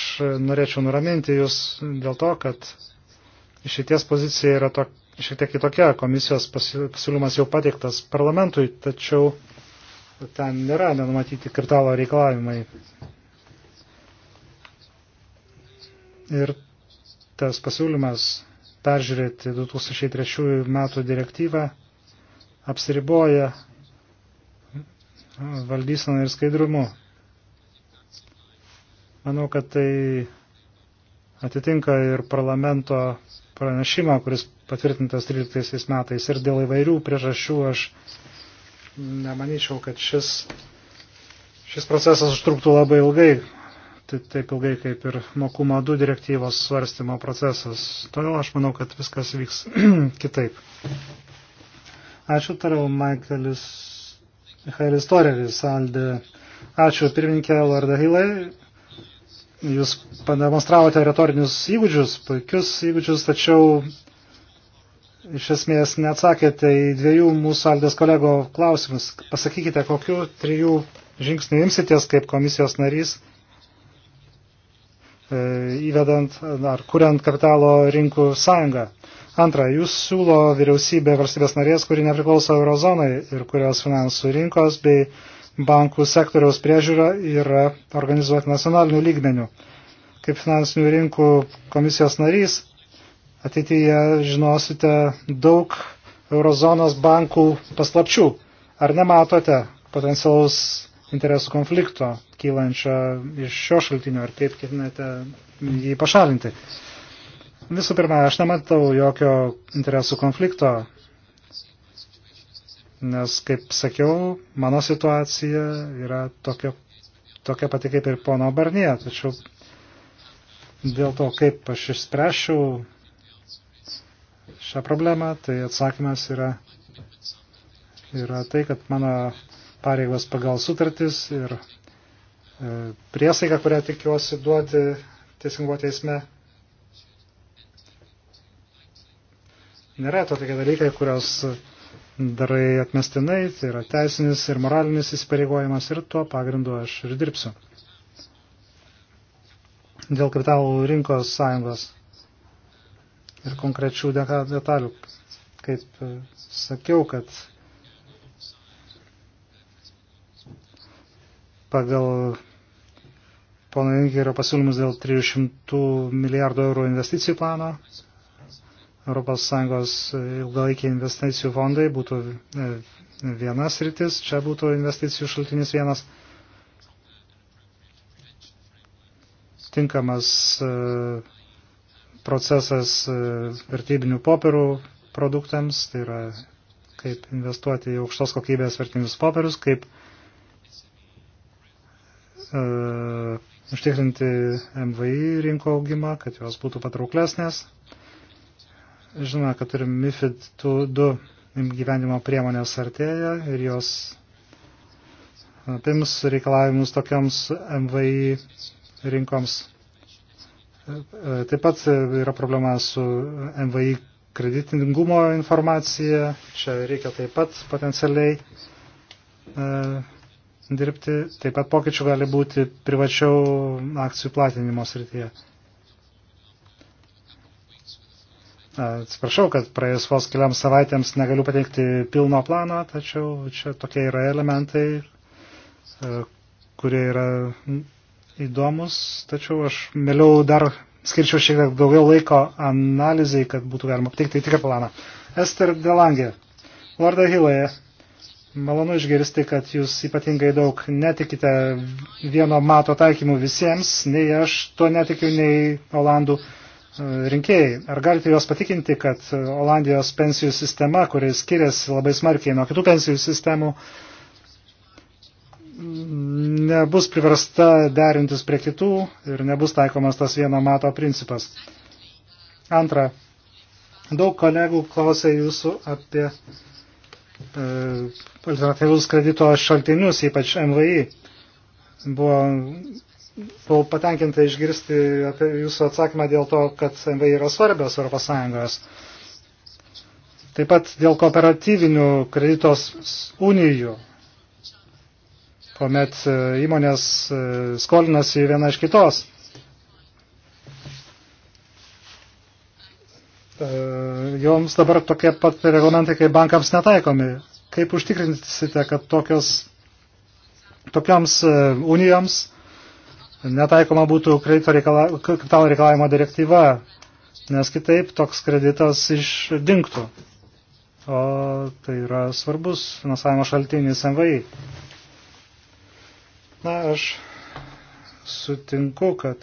norėčiau nuraminti jūs dėl to, kad išėties pozicija yra tokia šiek tiek kitokia. Komisijos pasiūlymas jau pateiktas parlamentui, tačiau ten nėra nenumatyti kapitalo reikalavimai. Ir tas pasiūlymas peržiūrėti 2003 metų direktyvą apsiriboja valdyseną ir skaidrumu. Manau, kad tai atitinka ir parlamento pranešimą, kuris patvirtintas 13 metais. Ir dėl įvairių priežasčių aš nemanyčiau, kad šis, šis procesas užtruktų labai ilgai, taip ilgai kaip ir mokumo 2 direktyvos svarstymo procesas. Todėl aš manau, kad viskas vyks kitaip. Ačiū tariau, Michaelis, Michaelis Toreris, Aldė. Ačiū pirmininkė Lorda Hilai. Jūs pademonstravote retorinius įgūdžius, puikius įgūdžius, tačiau iš esmės neatsakėte į dviejų mūsų aldės kolego klausimus. Pasakykite, kokiu trijų žingsnių imsitės kaip komisijos narys, e, įvedant ar kuriant kapitalo rinkų sąjungą. Antra, jūs siūlo vyriausybė valstybės narės, kuri nepriklauso eurozonai ir kurios finansų rinkos bei bankų sektoriaus priežiūra yra organizuoti nacionalinių lygmenių. Kaip finansinių rinkų komisijos narys, ateityje žinosite daug eurozonos bankų paslapčių. Ar nematote potencialaus interesų konflikto kylančio iš šio šaltinio, ar kaip ketinate jį pašalinti? Visų pirma, aš nematau jokio interesų konflikto, nes, kaip sakiau, mano situacija yra tokia, tokia pati kaip ir pono Barnie, tačiau dėl to, kaip aš išspręšiau šią problemą, tai atsakymas yra, yra tai, kad mano pareigos pagal sutartis ir e, priesaika, kurią tikiuosi duoti teisingo teisme. Nėra to tokie dalykai, kurios darai atmestinai, tai yra teisinis ir moralinis įsipareigojimas ir tuo pagrindu aš ir dirbsiu. Dėl kapitalų rinkos sąjungos ir konkrečių detalių. Kaip e, sakiau, kad pagal pono Junkerio pasiūlymus dėl 300 milijardų eurų investicijų plano, ES ilgalaikiai investicijų fondai būtų e, vienas rytis, čia būtų investicijų šaltinis vienas tinkamas uh, procesas e, vertybinių popierų produktams, tai yra kaip investuoti į aukštos kokybės vertybinius popierius, kaip uh, užtikrinti MVI rinko augimą, kad jos būtų patrauklesnės. Žinoma, kad turim MIFID 2 gyvenimo priemonės artėja ir jos apims reikalavimus tokiams MVI rinkoms Taip pat e, yra problema su MVI kreditingumo informacija. Čia reikia taip pat potencialiai e, dirbti. Taip pat pokyčių gali būti privačiau akcijų platinimo srityje. Atsiprašau, kad praėjus vos keliams savaitėms negaliu pateikti pilno plano, tačiau čia tokie yra elementai, e, kurie yra įdomus, tačiau aš vėliau dar skirčiau šiek tiek daugiau laiko analizai, kad būtų galima aptikti tikrą planą. Ester Delangė, Lorda Hiloje, malonu išgirsti, kad jūs ypatingai daug netikite vieno mato taikymų visiems, nei aš to netikiu, nei Olandų e, rinkėjai. Ar galite juos patikinti, kad Olandijos pensijų sistema, kuris skiriasi labai smarkiai nuo kitų pensijų sistemų, uh, nebus priversta derintis prie kitų ir nebus taikomas tas vieno mato principas. Antra, daug kolegų klausė jūsų apie e, alternatyvus kredito šaltinius, ypač MVI. Buvo, buvau patenkinta išgirsti apie jūsų atsakymą dėl to, kad MVI yra svarbios Europos Sąjungos. Taip pat dėl kooperatyvinių kreditos unijų kuomet e, įmonės e, skolinasi viena iš kitos. E, joms dabar tokie pat reglamentai kaip bankams netaikomi. Kaip užtikrinsite, kad tokios, tokioms unijoms netaikoma būtų kredito reikala, kapitalo reikalavimo direktyva, nes kitaip toks kreditas išdinktų. O tai yra svarbus finansavimo šaltinis MVI. Na, aš sutinku, kad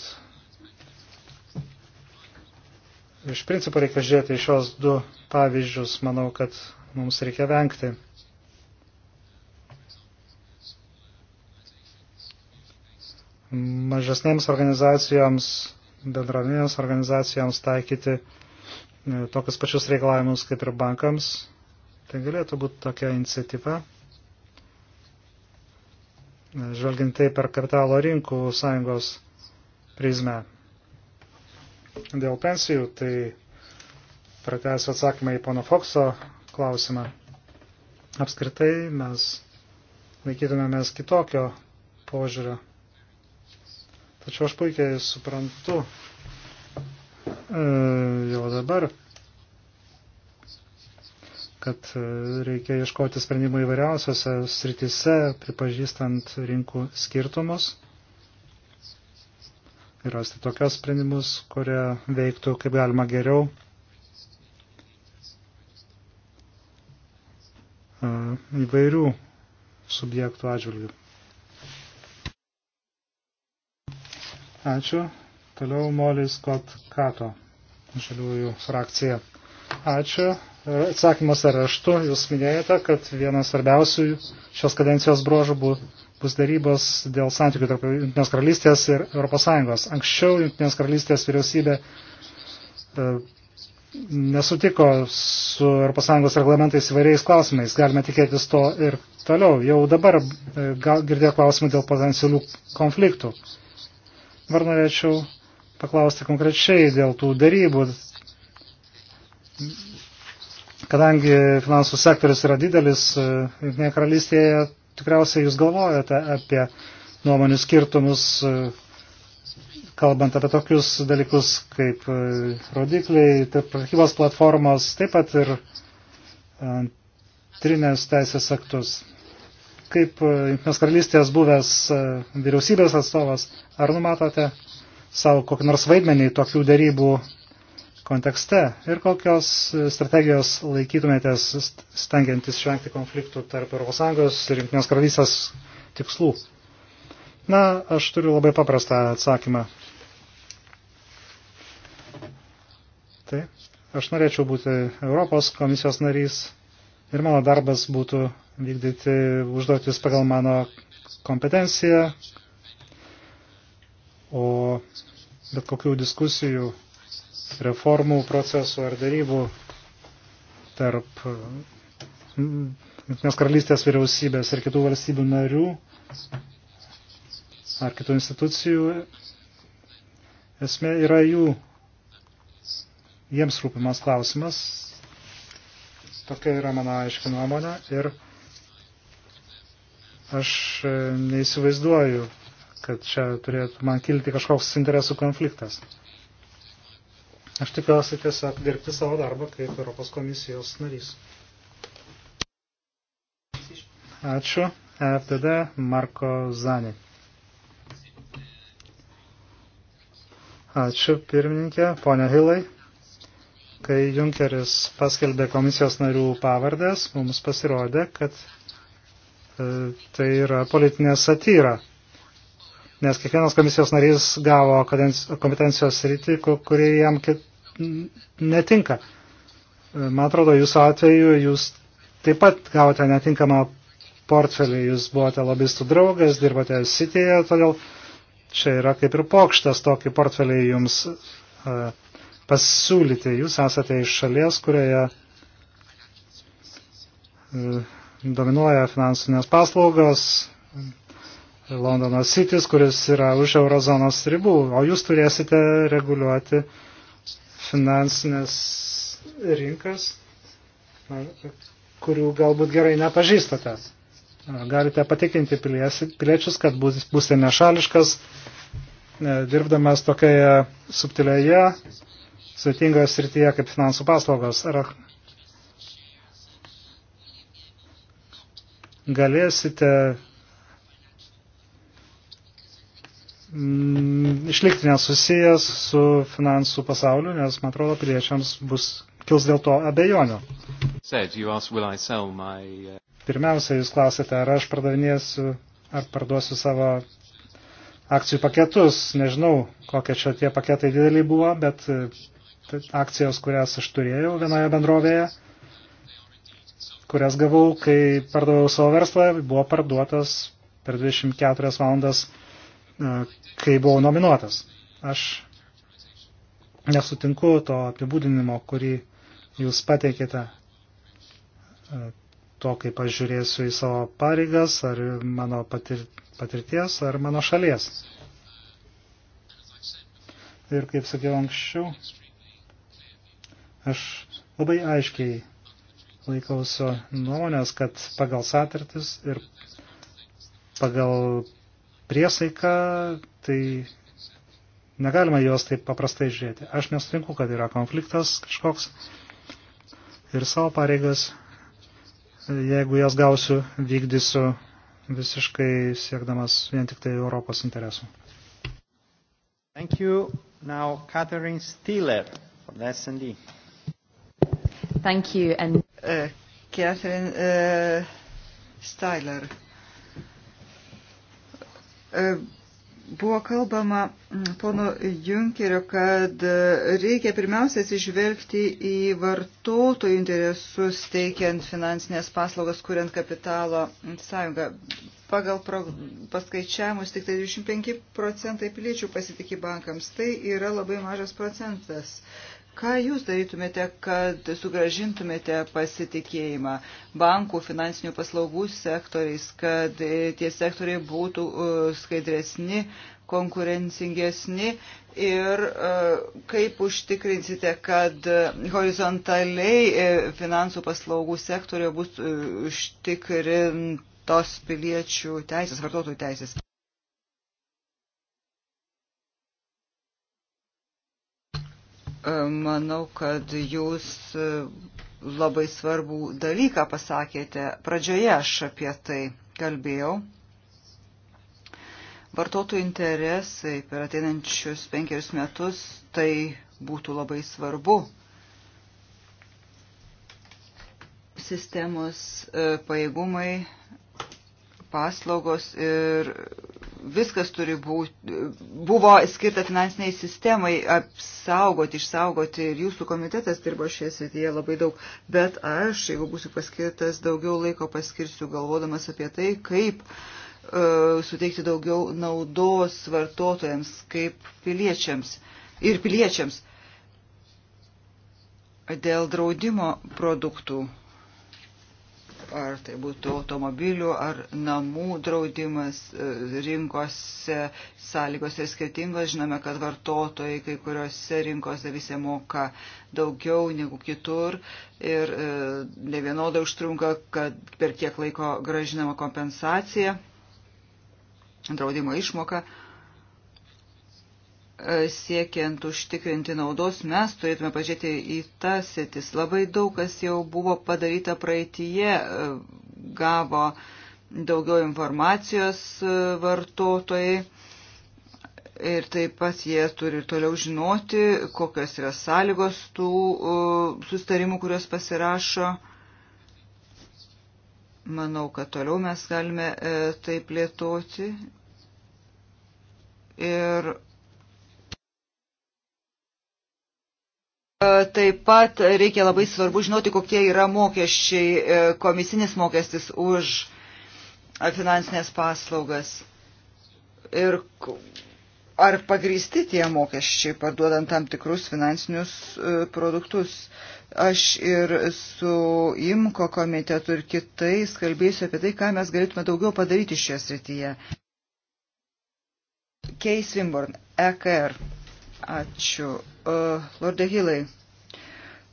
iš principo reikia žiūrėti į šios du pavyzdžius, manau, kad mums reikia vengti. Mažesnėms organizacijoms, bendrominėms organizacijoms taikyti e, tokius pačius reikalavimus kaip ir bankams. Tai galėtų būti tokia iniciatyva žvelgiant tai per kapitalo rinkų sąjungos prizmę. Dėl pensijų, tai pratęsiu atsakymą į pono Fokso klausimą. Apskritai mes laikytumėmės kitokio požiūrio. Tačiau aš puikiai suprantu e, jau dabar, kad e, reikia ieškoti sprendimų įvairiausiose sritise, pripažįstant rinkų skirtumus ir rasti tokios sprendimus, kurie veiktų kaip galima geriau. E, įvairių subjektų atžvilgių. Ačiū. Toliau Molis Kot Kato, žaliųjų frakcija. Ačiū atsakymuose raštu jūs minėjote, kad vienas svarbiausių šios kadencijos bruožų bus darybos dėl santykių tarp Junktinės karalystės ir ES. Anksčiau Junktinės karalystės vyriausybė e, nesutiko su ES reglamentais įvairiais klausimais. Galime tikėtis to ir toliau. Jau dabar e, girdėjau klausimų dėl potencialių konfliktų. Var norėčiau paklausti konkrečiai dėl tų darybų Kadangi finansų sektorius yra didelis, e, Junktinėje karalystėje tikriausiai jūs galvojate apie nuomonių skirtumus, e, kalbant apie tokius dalykus kaip e, rodikliai, prekybos platformos, taip pat ir antrinės teisės aktus. Kaip Junktinės karalystės buvęs vyriausybės atstovas, ar numatote savo kokį nors vaidmenį tokių darybų kontekste ir kokios e, strategijos laikytumėtės stengiantis išvengti konfliktų tarp ES ir Junktinės karalystės tikslų? Na, aš turiu labai paprastą atsakymą. Tai aš norėčiau būti Europos komisijos narys ir mano darbas būtų vykdyti užduotis pagal mano kompetenciją, o bet kokių diskusijų reformų procesų ar darybų tarp mm, Junktinės karalystės vyriausybės ir kitų valstybių narių ar kitų institucijų. Esmė yra jų, jiems rūpimas klausimas. Tokia yra mano aiški nuomonė ir aš e, neįsivaizduoju, kad čia turėtų man kilti kažkoks interesų konfliktas. Aš tikiuosi tiesiog dirbti savo darbą kaip Europos komisijos narys. Ačiū. FTD Marko Zanė. Ačiū pirmininkė, ponia Hilai. Kai Junkeris paskelbė komisijos narių pavardės, mums pasirodė, kad e, tai yra politinė satyra nes kiekvienas komisijos narys gavo kompetencijos sritį, kuri jam kit... netinka. Man atrodo, jūsų atveju jūs taip pat gavote netinkamą portfelį, jūs buvote lobistų draugas, dirbote Cityje, todėl čia yra kaip ir pokštas tokį portfelį jums uh, pasiūlyti. Jūs esate iš šalies, kurioje uh, dominuoja finansinės paslaugos, Londono City, kuris yra už eurozonos ribų, o jūs turėsite reguliuoti finansinės rinkas, kurių galbūt gerai nepažįstate. Galite patikinti piliečius, kad būsite nešališkas, e, dirbdamas tokioje subtilioje, svetingoje srityje kaip finansų paslaugos. Ar galėsite Mm, išlikti nesusijęs su finansų pasauliu, nes, man atrodo, piliečiams bus, kils dėl to abejonių. Uh, Pirmiausia, jūs klausėte, ar aš pardavinėsiu, ar parduosiu savo akcijų paketus. Nežinau, kokie čia tie paketai dideliai buvo, bet uh, tai akcijos, kurias aš turėjau vienoje bendrovėje, kurias gavau, kai pardaviau savo verslą, buvo parduotas per 24 valandas kai buvau nominuotas. Aš nesutinku to apibūdinimo, kurį jūs pateikėte, to kaip aš žiūrėsiu į savo pareigas, ar mano patirties, ar mano šalies. Ir kaip sakiau anksčiau, aš labai aiškiai laikausiu nuomonės, kad pagal satirtis ir pagal priesaika, tai negalima juos taip paprastai žiūrėti. Aš nesutinku, kad yra konfliktas kažkoks ir savo pareigas, jeigu jas gausiu, vykdysiu visiškai siekdamas vien tik tai Europos interesų. Thank you. Now Catherine Steeler from the S&D. Thank you and uh, Catherine uh, Styler. E, buvo kalbama pono Junkerio, kad e, reikia pirmiausia atsižvelgti į vartotojų interesus teikiant finansinės paslaugas, kuriant kapitalo sąjungą. Pagal paskaičiavimus tik tai 25 procentai piliečių pasitikė bankams. Tai yra labai mažas procentas. Ką jūs darytumėte, kad sugražintumėte pasitikėjimą bankų, finansinių paslaugų sektoriais, kad e, tie sektoriai būtų e, skaidresni, konkurencingesni ir e, kaip užtikrinsite, kad horizontaliai finansų paslaugų sektorio bus užtikrintos piliečių teisės, vartotojų teisės? E, manau, kad jūs e, labai svarbų dalyką pasakėte. Pradžioje aš apie tai kalbėjau. Vartotojų interesai per ateinančius penkerius metus tai būtų labai svarbu. Sistemos e, pajėgumai, paslaugos ir viskas turi būti, buvo skirta finansiniai sistemai apsaugoti, išsaugoti ir jūsų komitetas dirbo šioje srityje labai daug, bet aš, jeigu būsiu paskirtas, daugiau laiko paskirsiu galvodamas apie tai, kaip uh, suteikti daugiau naudos vartotojams, kaip piliečiams ir piliečiams dėl draudimo produktų ar tai būtų automobilių ar namų draudimas e, rinkose, sąlygos yra skirtingos, žinome, kad vartotojai kai kuriuose rinkose visi moka daugiau negu kitur ir e, ne vienodai užtrunka, kad per kiek laiko gražinama kompensacija, draudimo išmoka. E, siekiant užtikrinti naudos, mes turėtume pažiūrėti į tas sėtis. Labai daug kas jau buvo padaryta praeitie, e, gavo daugiau informacijos e, vartotojai ir taip pat jie turi toliau žinoti, kokios yra sąlygos tų sustarimų, kurios pasirašo. Manau, kad toliau mes galime e, tai plėtoti. Ir E, taip pat reikia labai svarbu žinoti, kokie yra mokesčiai, e, komisinis mokestis už e, finansinės paslaugas. Ir ar pagrysti tie mokesčiai, parduodant tam tikrus finansinius produktus. Aš ir su IMKO komitetu ir kitais kalbėsiu apie tai, ką mes galėtume daugiau padaryti šioje srityje. Keis Wimborn, EKR. Ačiū. E, Lorde Hilai,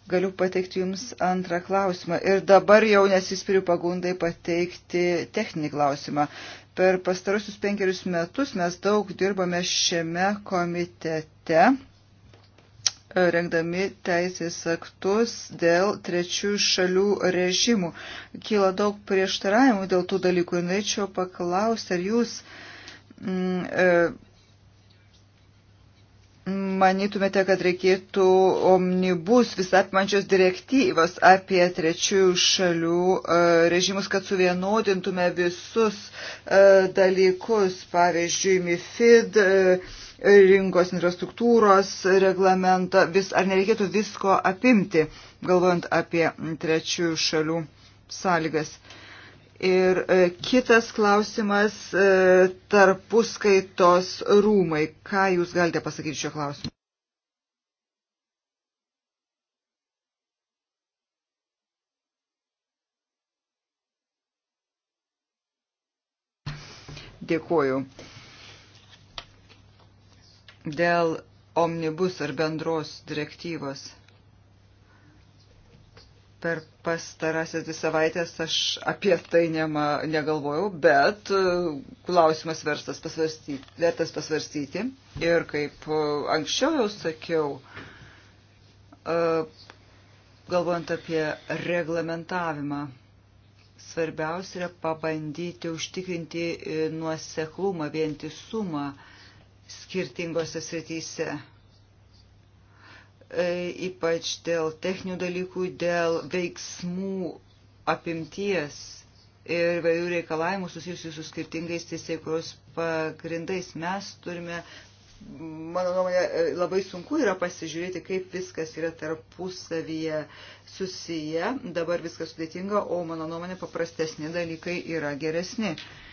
galiu pateikti Jums antrą klausimą. Ir dabar jau nesispiriu pagundai pateikti techninį klausimą. Per pastarusius penkerius metus mes daug dirbame šiame komitete e, rengdami teisės aktus dėl trečių šalių režimų. Kyla daug prieštaravimų dėl tų dalykų ir norėčiau paklausti, ar jūs mm, e, manytumėte, kad reikėtų omnibus visapimančios direktyvos apie trečiųjų šalių e, režimus, kad suvienodintume visus e, dalykus, pavyzdžiui, MIFID, e, rinkos infrastruktūros reglamentą, vis, ar nereikėtų visko apimti, galvojant apie trečiųjų šalių sąlygas. Uh, Ir e, kitas klausimas e, - tarpuskaitos rūmai. Ką Jūs galite pasakyti šio klausimu? Dėkuoju. Dėl omnibus ar bendros direktyvos per pastarąsias dvi savaitės aš apie tai nema, negalvojau, bet e, klausimas verstas pasvarstyti, vertas pasvarstyti. Ir kaip e, anksčiau jau sakiau, e, galvojant apie reglamentavimą, svarbiausia yra pabandyti užtikrinti nuoseklumą, vientisumą skirtingose srityse E, ypač dėl techninių dalykų, dėl veiksmų apimties ir vairių reikalavimų susijusių su skirtingais teisėkuros pagrindais. Mes turime, mano nuomonė, e, labai sunku yra pasižiūrėti, kaip viskas yra tarpusavyje susiję. Dabar viskas sudėtinga, o mano nuomonė paprastesni dalykai yra geresni. Uh,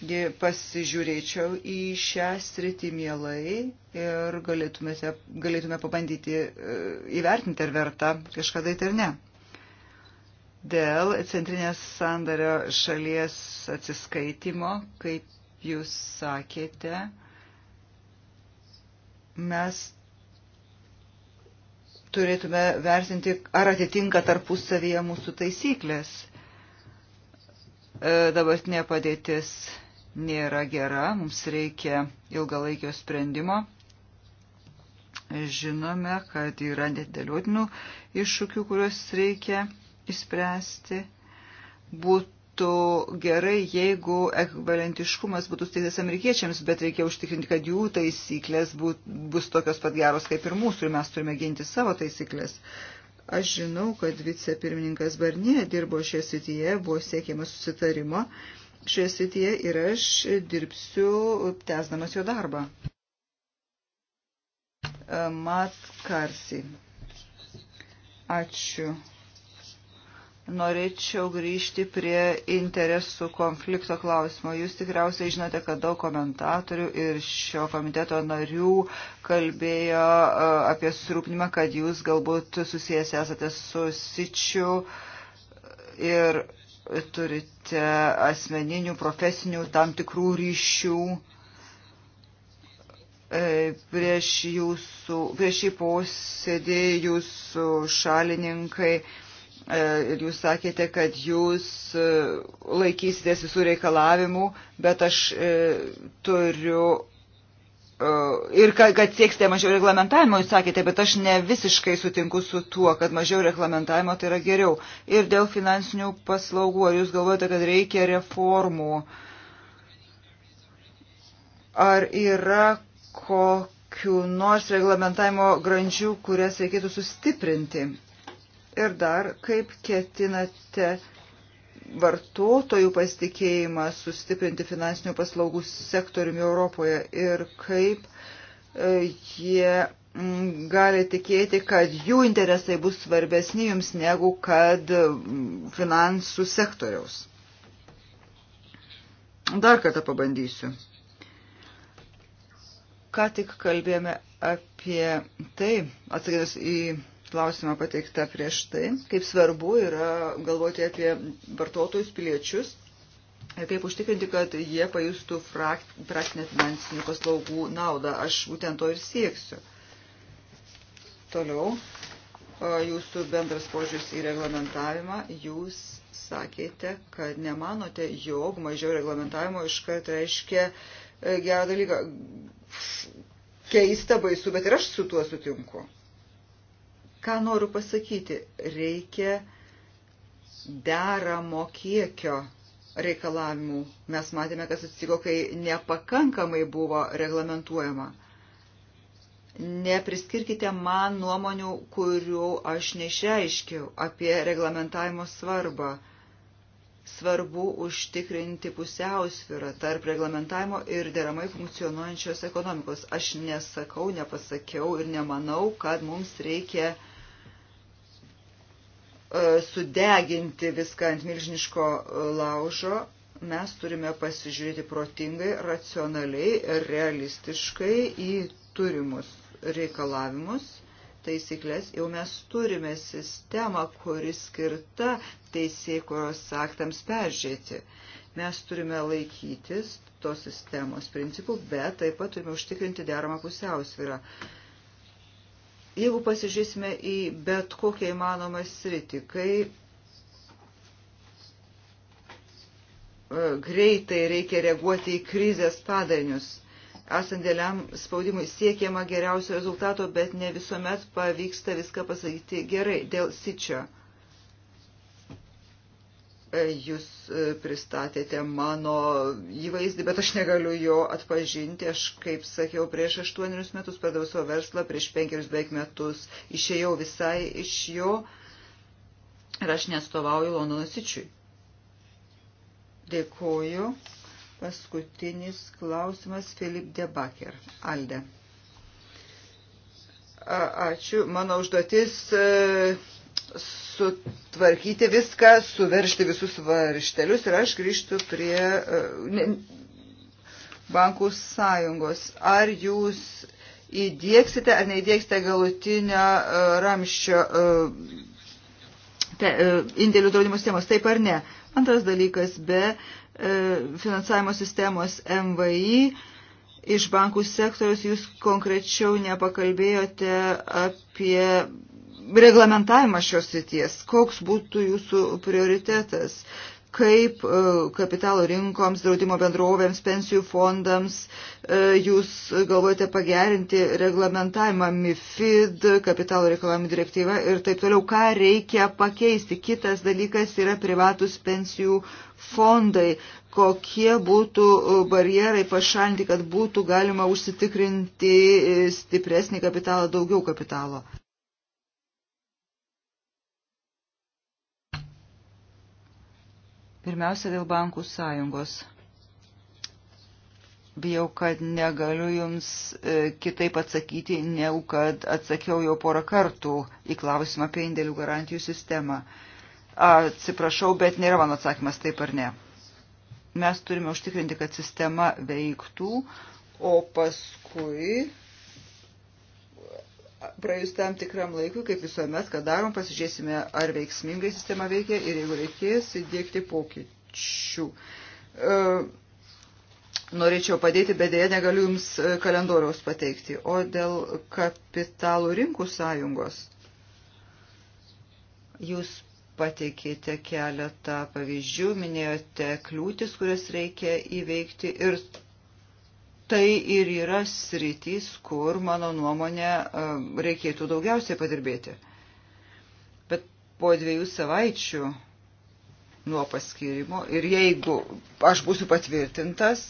pasižiūrėčiau į šią sritį mielai ir galėtume, galėtume pabandyti e, įvertinti, ar verta kažką daryti ar ne. Dėl centrinės sandario šalies atsiskaitimo, kaip jūs sakėte, mes turėtume vertinti, ar atitinka tarpusavyje mūsų taisyklės. E, dabartinė padėtis nėra gera, mums reikia ilgalaikio sprendimo. Žinome, kad yra nedėliotinų iššūkių, kuriuos reikia išspręsti. Būtų gerai, jeigu ekvivalentiškumas būtų steigtas amerikiečiams, bet reikia užtikrinti, kad jų taisyklės būt, bus tokios pat geros kaip ir mūsų ir mes turime ginti savo taisyklės. Aš žinau, kad vicepirmininkas Barnė dirbo šioje srityje, buvo siekiama susitarimo šioje srityje ir aš dirbsiu tęsdamas jo darbą. E, Mat Karsi. Ačiū. Norėčiau grįžti prie interesų konflikto klausimo. Jūs tikriausiai žinote, kad daug komentatorių ir šio komiteto narių kalbėjo e, apie surūpnimą, kad jūs galbūt susijęs esate su sičiu ir turite asmeninių, profesinių tam tikrų ryšių e, prieš jūsų, prieš šį posėdį jūsų šalininkai e, ir jūs sakėte, kad jūs e, laikysitės visų reikalavimų, bet aš turiu ir kad, kad sieksite mažiau reglamentavimo, jūs sakėte, bet aš ne visiškai sutinku su tuo, kad mažiau reglamentavimo tai yra geriau. Ir dėl finansinių paslaugų, ar jūs galvojate, kad reikia reformų? Ar yra kokiu nors reglamentavimo grandžių, kurias reikėtų sustiprinti? Ir dar, kaip ketinate vartotojų pasitikėjimą sustiprinti finansinių paslaugų sektoriumi Europoje ir kaip e, jie gali tikėti, kad jų interesai bus svarbesni jums negu kad finansų sektoriaus. Dar kartą pabandysiu. Ką tik kalbėjome apie tai, atsakydus į klausimą pateiktą prieš tai, kaip svarbu yra galvoti apie vartotojus, piliečius ir kaip užtikrinti, kad jie pajustų praktinę finansinių paslaugų naudą. Aš būtent to ir sieksiu. Toliau, jūsų bendras požiūris į reglamentavimą. Jūs sakėte, kad nemanote, jog mažiau reglamentavimo iškart reiškia e, gerą dalyką. Keista, baisu, bet ir aš su tuo sutinku. Ką noriu pasakyti? Reikia deramo kiekio reikalavimų. Mes matėme, kas atsitiko, kai nepakankamai buvo reglamentuojama. Nepriskirkite man nuomonių, kurių aš neišreiškiau apie reglamentavimo svarbą. Svarbu užtikrinti pusiausvyrą tarp reglamentavimo ir deramai funkcionuojančios ekonomikos. Aš nesakau, nepasakiau ir nemanau, kad mums reikia uh, E, sudeginti viską ant milžiniško e, laužo, mes turime pasižiūrėti protingai, racionaliai, realistiškai į turimus reikalavimus taisyklės, jau mes turime sistemą, kuri skirta teisėkuros aktams peržiūrėti. Mes turime laikytis tos sistemos principų, bet taip pat turime užtikrinti deramą pusiausvyrą. Uh, Jeigu pasižiūrėsime į bet kokią įmanomą sritį, kai e, greitai reikia reaguoti į krizės padarinius, esant dėliam spaudimui siekiama geriausio rezultato, bet ne visuomet pavyksta viską pasakyti gerai dėl sičio. E, jūs e, pristatėte mano įvaizdį, bet aš negaliu jo atpažinti. Aš, kaip sakiau, prieš aštuonerius metus pradėjau savo verslą, prieš penkerius beveik metus išėjau visai iš jo ir aš nestovauju Londono sičiui. Dėkuoju. Paskutinis klausimas Filip Debaker. Alde. A, ačiū. Mano užduotis e, sutvarkyti viską, suveršti visus varštelius ir aš grįžtu prie e, ne, bankų sąjungos. Ar jūs įdėksite ar neįdėksite galutinę e, ramščio e, te, indėlių draudimo sistemos, taip ar ne? Antras dalykas, be finansavimo sistemos MVI iš bankų sektoriaus jūs konkrečiau nepakalbėjote apie reglamentavimas šios srities, koks būtų jūsų prioritetas, kaip e, kapitalo rinkoms, draudimo bendrovėms, pensijų fondams e, jūs galvojate pagerinti reglamentavimą MIFID, kapitalo reikalavimų direktyva ir taip toliau, ką reikia pakeisti. Kitas dalykas yra privatus pensijų fondai, kokie būtų e, barjerai pašalinti, kad būtų galima užsitikrinti stipresnį kapitalą, daugiau kapitalo. Pirmiausia, dėl bankų sąjungos. Bijau, kad negaliu jums e, kitaip atsakyti, negu kad atsakiau jau porą kartų į klausimą apie indėlių garantijų sistemą. Atsiprašau, bet nėra mano atsakymas taip ar ne. Mes turime užtikrinti, kad sistema veiktų, o paskui praėjus tam tikram laikui, kaip visuomet, ką darom, pasižiūrėsime, ar veiksmingai sistema veikia ir jeigu reikės, įdėkti pokyčių. E, norėčiau padėti, bet dėja negaliu Jums e, kalendoriaus pateikti. O dėl kapitalų rinkų sąjungos Jūs pateikėte keletą pavyzdžių, minėjote kliūtis, kurias reikia įveikti ir Tai ir yra sritys, kur, mano nuomonė, e, reikėtų daugiausiai padirbėti. Bet po dviejų savaičių nuo paskirimo ir jeigu aš būsiu patvirtintas,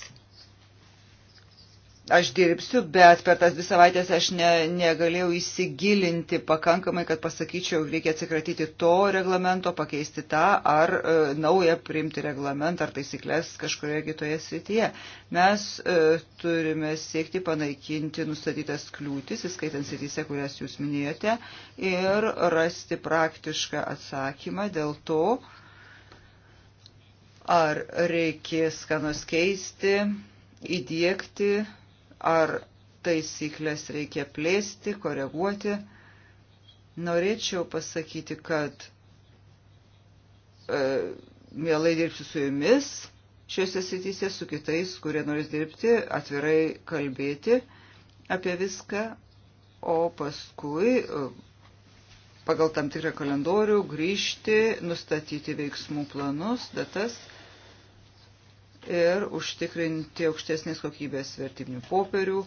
aš dirbsiu, bet per tas dvi savaitės aš ne, negalėjau įsigilinti pakankamai, kad pasakyčiau, reikia atsikratyti to reglamento, pakeisti tą ar e, naują priimti reglamentą ar taisyklės kažkurioje kitoje srityje. Mes e, turime siekti panaikinti nustatytas kliūtis, įskaitant srityse, kurias jūs minėjote, ir rasti praktišką atsakymą dėl to, ar reikės ką nors keisti, įdėkti ar taisyklės reikia plėsti, koreguoti. Norėčiau pasakyti, kad e, mielai dirbsiu su jumis šiuose sityse, su kitais, kurie norės dirbti, atvirai kalbėti apie viską, o paskui e, pagal tam tikrą kalendorių grįžti, nustatyti veiksmų planus, datas ir užtikrinti aukštesnės kokybės vertybinių popierių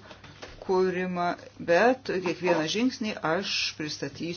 kūrimą, bet kiekvieną žingsnį aš pristatysiu.